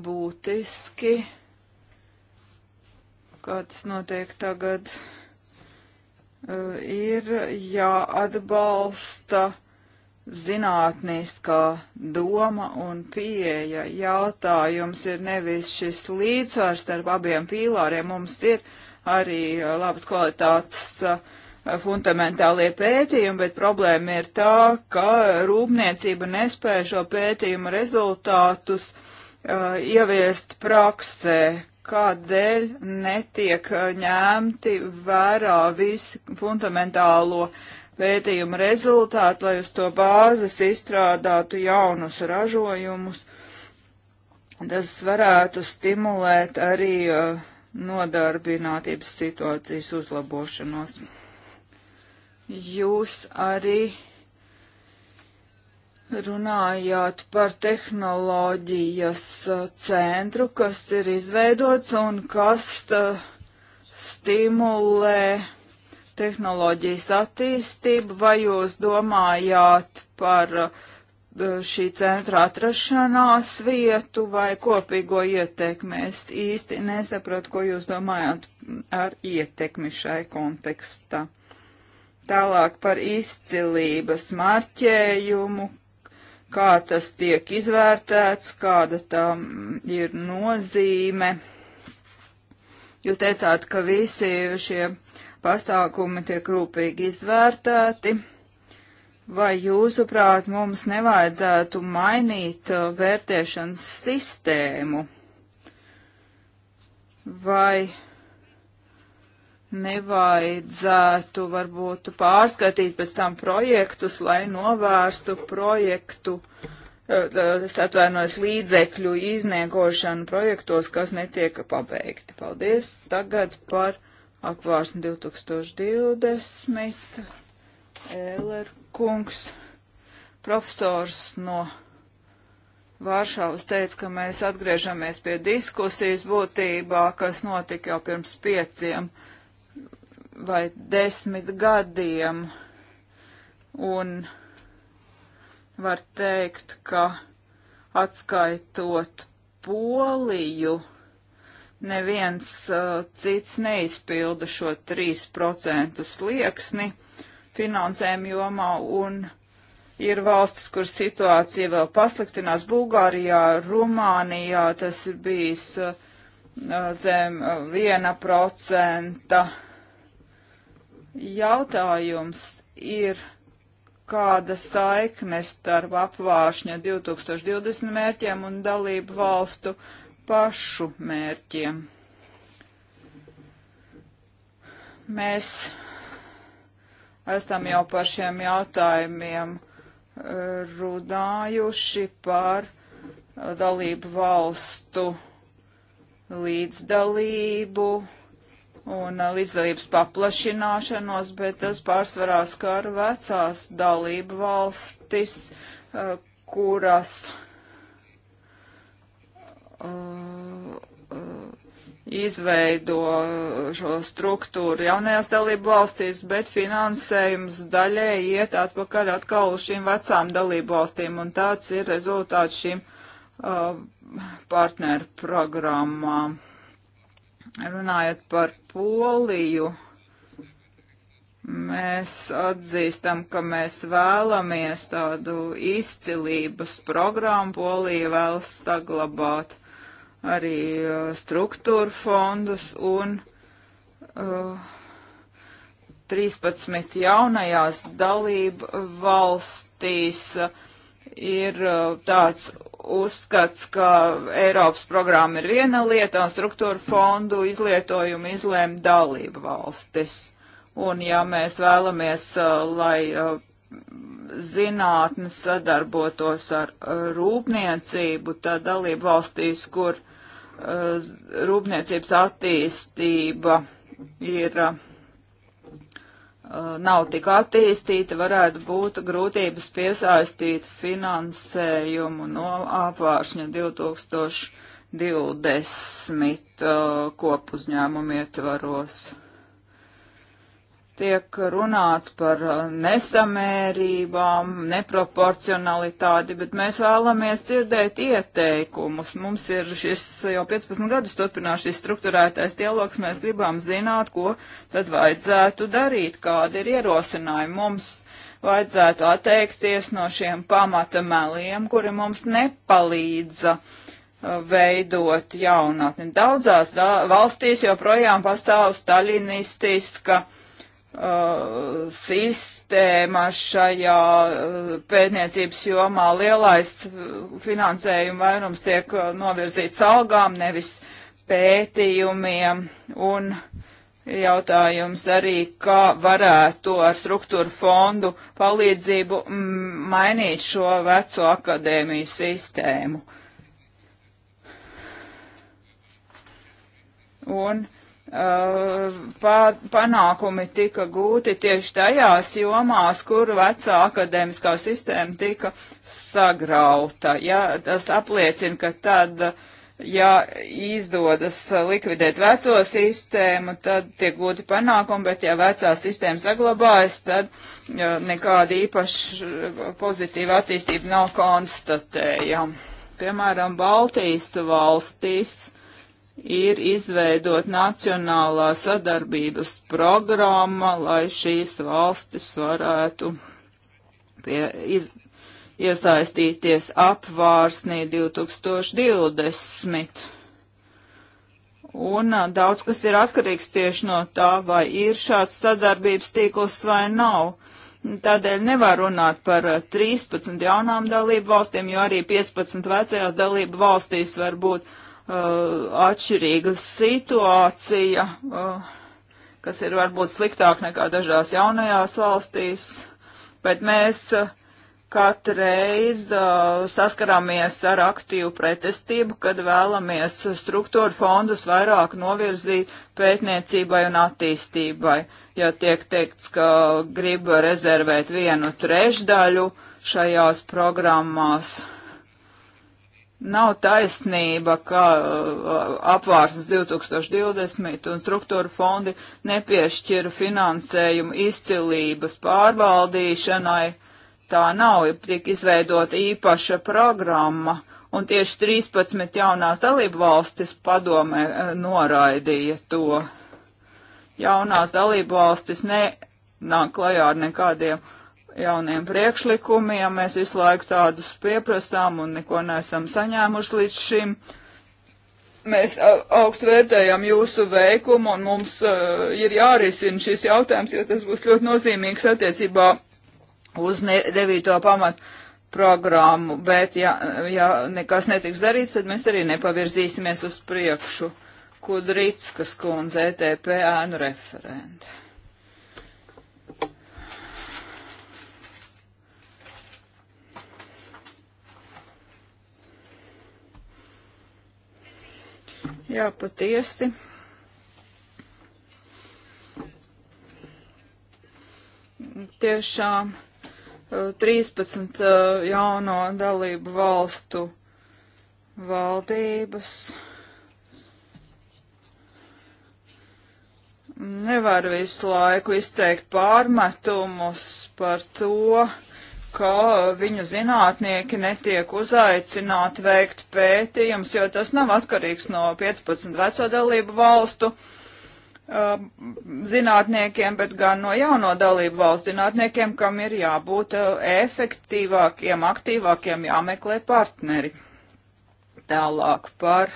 būtiski, kā tas notiek tagad, eh, ir jāatbalsta zinātniskā doma un pieeja. Jautājums ir nevis šis līdzsvars starp abiem pīlāriem. Mums ir arī labas kvalitātes uh, fundamentālie pētījumi, bet problēma ir tā, ka rūpniecība nespēja šo pētījumu rezultātus uh, ieviest praksē, kādēļ netiek ņemti vērā visi fundamentālo pētījumu rezultāti, lai uz to bāzes izstrādātu jaunus ražojumus. Tas varētu stimulēt arī uh, nodarbinātības situācijas uzlabošanos jūs arī runājāt par tehnoloģijas uh, centru, kas ir izveidots un kas uh, stimulē tehnoloģijas attīstību, vai jūs domājāt par uh, šī centra atrašanās vietu vai kopīgo ietekmi? Es īsti nesaprotu, ko jūs domājāt ar ietekmi šai kontekstā. Tālāk par izcilības marķējumu, kā tas tiek izvērtēts, kāda tam ir nozīme. Jūs teicāt, ka visi šie pasākumi tiek rūpīgi izvērtēti. Vai jūsuprāt mums nevajadzētu mainīt uh, vērtēšanas sistēmu? Vai nevajadzētu varbūt pārskatīt pēc tam projektus, lai novērstu projektu, eh, eh, es atvainojos līdzekļu izniekošanu projektos, kas netiek pabeigti. Paldies. Tagad par apvārsni 2020. Ēler kungs, profesors no Vāršavas teica, ka mēs atgriežamies pie diskusijas būtībā, kas notika jau pirms pieciem gadiem vai desmit gadiem. Un var teikt, ka atskaitot poliju, neviens uh, cits neizpilda šo 3% slieksni finansējuma jomā un ir valstis, kur situācija vēl pasliktinās. Bulgārijā, Rumānijā tas ir bijis uh, zem 1%. Uh, Jautājums ir, kāda saikne starp apvāršņa 2020 mērķiem un dalību valstu pašu mērķiem. Mēs esam jau par šiem jautājumiem eh, runājuši par eh, dalību valstu līdzdalību un uh, līdzdalības paplašināšanos, bet tas pārsvarā skar vecās dalību valstis, uh, kuras uh, izveido šo struktūru jaunajās dalību valstīs, bet finansējums daļai iet atpakaļ atkal uz šīm vecām dalību valstīm, un tāds ir rezultāts šīm uh, partneru programmām. Runājot par Poliju, mēs atzīstam, ka mēs vēlamies tādu izcilības programmu. Polija vēlas saglabāt arī uh, struktūra fondus un uh, 13 jaunajās dalību valstīs uh, ir uh, tāds uzskats, ka Eiropas programma ir viena lieta un struktūra fondu izlietojumu izlēma dalību valstis. Un ja mēs vēlamies, uh, lai uh, zinātnes sadarbotos ar uh, rūpniecību, tad dalību valstīs, kur rūpniecības attīstība ir Uh, nav tik attīstīta, varētu būt grūtības piesaistīt finansējumu no apvāršņa 2020 uh, kopuzņēmumu ietvaros tiek runāts par uh, nesamērībām, neproporcionalitāti, bet mēs vēlamies dzirdēt ieteikumus. Mums ir šis jau 15 gadus turpinās šis struktūrētais dialogs, mēs gribam zināt, ko tad vajadzētu darīt, kādi ir ierosinājumi mums. Vajadzētu atteikties no šiem pamata meliem, kuri mums nepalīdza uh, veidot jaunatni. Daudzās da valstīs joprojām pastāv staļinistiska uh, Uh, sistēma šajā uh, pētniecības jomā lielais uh, finansējuma vairums tiek uh, novirzīts algām, nevis pētījumiem. Un jautājums arī, kā varētu ar struktūru fondu palīdzību mm, mainīt šo veco akadēmiju sistēmu. Un uh, Eh, panākumi tika gūti tieši tajās jomās, kur vecā akadēmiskā sistēma tika sagrauta. Ja, tas apliecina, ka tad, ja izdodas likvidēt veco sistēmu, tad tiek gūti panākumi, bet ja vecā sistēma saglabājas, tad ja, nekāda īpaša pozitīva attīstība nav konstatējama. Piemēram, Baltijas valstīs ir izveidot nacionālā sadarbības programma, lai šīs valstis varētu pie, iz, iesaistīties apvārsnī 2020. Un daudz kas ir atkarīgs tieši no tā, vai ir šāds sadarbības tīkls vai nav. Tādēļ nevar runāt par 13 jaunām dalību valstīm, jo arī 15 vecajās dalību valstīs var būt uh, Uh, atšķirīga situācija, uh, kas ir varbūt sliktāk nekā dažās jaunajās valstīs, bet mēs uh, katreiz saskaramies ar aktīvu pretestību, kad vēlamies struktūra fondus vairāk novirzīt pētniecībai un attīstībai. Ja tiek teikts, ka grib rezervēt vienu trešdaļu šajās programmās, Nav taisnība, ka uh, apvārsnes 2020 un struktūra fondi nepiešķira finansējumu izcilības pārvaldīšanai. Tā nav, ja tiek izveidota īpaša programma, un tieši 13 jaunās dalību valstis padomē uh, noraidīja to. Jaunās dalību valstis nenāk klajā ar nekādiem jauniem priekšlikumiem. Mēs visu laiku tādus pieprastām un neko neesam saņēmuši līdz šim. Mēs augstu vērtējam jūsu veikumu un mums uh, ir jārisina šis jautājums, jo tas būs ļoti nozīmīgs attiecībā uz ne, devīto pamatu programmu, bet ja, ja nekas netiks darīts, tad mēs arī nepavirzīsimies uz priekšu. Kudrītskas kundze, ETP ēnu referente. Jā, patiesi. Tiešām 13 eh, eh, jauno dalību valstu valdības. Nevar visu laiku izteikt pārmetumus par to, ka viņu zinātnieki netiek uzaicināti veikt pētījums, jo tas nav atkarīgs no 15 veco dalību valstu uh, zinātniekiem, bet gan no jauno dalību valstu zinātniekiem, kam ir jābūt uh, efektīvākiem, aktīvākiem, jāmeklē partneri. Tālāk par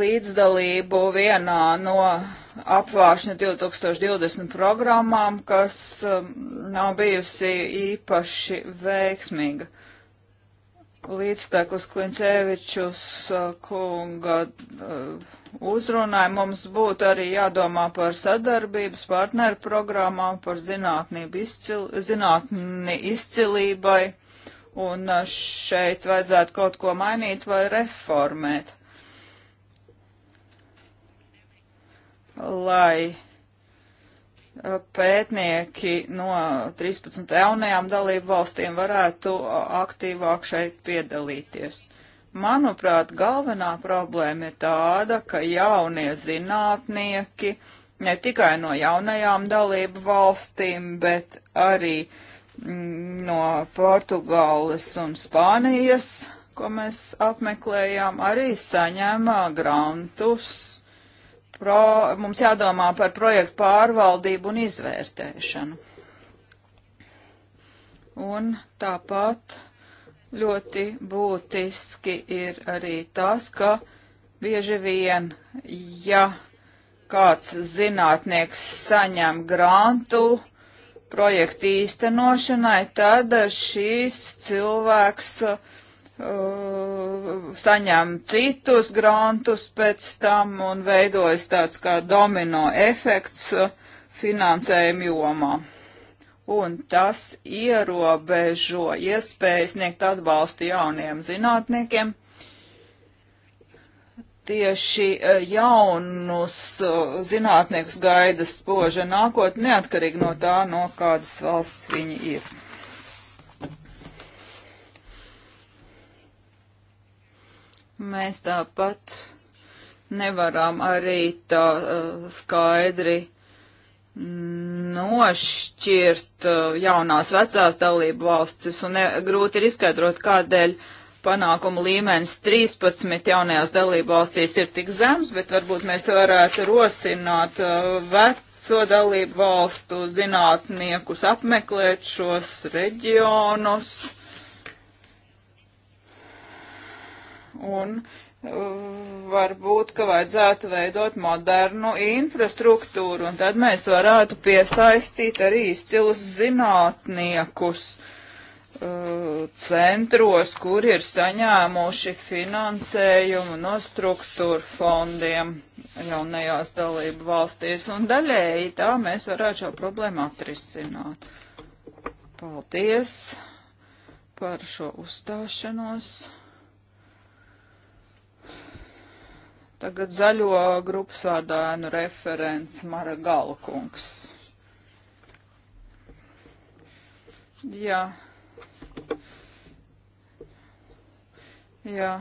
līdzdalību vienā no apvāršņa 2020 programmām, kas um, nav bijusi īpaši veiksmīga. Līdztekus Klinčēvičus uh, kunga uh, uzrunāja, mums būtu arī jādomā par sadarbības partneru programmām, par izcil, zinātni izcilībai, un uh, šeit vajadzētu kaut ko mainīt vai reformēt. lai uh, pētnieki no 13 jaunajām dalību valstīm varētu uh, aktīvāk šeit piedalīties. Manuprāt, galvenā problēma ir tāda, ka jaunie zinātnieki ne tikai no jaunajām dalību valstīm, bet arī mm, no Portugāles un Spānijas, ko mēs apmeklējām, arī saņēma grantus pro, mums jādomā par projektu pārvaldību un izvērtēšanu. Un tāpat ļoti būtiski ir arī tas, ka bieži vien, ja kāds zinātnieks saņem grantu projektu īstenošanai, tad šīs cilvēks uh, Uh, saņem citus grantus pēc tam un veidojas tāds kā domino efekts uh, finansējuma jomā. Un tas ierobežo iespējas sniegt atbalstu jauniem zinātniekiem. Tieši uh, jaunus zinātniekus gaida spoža nākotne, neatkarīgi no tā, no kādas valsts viņi ir. Mēs tāpat nevaram arī tā uh, skaidri nošķirt uh, jaunās vecās dalību valstis un ne, grūti ir izskaidrot, kādēļ panākumu līmenis 13 jaunajās dalību valstīs ir tik zems, bet varbūt mēs varētu rosināt uh, veco dalību valstu zinātniekus apmeklēt šos reģionus un uh, varbūt, ka vajadzētu veidot modernu infrastruktūru, un tad mēs varētu piesaistīt arī izcilus zinātniekus uh, centros, kur ir saņēmuši finansējumu no struktūra fondiem jaunajās dalību valstīs, un daļēji tā mēs varētu šo problēmu atrisināt. Paldies! par šo uzstāšanos. Tagad zaļo grupas vārdā ēnu referents Mara Galkungs. Jā. Jā.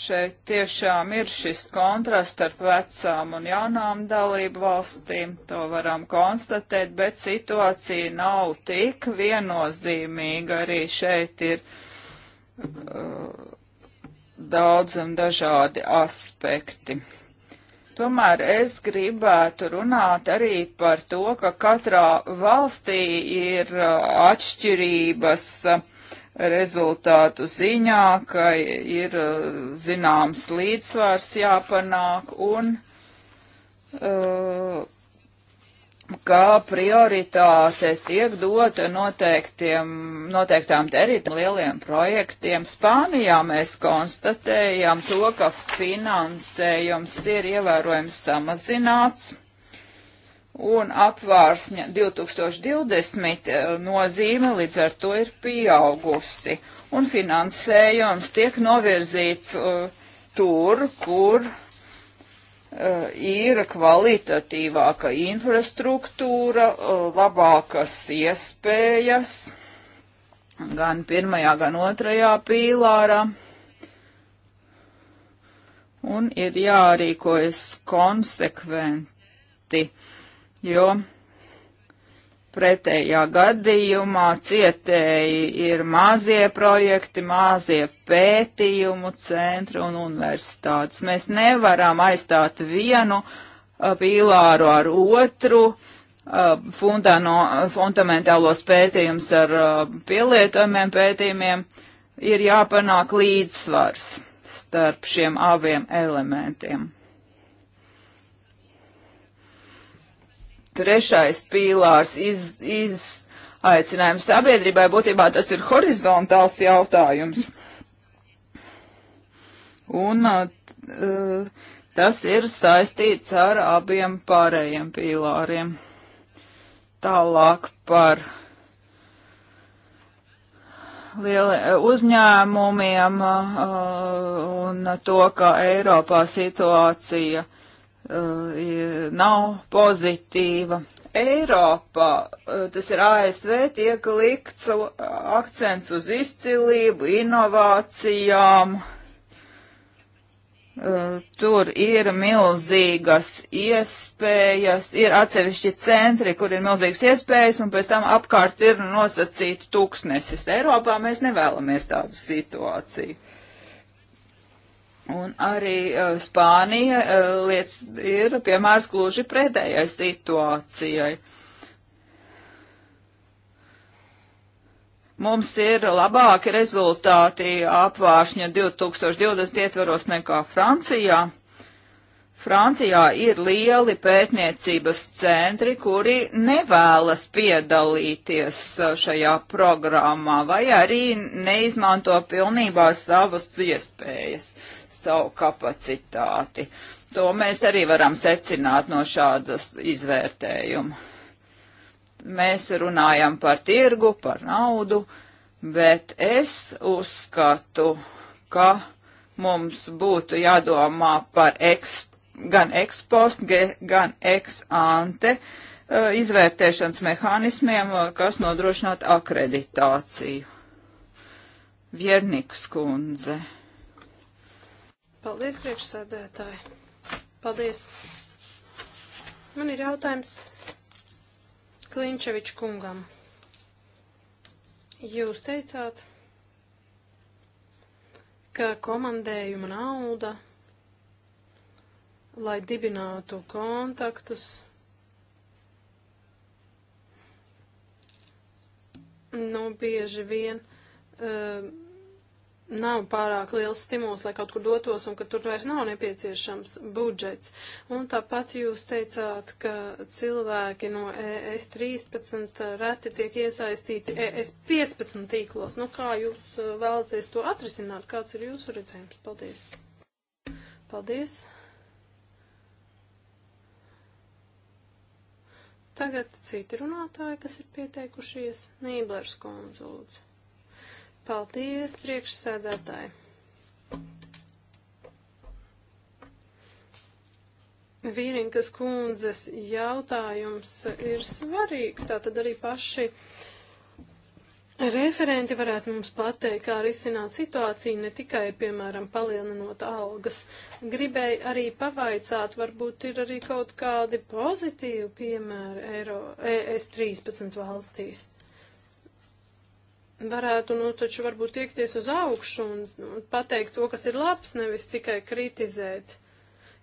Šeit tiešām ir šis kontrasts starp vecām un jaunām dalību valstīm, to varam konstatēt, bet situācija nav tik viennozīmīga. Arī šeit ir uh, daudz un dažādi aspekti. Tomēr es gribētu runāt arī par to, ka katrā valstī ir uh, atšķirības uh, rezultātu ziņā, ka ir uh, zināms līdzsvars jāpanāk un uh, ka prioritāte tiek dota noteiktiem, noteiktām teritorijām, lieliem projektiem. Spānijā mēs konstatējam to, ka finansējums ir ievērojami samazināts. Un apvārsņa 2020 eh, nozīme līdz ar to ir pieaugusi. Un finansējums tiek novirzīts uh, tur, kur uh, Eh, ir kvalitatīvāka infrastruktūra, eh, labākas iespējas gan pirmajā, gan otrajā pīlārā. Un ir jārīkojas konsekventi, jo Pretējā gadījumā cietēji ir mazie projekti, mazie pētījumu centri un universitātes. Mēs nevaram aizstāt vienu uh, pīlāru ar otru, uh, fundano, fundamentālos pētījumus ar uh, pielietojumiem pētījumiem. Ir jāpanāk līdzsvars starp šiem abiem elementiem. Trešais pīlārs iz, iz aicinājums sabiedrībai, būtībā tas ir horizontāls jautājums. Un uh, tas ir saistīts ar abiem pārējiem pīlāriem. Tālāk par liela, uzņēmumiem uh, un to, ka Eiropā situācija uh, Uh, nav pozitīva. Eiropā, uh, tas ir ASV, tiek likts akcents uz izcilību, inovācijām. Uh, tur ir milzīgas iespējas, ir atsevišķi centri, kur ir milzīgas iespējas, un pēc tam apkārt ir nosacīti tūkstnesis. Eiropā mēs nevēlamies tādu situāciju. Un arī uh, Spānija uh, liec, ir piemērs gluži pretējai situācijai. Mums ir labāki rezultāti apvāršņa 2020 ietvaros nekā Francijā. Francijā ir lieli pētniecības centri, kuri nevēlas piedalīties eh, šajā programmā vai arī neizmanto pilnībā savas iespējas savu kapacitāti. To mēs arī varam secināt no šādas izvērtējuma. Mēs runājam par tirgu, par naudu, bet es uzskatu, ka mums būtu jādomā par eksportu gan ekspost, gan eksante eh, izvērtēšanas mehānismiem, eh, kas nodrošinātu akreditāciju. Vierniks kundze. Paldies, priekšsēdētāji. Paldies. Man ir jautājums Klinčeviča kungam. Jūs teicāt, ka komandējuma nauda, lai dibinātu kontaktus, nu, bieži vien. Uh, nav pārāk liels stimuls, lai kaut kur dotos un ka tur vairs nav nepieciešams budžets. Un tāpat jūs teicāt, ka cilvēki no ES 13 reti tiek iesaistīti ES 15 tīklos. Nu, kā jūs uh, vēlaties to atrisināt? Kāds ir jūsu redzējums? Paldies. Paldies. Tagad citi runātāji, kas ir pieteikušies. Nīblers konzults. Paldies, priekšsēdētāji. Vīrinkas kundzes jautājums ir svarīgs, tātad arī paši referenti varētu mums pateikt, kā risināt situāciju, ne tikai, piemēram, palielinot algas. Gribēju arī pavaicāt, varbūt ir arī kaut kādi pozitīvi piemēri Eiro, ES 13 valstīs varētu, nu, taču varbūt tiekties uz augšu un pateikt to, kas ir labs, nevis tikai kritizēt.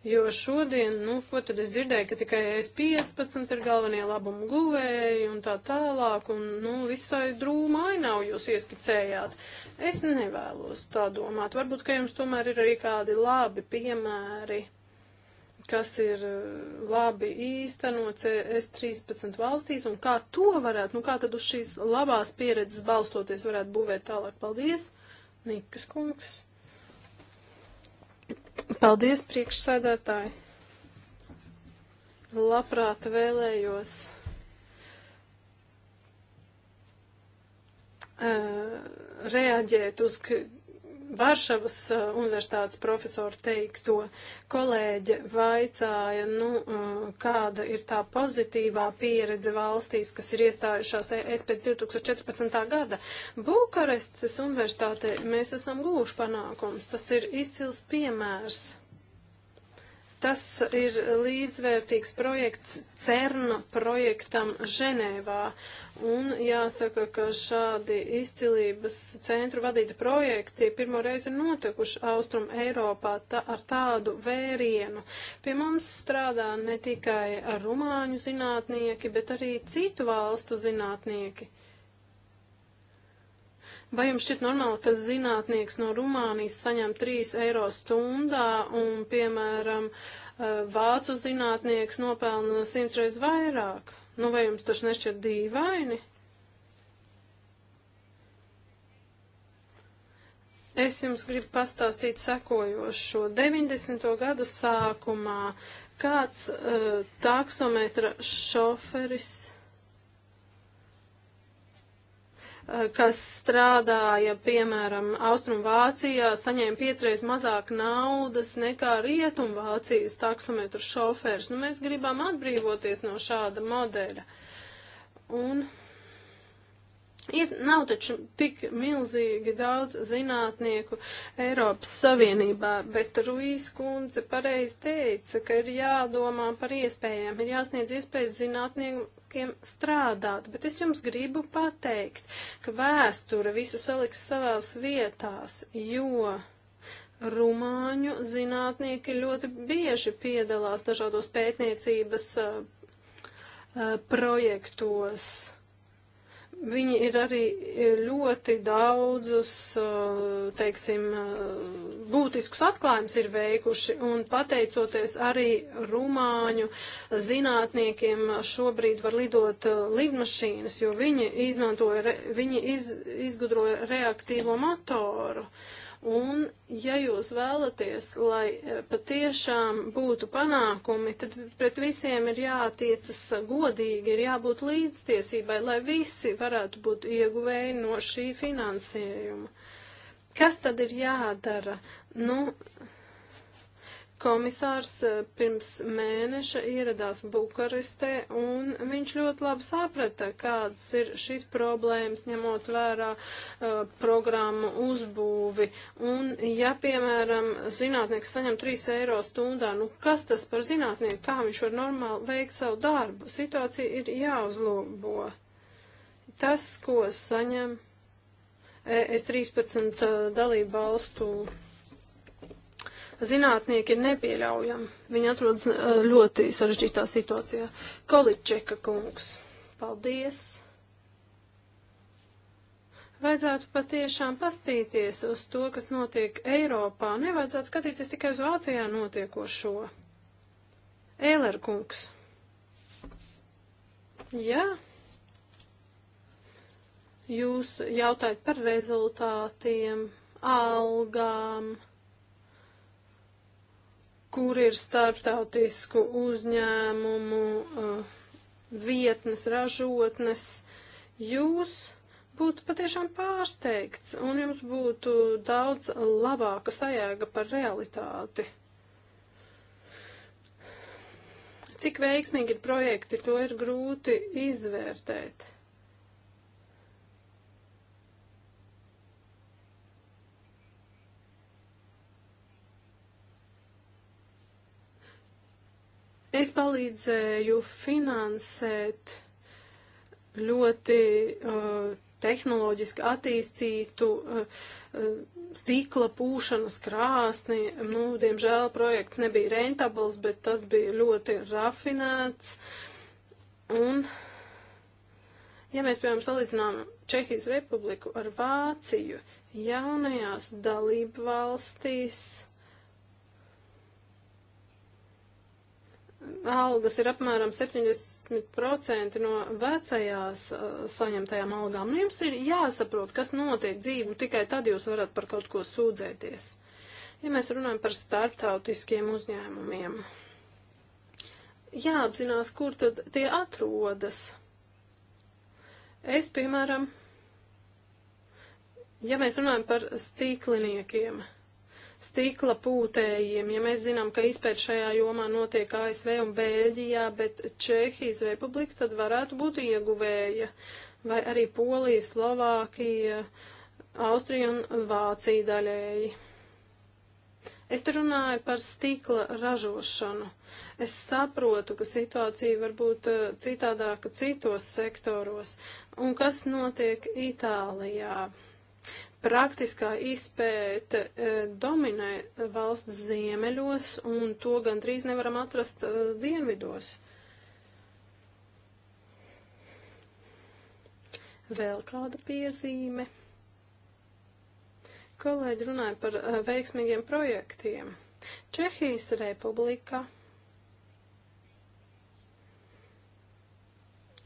Jo šodien, nu, ko tad es dzirdēju, ka tikai S15 ir galvenie labumu guvēji un tā tālāk, un, nu, visai drūmai nav jūs ieskicējāt. Es nevēlos tā domāt. Varbūt, ka jums tomēr ir arī kādi labi piemēri kas ir eh, labi īstenots S13 valstīs un kā to varētu, nu kā tad uz šīs labās pieredzes balstoties varētu būvēt tālāk. Paldies, Nikas kungs. Paldies, priekšsēdētāji. Labprāt vēlējos. Uh, reaģēt uz Varšavas eh, universitātes profesoru teikto kolēģe vaicāja, nu, eh, kāda ir tā pozitīvā pieredze valstīs, kas ir iestājušās e, es pēc 2014. gada. Bukarestes universitātē mēs esam gūši panākums. Tas ir izcils piemērs. Tas ir līdzvērtīgs projekts CERN projektam Ženēvā. Un jāsaka, ka šādi izcilības centru vadīti projekti pirmo reizi ir notikuši Austrum Eiropā tā, ar tādu vērienu. Pie mums strādā ne tikai rumāņu zinātnieki, bet arī citu valstu zinātnieki. Vai jums šķiet normāli, ka zinātnieks no Rumānijas saņem 3 eiro stundā un, piemēram, eh, vācu zinātnieks nopelna simtreiz vairāk? Nu, vai jums tas nešķiet dīvaini? Es jums gribu pastāstīt sekojošo. 90. gadu sākumā kāds uh, taksometra šoferis Eh, kas strādāja, piemēram, Austrumvācijā, saņēma piecreiz mazāk naudas nekā Rietumvācijas taksometru šofērs. Nu, mēs gribam atbrīvoties no šāda modeļa. Un Ir, nav taču tik milzīgi daudz zinātnieku Eiropas Savienībā, bet Ruijas kundze pareizi teica, ka ir jādomā par iespējām, ir jāsniedz iespējas zinātniekiem strādāt. Bet es jums gribu pateikt, ka vēsture visu saliks savās vietās, jo. Rumāņu zinātnieki ļoti bieži piedalās dažādos pētniecības uh, uh, projektos. Viņi ir arī ļoti daudzus, eh, teiksim, eh, būtiskus atklājumus ir veikuši, un pateicoties arī rumāņu zinātniekiem šobrīd var lidot eh, lidmašīnas, jo viņi, izmantoja, viņi iz, izgudroja reaktīvo motoru. Uh, Un, ja jūs vēlaties, lai eh, patiešām būtu panākumi, tad pret visiem ir jātiecas godīgi, ir jābūt līdztiesībai, lai visi varētu būt ieguvēji no šī finansējuma. Kas tad ir jādara? Nu, Komisārs eh, pirms mēneša ieradās Bukarestē, un viņš ļoti labi saprata, kādas ir šīs problēmas, ņemot vērā uh, programmu uzbūvi. Un, ja, piemēram, zinātnieks saņem 3 eiro stundā, nu kas tas par zinātnieku, kā viņš var normāli veikt savu darbu? Situācija ir jāuzlobo. Tas, ko saņem eh, ES 13 dalību valstu zinātnieki ir nepieļaujami. Viņi atrodas uh, ļoti sarežģītā situācijā. Količeka kungs, paldies! Vajadzētu patiešām pastīties uz to, kas notiek Eiropā. Nevajadzētu skatīties tikai uz Vācijā notiekošo. Eiler kungs. Jā. Jūs jautājat par rezultātiem, algām kur ir starptautisku uzņēmumu uh, vietnes, ražotnes. Jūs būtu patiešām pārsteigts un jums būtu daudz labāka sajēga par realitāti. Cik veiksmīgi ir projekti, to ir grūti izvērtēt. Es palīdzēju finansēt ļoti uh, tehnoloģiski attīstītu uh, uh, stikla pūšanas krāsni. Nu, diemžēl projekts nebija rentabls, bet tas bija ļoti rafinēts. Un, ja mēs, piemēram, salīdzinām Čehijas republiku ar Vāciju, jaunajās dalību valstīs algas ir apmēram 70% no vecajās uh, saņemtajām algām. Nu, jums ir jāsaprot, kas notiek dzīvi, tikai tad jūs varat par kaut ko sūdzēties. Ja mēs runājam par starptautiskiem uzņēmumiem, jāapzinās, kur tad tie atrodas. Es, piemēram, ja mēs runājam par stīkliniekiem, uh, stikla pūtējiem. Ja mēs zinām, ka izpēt šajā jomā notiek ASV un Bēļģijā, bet Čehijas republika tad varētu būt ieguvēja. Vai arī Polija, Slovākija, Austrija un Vācija daļēji. Es te runāju par stikla ražošanu. Es saprotu, ka situācija var būt eh, citādāka citos sektoros. Un kas notiek Itālijā? praktiskā izpēte e, dominē valsts ziemeļos, un to gandrīz nevaram atrast e, dienvidos. Vēl kāda piezīme. Kolēģi runāja par e, veiksmīgiem projektiem. Čehijas republika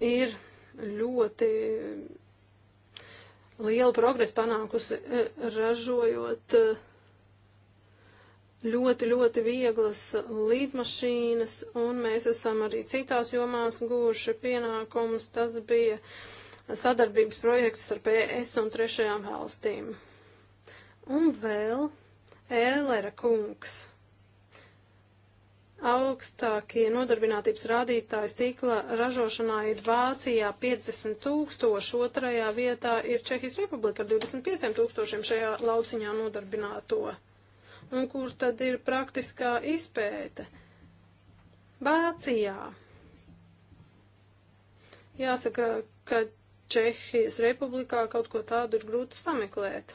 ir ļoti lielu progresu panākusi e, ražojot e, ļoti, ļoti vieglas līdmašīnas, un mēs esam arī citās jomās gūši pienākumus. Tas bija sadarbības projekts ar PS un trešajām valstīm. Un vēl Ēlera kungs. Augstākie nodarbinātības rādītāji stikla ražošanā ir Vācijā 50 tūkstoši, otrajā vietā ir Čehijas Republika ar 25 tūkstošiem šajā lauciņā nodarbināto. Un kur tad ir praktiskā izpēte? Vācijā. Jāsaka, ka Čehijas Republikā kaut ko tādu ir grūti sameklēt.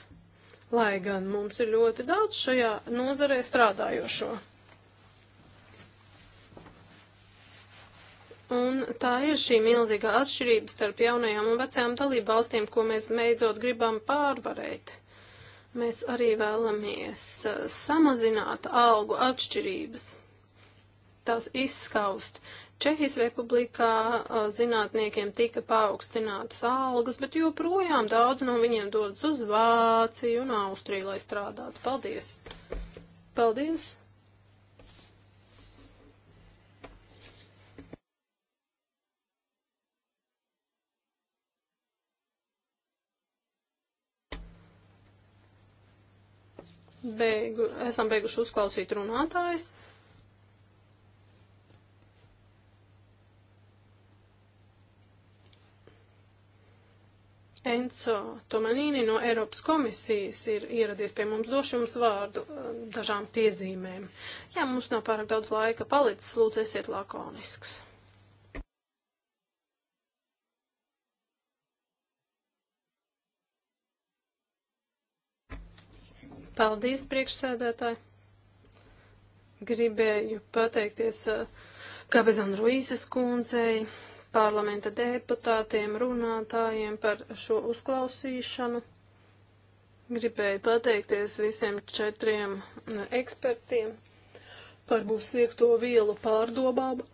Lai gan mums ir ļoti daudz šajā nozarē strādājošo. Un tā ir šī milzīgā atšķirība starp jaunajām un vecajām dalību valstīm, ko mēs beidzot gribam pārvarēt. Mēs arī vēlamies uh, samazināt algu atšķirības, tās izskaust. Čehijas republikā uh, zinātniekiem tika paaugstinātas algas, bet joprojām daudz no viņiem dodas uz Vāciju un Austriju, lai strādātu. Paldies! Paldies! beigu, esam beiguši uzklausīt runātājs. Enzo Tomanīni no Eiropas komisijas ir ieradies pie mums, došu jums vārdu um, dažām piezīmēm. Jā, mums nav pārāk daudz laika palicis, lūdzu, esiet lakonisks. Paldies, priekšsēdētāji! Gribēju pateikties eh, Kabezan Ruīzes kundzei, parlamenta deputātiem, runātājiem par šo uzklausīšanu. Gribēju pateikties visiem četriem eh, ekspertiem par būs iekto vielu pārdomābu.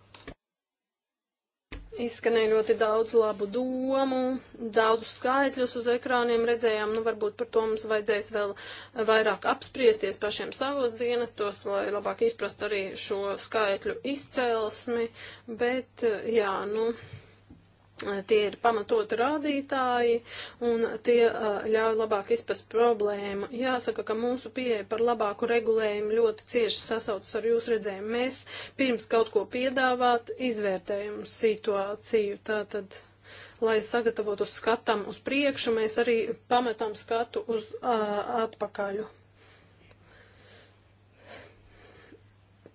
Izskanēja ļoti daudz labu domu, daudz skaitļus uz ekrāniem redzējām, nu varbūt par to mums vajadzēs vēl vairāk apspriesties pašiem savos dienestos, lai labāk izprast arī šo skaitļu izcelsmi, bet jā, nu Tie ir pamatoti rādītāji un tie uh, ļauj labāk izprast problēmu. Jāsaka, ka mūsu pieeja par labāku regulējumu ļoti cieši sasaucas ar jūsu redzējumu. Mēs pirms kaut ko piedāvāt, izvērtējam situāciju. Tātad, lai sagatavotu skatam uz priekšu, mēs arī pametam skatu uz uh, atpakaļu.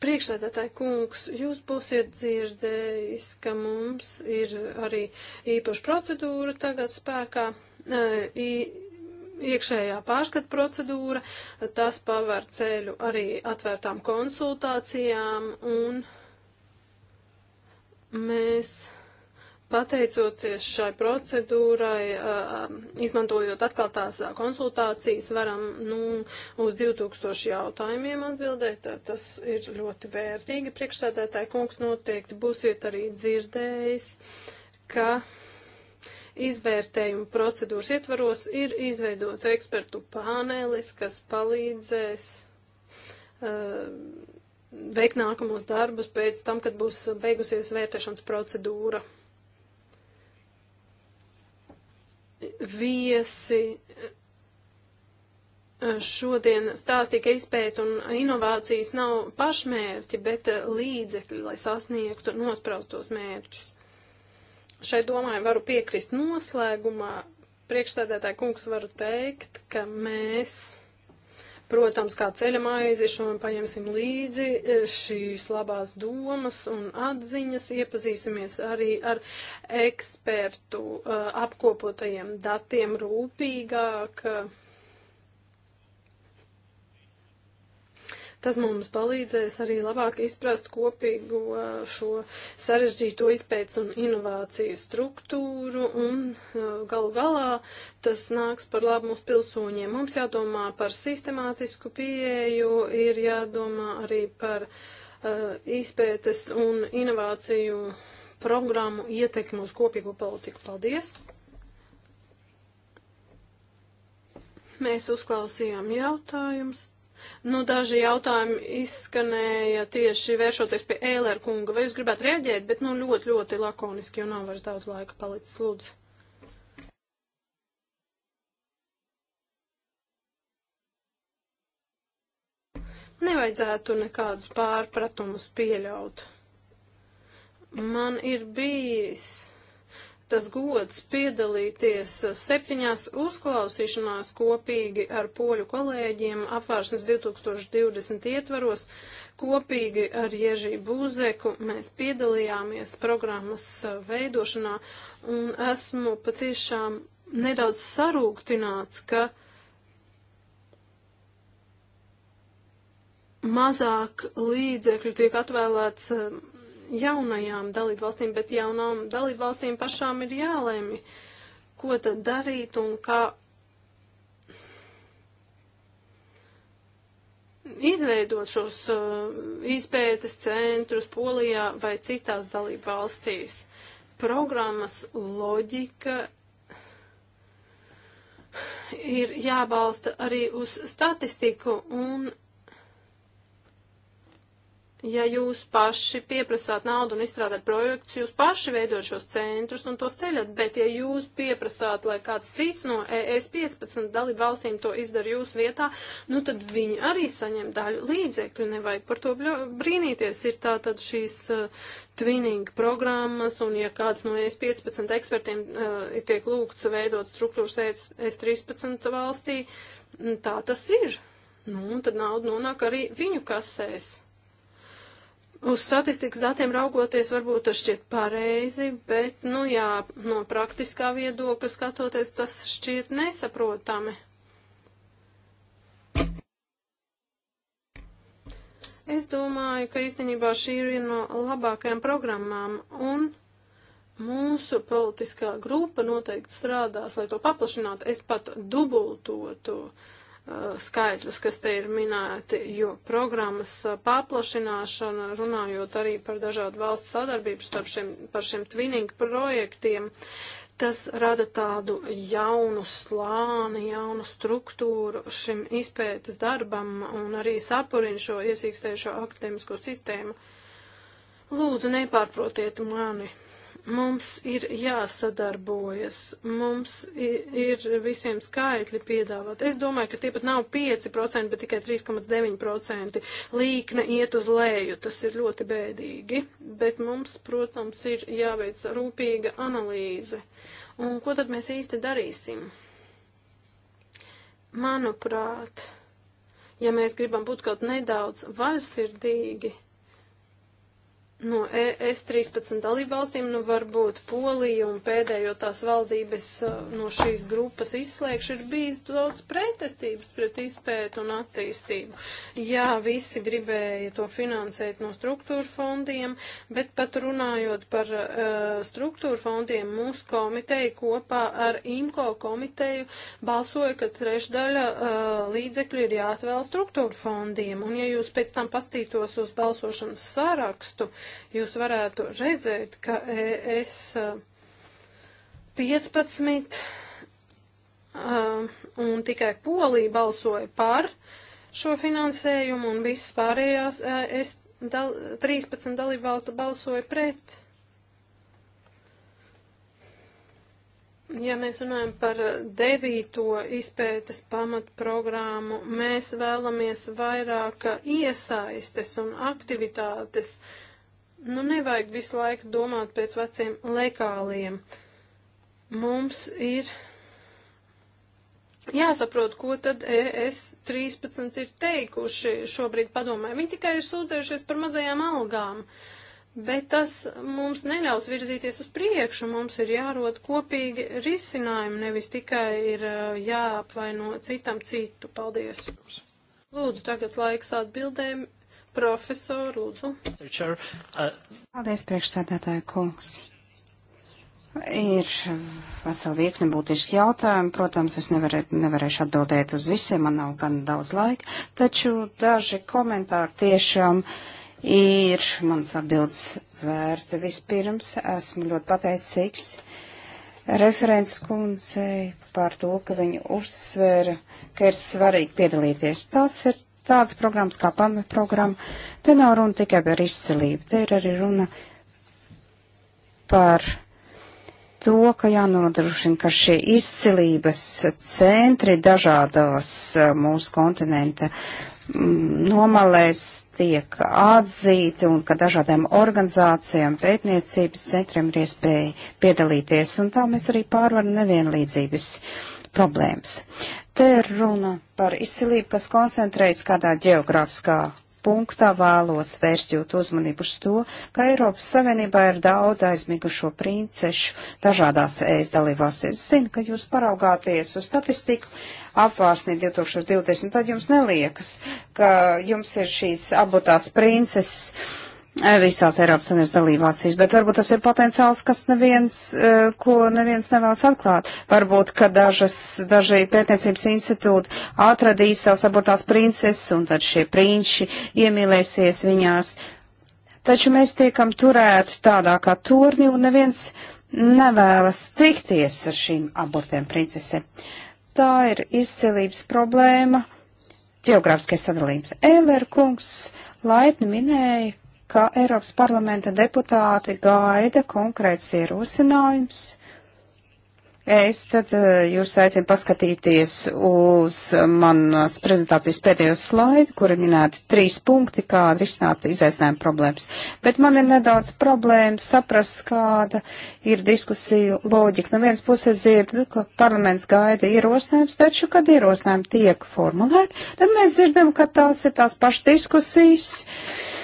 Priekšsēdētāji kungs, jūs būsiet dzirdējis, ka mums ir arī īpaša procedūra tagad spēkā, e, iekšējā pārskata procedūra, tas paver ceļu arī atvērtām konsultācijām un mēs Pateicoties šai procedūrai, izmantojot atkal tās konsultācijas, varam nu, uz 2000 jautājumiem atbildēt. Tas ir ļoti vērtīgi. Priekšsēdētāji kungs noteikti būsiet arī dzirdējis, ka izvērtējumu procedūras ietvaros ir izveidots ekspertu panelis, kas palīdzēs. Uh, veikt nākamos darbus pēc tam, kad būs beigusies vērtēšanas procedūra. viesi eh, šodien stāstīja, ka izpēta un inovācijas nav pašmērķi, bet eh, līdzekļi, lai sasniegtu nospraustos mērķus. Šai domāju varu piekrist noslēgumā. Priekšsēdētāji kungs varu teikt, ka mēs Protams, kā ceļa maizi šodien paņemsim līdzi e, šīs labās domas un atziņas, iepazīsimies arī ar ekspertu e, apkopotajiem datiem rūpīgāk. Uh, Tas mums palīdzēs arī labāk izprast kopīgu šo sarežģīto izpētes un inovāciju struktūru un galu galā tas nāks par labu mūsu pilsoņiem. Mums jādomā par sistemātisku pieeju, ir jādomā arī par uh, izpētes un inovāciju programmu ietekmi uz kopīgo politiku. Paldies! Mēs uzklausījām jautājumus. Nu, daži jautājumi izskanēja tieši vēršoties pie Ēlera kunga. Vai jūs gribētu rēģēt, bet nu ļoti, ļoti lakoniski, jo nav vairs daudz laika palicis lūdzu. Nevajadzētu nekādus pārpratumus pieļaut. Man ir bijis tas gods piedalīties septiņās uzklausīšanās kopīgi ar poļu kolēģiem apvārsnes 2020 ietvaros. Kopīgi ar Ježī Būzeku mēs piedalījāmies programmas veidošanā un esmu patiešām nedaudz sarūktināts, ka mazāk līdzekļu tiek atvēlēts jaunajām dalībvalstīm, bet jaunām dalībvalstīm pašām ir jālēmi, ko tad darīt un kā izveidot šos uh, izpētes centrus Polijā vai citās dalībvalstīs. Programmas loģika ir jābalsta arī uz statistiku un ja jūs paši pieprasāt naudu un izstrādāt projektus, jūs paši veidot šos centrus un tos ceļat, bet ja jūs pieprasāt, lai kāds cits no ES 15 dalību valstīm to izdara jūsu vietā, nu tad viņi arī saņem daļu līdzekļu, nevajag par to brīnīties. Ir tā tad šīs uh, twinning programmas, un ja kāds no ES 15 ekspertiem uh, tiek lūgts veidot struktūras ES, ES 13 valstī, tā tas ir. Nu, un tad nauda nonāk arī viņu kasēs uz statistikas datiem raugoties varbūt tas šķiet pareizi, bet, nu jā, no praktiskā viedokļa skatoties, tas šķiet nesaprotami. Es domāju, ka īstenībā šī ir viena no labākajām programmām, un mūsu politiskā grupa noteikti strādās, lai to paplašinātu. Es pat dubultotu. Uh, skaitļus, kas te ir minēti, jo programmas paplašināšana, runājot arī par dažādu valstu sadarbību starp šiem, par šiem twinning projektiem, tas rada tādu jaunu slāni, jaunu struktūru šim izpētes darbam un arī sapurina šo iesīkstējušo akadēmisko sistēmu. Lūdzu, nepārprotiet mani. Mums ir jāsadarbojas, mums ir visiem skaitļi piedāvāt. Es domāju, ka tie pat nav 5%, bet tikai 3,9% līkne iet uz leju. Tas ir ļoti bēdīgi, bet mums, protams, ir jāveic rūpīga analīze. Un ko tad mēs īsti darīsim? Manuprāt, ja mēs gribam būt kaut nedaudz vaļsirdīgi, no ES 13 dalībvalstīm, nu varbūt Polija un pēdējo tās valdības uh, no šīs grupas izslēgšu, ir bijis daudz pretestības pret izpētu un attīstību. Jā, visi gribēja to finansēt no struktūra fondiem, bet pat runājot par uh, struktūra fondiem, mūsu komiteja kopā ar IMCO komiteju balsoja, ka trešdaļa uh, līdzekļu ir jāatvēl struktūra fondiem. Un ja jūs pēc tam pastītos uz balsošanas sārakstu, uh, jūs varētu redzēt, ka ES 15 eh, eh, un tikai Polija balsoja par šo finansējumu un visas pārējās eh, ES 13 dalībvalsts balsoja pret. Ja mēs runājam par devīto izpētes pamatprogrammu, mēs vēlamies vairāk iesaistes un aktivitātes. Uh, Nu, nevajag visu laiku domāt pēc veciem lekāliem. Mums ir jāsaprot, ko tad ES 13 ir teikuši šobrīd padomē. Viņi tikai ir sūdzējušies par mazajām algām, bet tas mums neļaus virzīties uz priekšu. Mums ir jārod kopīgi risinājumi, nevis tikai ir uh, jāapvaino citam citu. Paldies! Lūdzu, tagad laiks atbildēm Profesori, lūdzu. Uh, Paldies, priekšsēdētāja kungs. Ir vesela virkne būtiski jautājumi. Protams, es nevarē, nevarēšu atbildēt uz visiem, man nav gan daudz laika, taču daži komentāri tiešām ir mans atbildes vērta. Vispirms esmu ļoti pateicīgs referents kundzei par to, ka viņa uzsvēra, ka ir svarīgi piedalīties. Tas ir tādas programmas kā pamatprogramma. Te nav runa tikai par izcelību, te ir arī runa par to, ka jānodrošina, ka šie izcelības centri dažādās eh, mūsu kontinenta mm, nomalēs tiek atzīti un ka dažādām organizācijām, pētniecības centriem ir iespēja piedalīties, un tā mēs arī pārvaram nevienlīdzības problēmas. Te ir runa par izcilību, kas koncentrējas kādā geogrāfiskā punktā vēlos vērst jūtu uzmanību uz to, ka Eiropas Savienībā ir daudz aizmigušo princešu dažādās ēst e dalībās. Es zinu, ka jūs paraugāties uz statistiku apvārsnī 2020, tad jums neliekas, ka jums ir šīs abotās princeses Eh, visās Eiropas Savienības dalībvalstīs, bet varbūt tas ir potenciāls, kas neviens, eh, ko neviens nevēlas atklāt. Varbūt, ka dažas, daži pētniecības institūti atradīs savas abortās princeses un tad šie prinči iemīlēsies viņās. Taču mēs tiekam turēti tādā kā turni un neviens nevēlas tikties ar šīm abortiem princesēm. Tā ir izcilības problēma ģeogrāfiskais sadalījums. Ēlēr kungs laipni minēja, ka Eiropas parlamenta deputāti gaida konkrēts ierosinājums. Es tad eh, jūs aicinu paskatīties uz manas eh, prezentācijas pēdējo slaidu, kura minēti trīs punkti, kā risināt izaicinājumu problēmas. Bet man ir nedaudz problēma saprast, kāda ir diskusija loģika. No vienas puses dzirdu, ka parlaments gaida ierosinājums, taču, kad ierosinājumi tiek formulēti, tad mēs dzirdam, ka tās ir tās pašas diskusijas. Uh,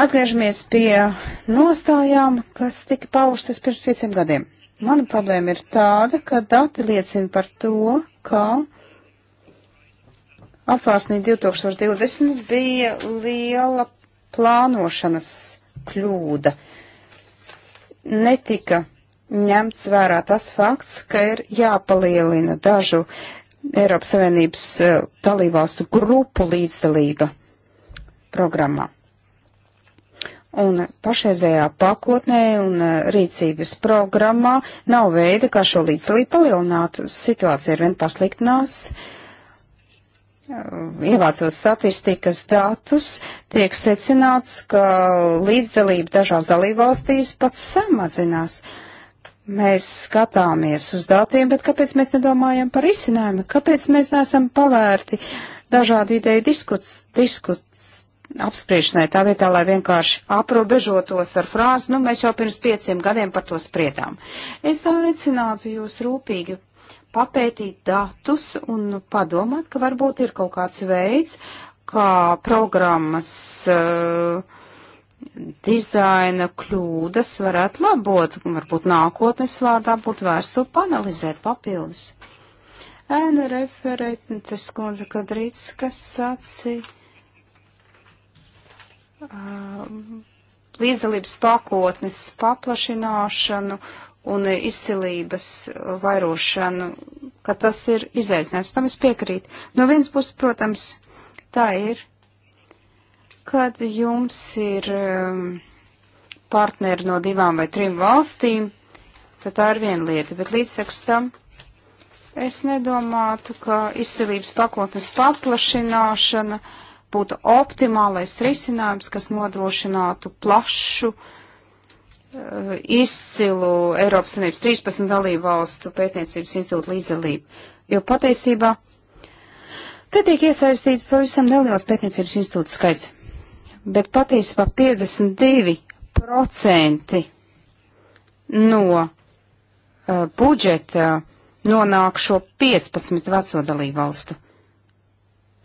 Atgriežamies pie nostājām, kas tika paustas pirms pieciem gadiem. Mana problēma ir tāda, ka dati liecina par to, ka apvārsnī 2020 bija liela plānošanas kļūda. Netika ņemts vērā tas fakts, ka ir jāpalielina dažu Eiropas Savienības eh, dalībvalstu grupu līdzdalība programmā. Un pašreizējā pakotnē un uh, rīcības programmā nav veida, kā šo līdzdalību palielināt. Situācija ir vien pasliktinās. Uh, ievācot statistikas datus, tiek secināts, ka līdzdalība dažās dalībvalstīs pats samazinās. Mēs skatāmies uz datiem, bet kāpēc mēs nedomājam par izcinājumu? Kāpēc mēs neesam pavērti dažādu ideju diskus, diskus, apspriešanai tā vietā, lai vienkārši aprobežotos ar frāzi, nu, mēs jau pirms pieciem gadiem par to spriedām. Es aicinātu jūs rūpīgi papētīt datus un padomāt, ka varbūt ir kaut kāds veids, kā programmas uh, dizaina kļūdas varētu labot, varbūt nākotnes vārdā būtu vērts to panalizēt papildus. Ēna referentes kundze Kadrītis, kas sacīja Uh, līdzdalības pakotnes paplašināšanu un izcilības vairošanu, ka tas ir izaicinājums. Tam es piekrītu. No vienas puses, protams, tā ir, kad jums ir um, partneri no divām vai trim valstīm, tad tā ir viena lieta, bet līdz tam es nedomātu, ka izcilības pakotnes paplašināšana uh, būtu optimālais risinājums, kas nodrošinātu plašu, eh, izcilu Eiropas Savienības 13 dalību valstu pētniecības institūtu līdzdalību. Jo patiesībā te tiek iesaistīts pavisam neliels pētniecības institūtu skaits, bet patiesībā 52% no uh, budžeta nonāk šo 15 veco dalību valstu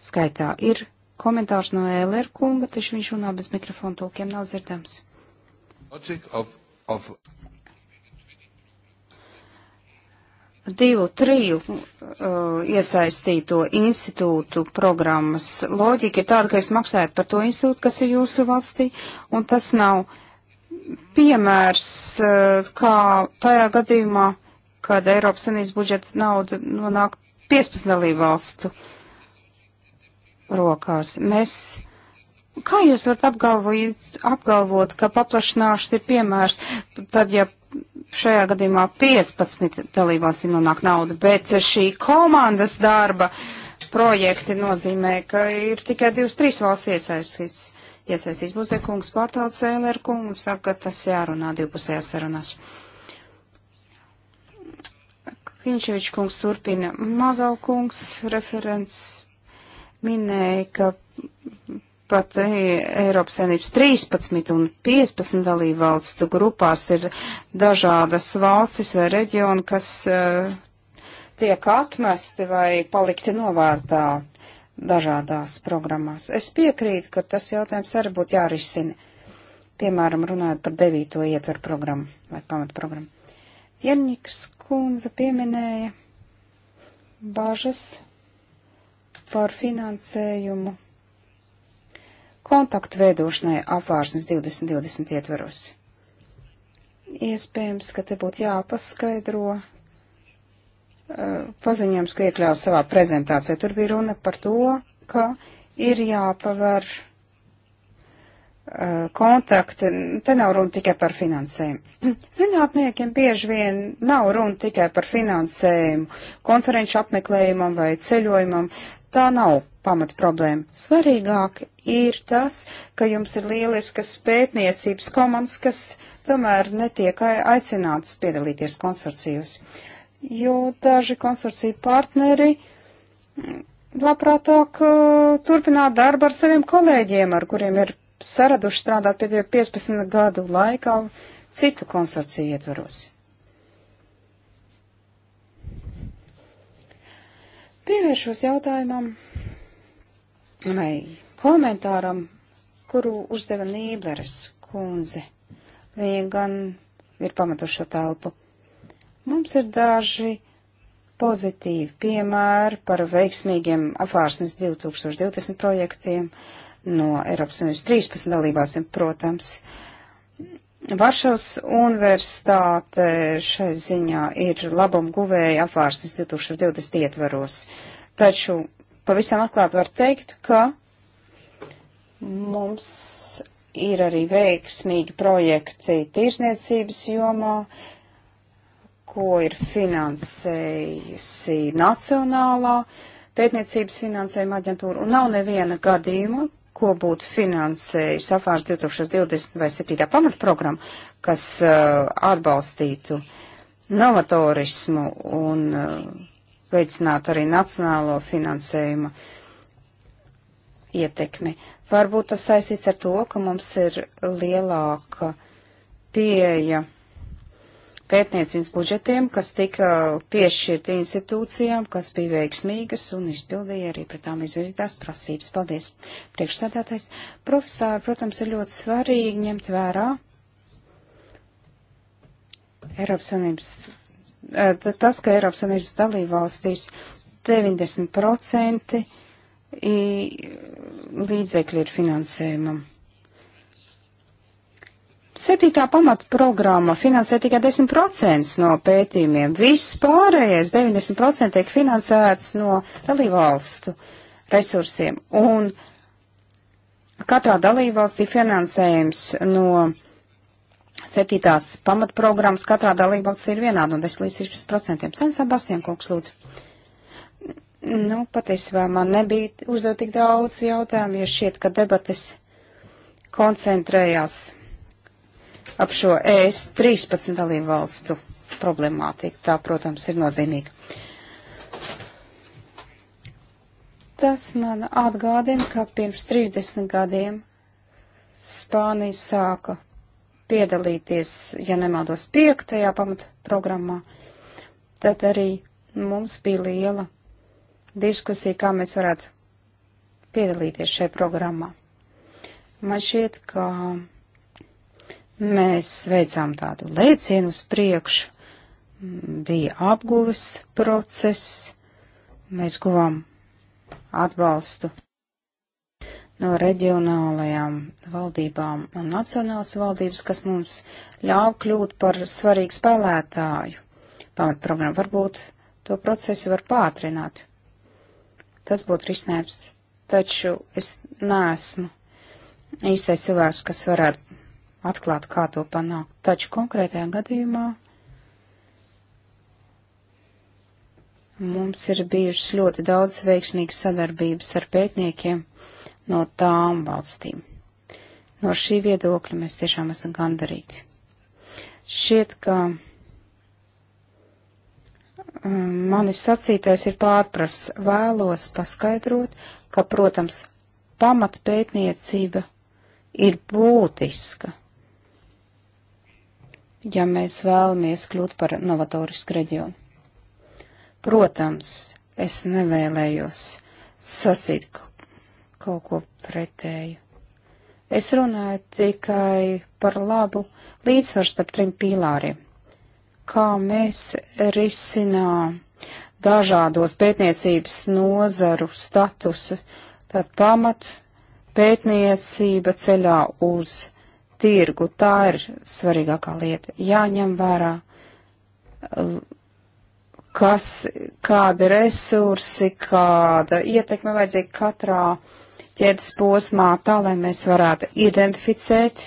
skaitā ir komentārs no Ēlera kunga, taču viņš runā bez mikrofona tūkiem, nav dzirdams. Of, of... Divu, triju uh, iesaistīto institūtu programmas loģika ir tāda, ka jūs maksājat par to institūtu, kas ir jūsu valstī, un tas nav piemērs, uh, kā tajā gadījumā, kad Eiropas Sanības budžeta nauda nonāk 15 dalību valstu uh, rokās. Mēs, kā jūs varat apgalvot, apgalvot ka paplašināšana ir piemērs, tad, ja šajā gadījumā 15 dalībvalstīm nonāk nauda, bet šī komandas darba projekti nozīmē, ka ir tikai 2-3 valsts iesaistīts. Iesaistīs Buzekungs, pārtauts Eilerkungs, saka, ka tas jārunā divpusējās sarunās. Kinčevičs kungs turpina. Magau kungs, referents minēja, ka pat eh, Eiropas Savienības 13 un 15 dalību valstu grupās ir dažādas valstis vai reģioni, kas uh, tiek atmesti vai palikti novārtā dažādās programmās. Es piekrītu, ka tas jautājums arī būtu jārisina. Piemēram, runājot par devīto ietveru programmu vai pamatprogrammu. Jerņikas kundze pieminēja bažas par finansējumu kontaktu veidošanai apvārsnes 2020 ietveros. Iespējams, ka te būtu jāpaskaidro eh, paziņojums, ko iekļāvu savā prezentācijā. Tur bija runa par to, ka ir jāpaver eh, kontakti, te nav runa tikai par finansējumu. Zinātniekiem bieži vien nav runa tikai par finansējumu, konferenču apmeklējumam vai ceļojumam tā nav pamat problēma. Svarīgāk ir tas, ka jums ir lieliskas pētniecības komandas, kas tomēr netiek aicinātas piedalīties konsorcijos, jo daži konsorcija partneri mm, labprātāk uh, turpināt darbu ar saviem kolēģiem, ar kuriem ir saraduši strādāt pēdējo 15 gadu laikā citu konsorciju ietvaros. Pievēršos jautājumam vai komentāram, kuru uzdeva Nībleres kundze. Viņa gan ir pamatuša telpu. Mums ir daži pozitīvi piemēri par veiksmīgiem apvārsnes 2020 projektiem no Eiropas Savienības 13 dalībāsim, protams. Uh, Varšavas universitāte šai ziņā ir labam guvēja apvārstas 2020 ietvaros, taču pavisam atklāt var teikt, ka mums ir arī veiksmīgi projekti tirsniecības jomā, ko ir finansējusi Nacionālā pētniecības finansējuma aģentūra, un nav neviena gadījuma, ko būtu finansējis apvārs 2020 vai 7. pamatprogramma, kas uh, atbalstītu novatorismu un uh, veicinātu arī nacionālo finansējumu ietekmi. Varbūt tas saistīts ar to, ka mums ir lielāka pieeja pētniecības budžetiem, kas tika piešķirti institūcijām, kas bija veiksmīgas un izpildīja arī pret tām izvirzītās prasības. Paldies! Priekšsādātais profesāri, protams, ir ļoti svarīgi ņemt vērā Eiropas Savienības, eh, tas, ka Eiropas Savienības dalībvalstīs 90% līdzekļi ir finansējumam. Septītā pamatprogramma finansē tikai 10% no pētījumiem. Viss pārējais 90% tiek finansēts no dalībvalstu resursiem. Un katrā dalībvalstī finansējums no septītās pamatprogrammas katrā dalībvalstī ir vienāda no 10 līdz 13%. Sen Sebastian Kungs, lūdzu. Nu, patiesībā man nebija uzdot tik daudz jautājumu, jo šķiet, ka debates koncentrējās ap šo ES 13 dalību valstu problemātiku. Tā, protams, ir nozīmīga. Tas man atgādina, ka pirms 30 gadiem Spānija sāka piedalīties, ja nemaldos, piektajā pamata programmā. Tad arī mums bija liela diskusija, kā mēs varētu piedalīties šajā programmā. Man šķiet, ka Mēs veicām tādu lēcienu uz priekšu, bija apguves process, mēs guvām atbalstu no reģionālajām valdībām un nacionālas valdības, kas mums ļāva kļūt par svarīgu spēlētāju. Pamatprogramma varbūt to procesu var pātrināt. Tas būtu risinājums, taču es neesmu īstais cilvēks, kas varētu atklāt, kā to panākt. Taču konkrētajā gadījumā mums ir bijušas ļoti daudz veiksmīgas sadarbības ar pētniekiem no tām valstīm. No šī viedokļa mēs tiešām esam gandarīti. Šķiet, ka um, manis sacītais ir pārprasts. Vēlos paskaidrot, ka, protams, pamatpētniecība ir būtiska ja mēs vēlamies kļūt par novatorisku reģionu. Protams, es nevēlējos sacīt kaut ko pretēju. Es runāju tikai par labu līdzsvaru starp trim pīlāriem. Kā mēs risinām dažādos pētniecības nozaru statusu, tad pamat pētniecība ceļā uz tirgu. Tā ir svarīgākā lieta. Jāņem vērā, kas, kāda resursi, kāda ietekme vajadzīga katrā ķēdes posmā, tā lai mēs varētu identificēt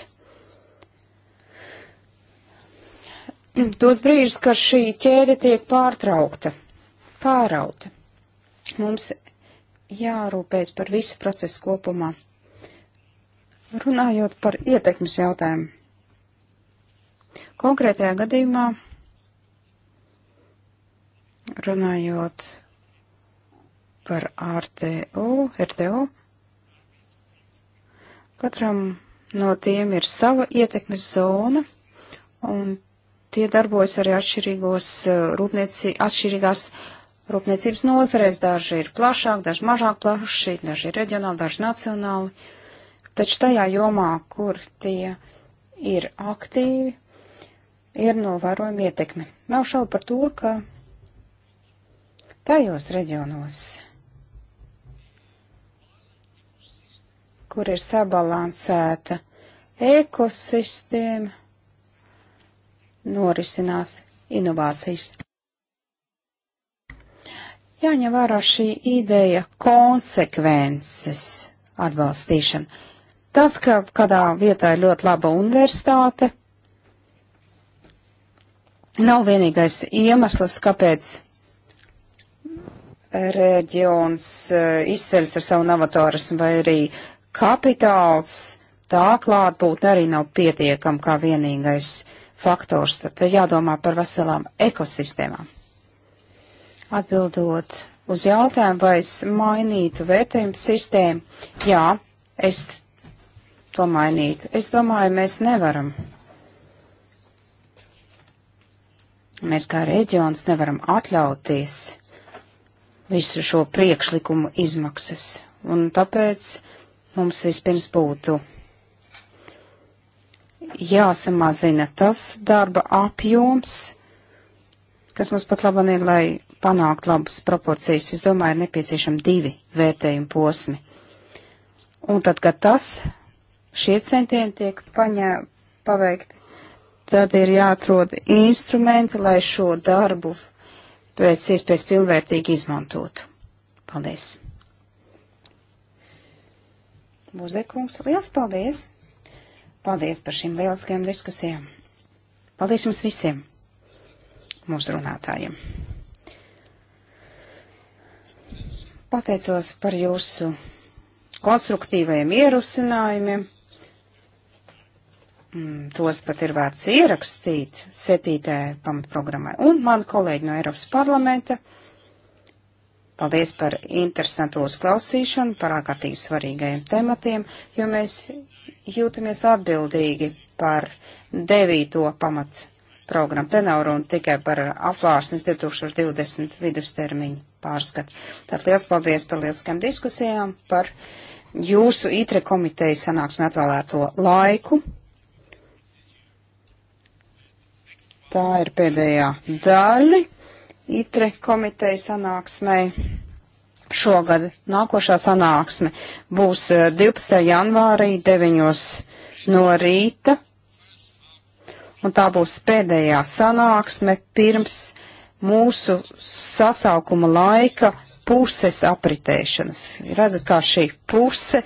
tos brīžus, kad šī ķēde tiek pārtraukta, pārauta. Mums jārūpēs par visu procesu kopumā. Runājot par ietekmes jautājumu. Konkrētajā gadījumā, runājot par RTO, RTO, katram no tiem ir sava ietekmes zona, un tie darbojas arī atšķirīgos eh, rūpniecī, atšķirīgās rūpniecības nozarēs, daži ir plašāk, daži mazāk plaši, daži ir reģionāli, daži nacionāli taču tajā jomā, kur tie ir aktīvi, ir novērojama ietekme. Nav šaubu par to, ka tajos reģionos, kur ir sabalansēta ekosistēma, norisinās inovācijas. Jāņem vērā šī ideja konsekvences atbalstīšana Tas, ka kādā vietā ir ļoti laba universitāte, nav vienīgais iemesls, kāpēc reģions eh, izceļas ar savu novatorismu vai arī kapitāls, tā klātbūtne arī nav pietiekama kā vienīgais faktors. Tad jādomā par veselām ekosistēmām. Atbildot uz jautājumu, vai es mainītu vērtējumu sistēmu, jā, es to mainītu. Es domāju, mēs nevaram. Mēs kā reģions nevaram atļauties visu šo priekšlikumu izmaksas. Un tāpēc mums vispirms būtu jāsamazina tas darba apjoms, kas mums pat labam ir, lai panākt labas proporcijas. Es domāju, ir nepieciešami divi vērtējumi posmi. Un tad, kad tas šie centieni tiek paņē, paveikti, tad ir jāatrod instrumenti, lai šo darbu pēc iespējas pilnvērtīgi izmantotu. Paldies! Muzekungs, liels paldies! Paldies par šīm lieliskajām diskusijām! Paldies jums visiem! Mūsu runātājiem! Pateicos par jūsu konstruktīvajiem ierosinājumiem. Mm, tos pat ir vērts ierakstīt septītajai pamatprogrammai. Un mani kolēģi no Eiropas parlamenta, paldies par interesantu uzklausīšanu, par ārkārtīgi svarīgajiem tematiem, jo mēs jūtamies atbildīgi par devīto pamatprogrammu. Te nav runa tikai par apvārsnes 2020 vidustermiņu pārskatu. Tātad liels paldies par lieliskām diskusijām, par jūsu ITRE komitejas sanāksmē atvēlēto laiku. Tā ir pēdējā daļa ITRE komiteja sanāksmei šogad. Nākošā sanāksme būs 12. Eh, janvārī 9 no rīta. Un tā būs pēdējā sanāksme pirms mūsu sasaukuma laika puses apritēšanas. Redzat, kā šī puse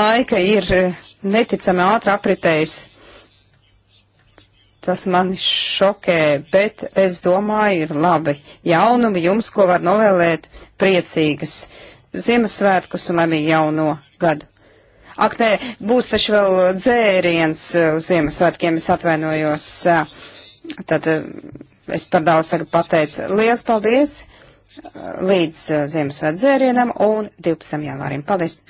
laika ir eh, neticami ātri apritējusi. Tas mani šokē, bet es domāju, ir labi jaunumi jums, ko var novēlēt priecīgas Ziemassvētkus un laimīgu jauno gadu. Ak, nē, būs taču vēl dzēriens uz eh, Ziemassvētkiem, es atvainojos. Eh, tad eh, es par daudz tagad pateicu. Lielas paldies! Līdz Ziemassvētku dzērienam un 12. janvārim. Paldies!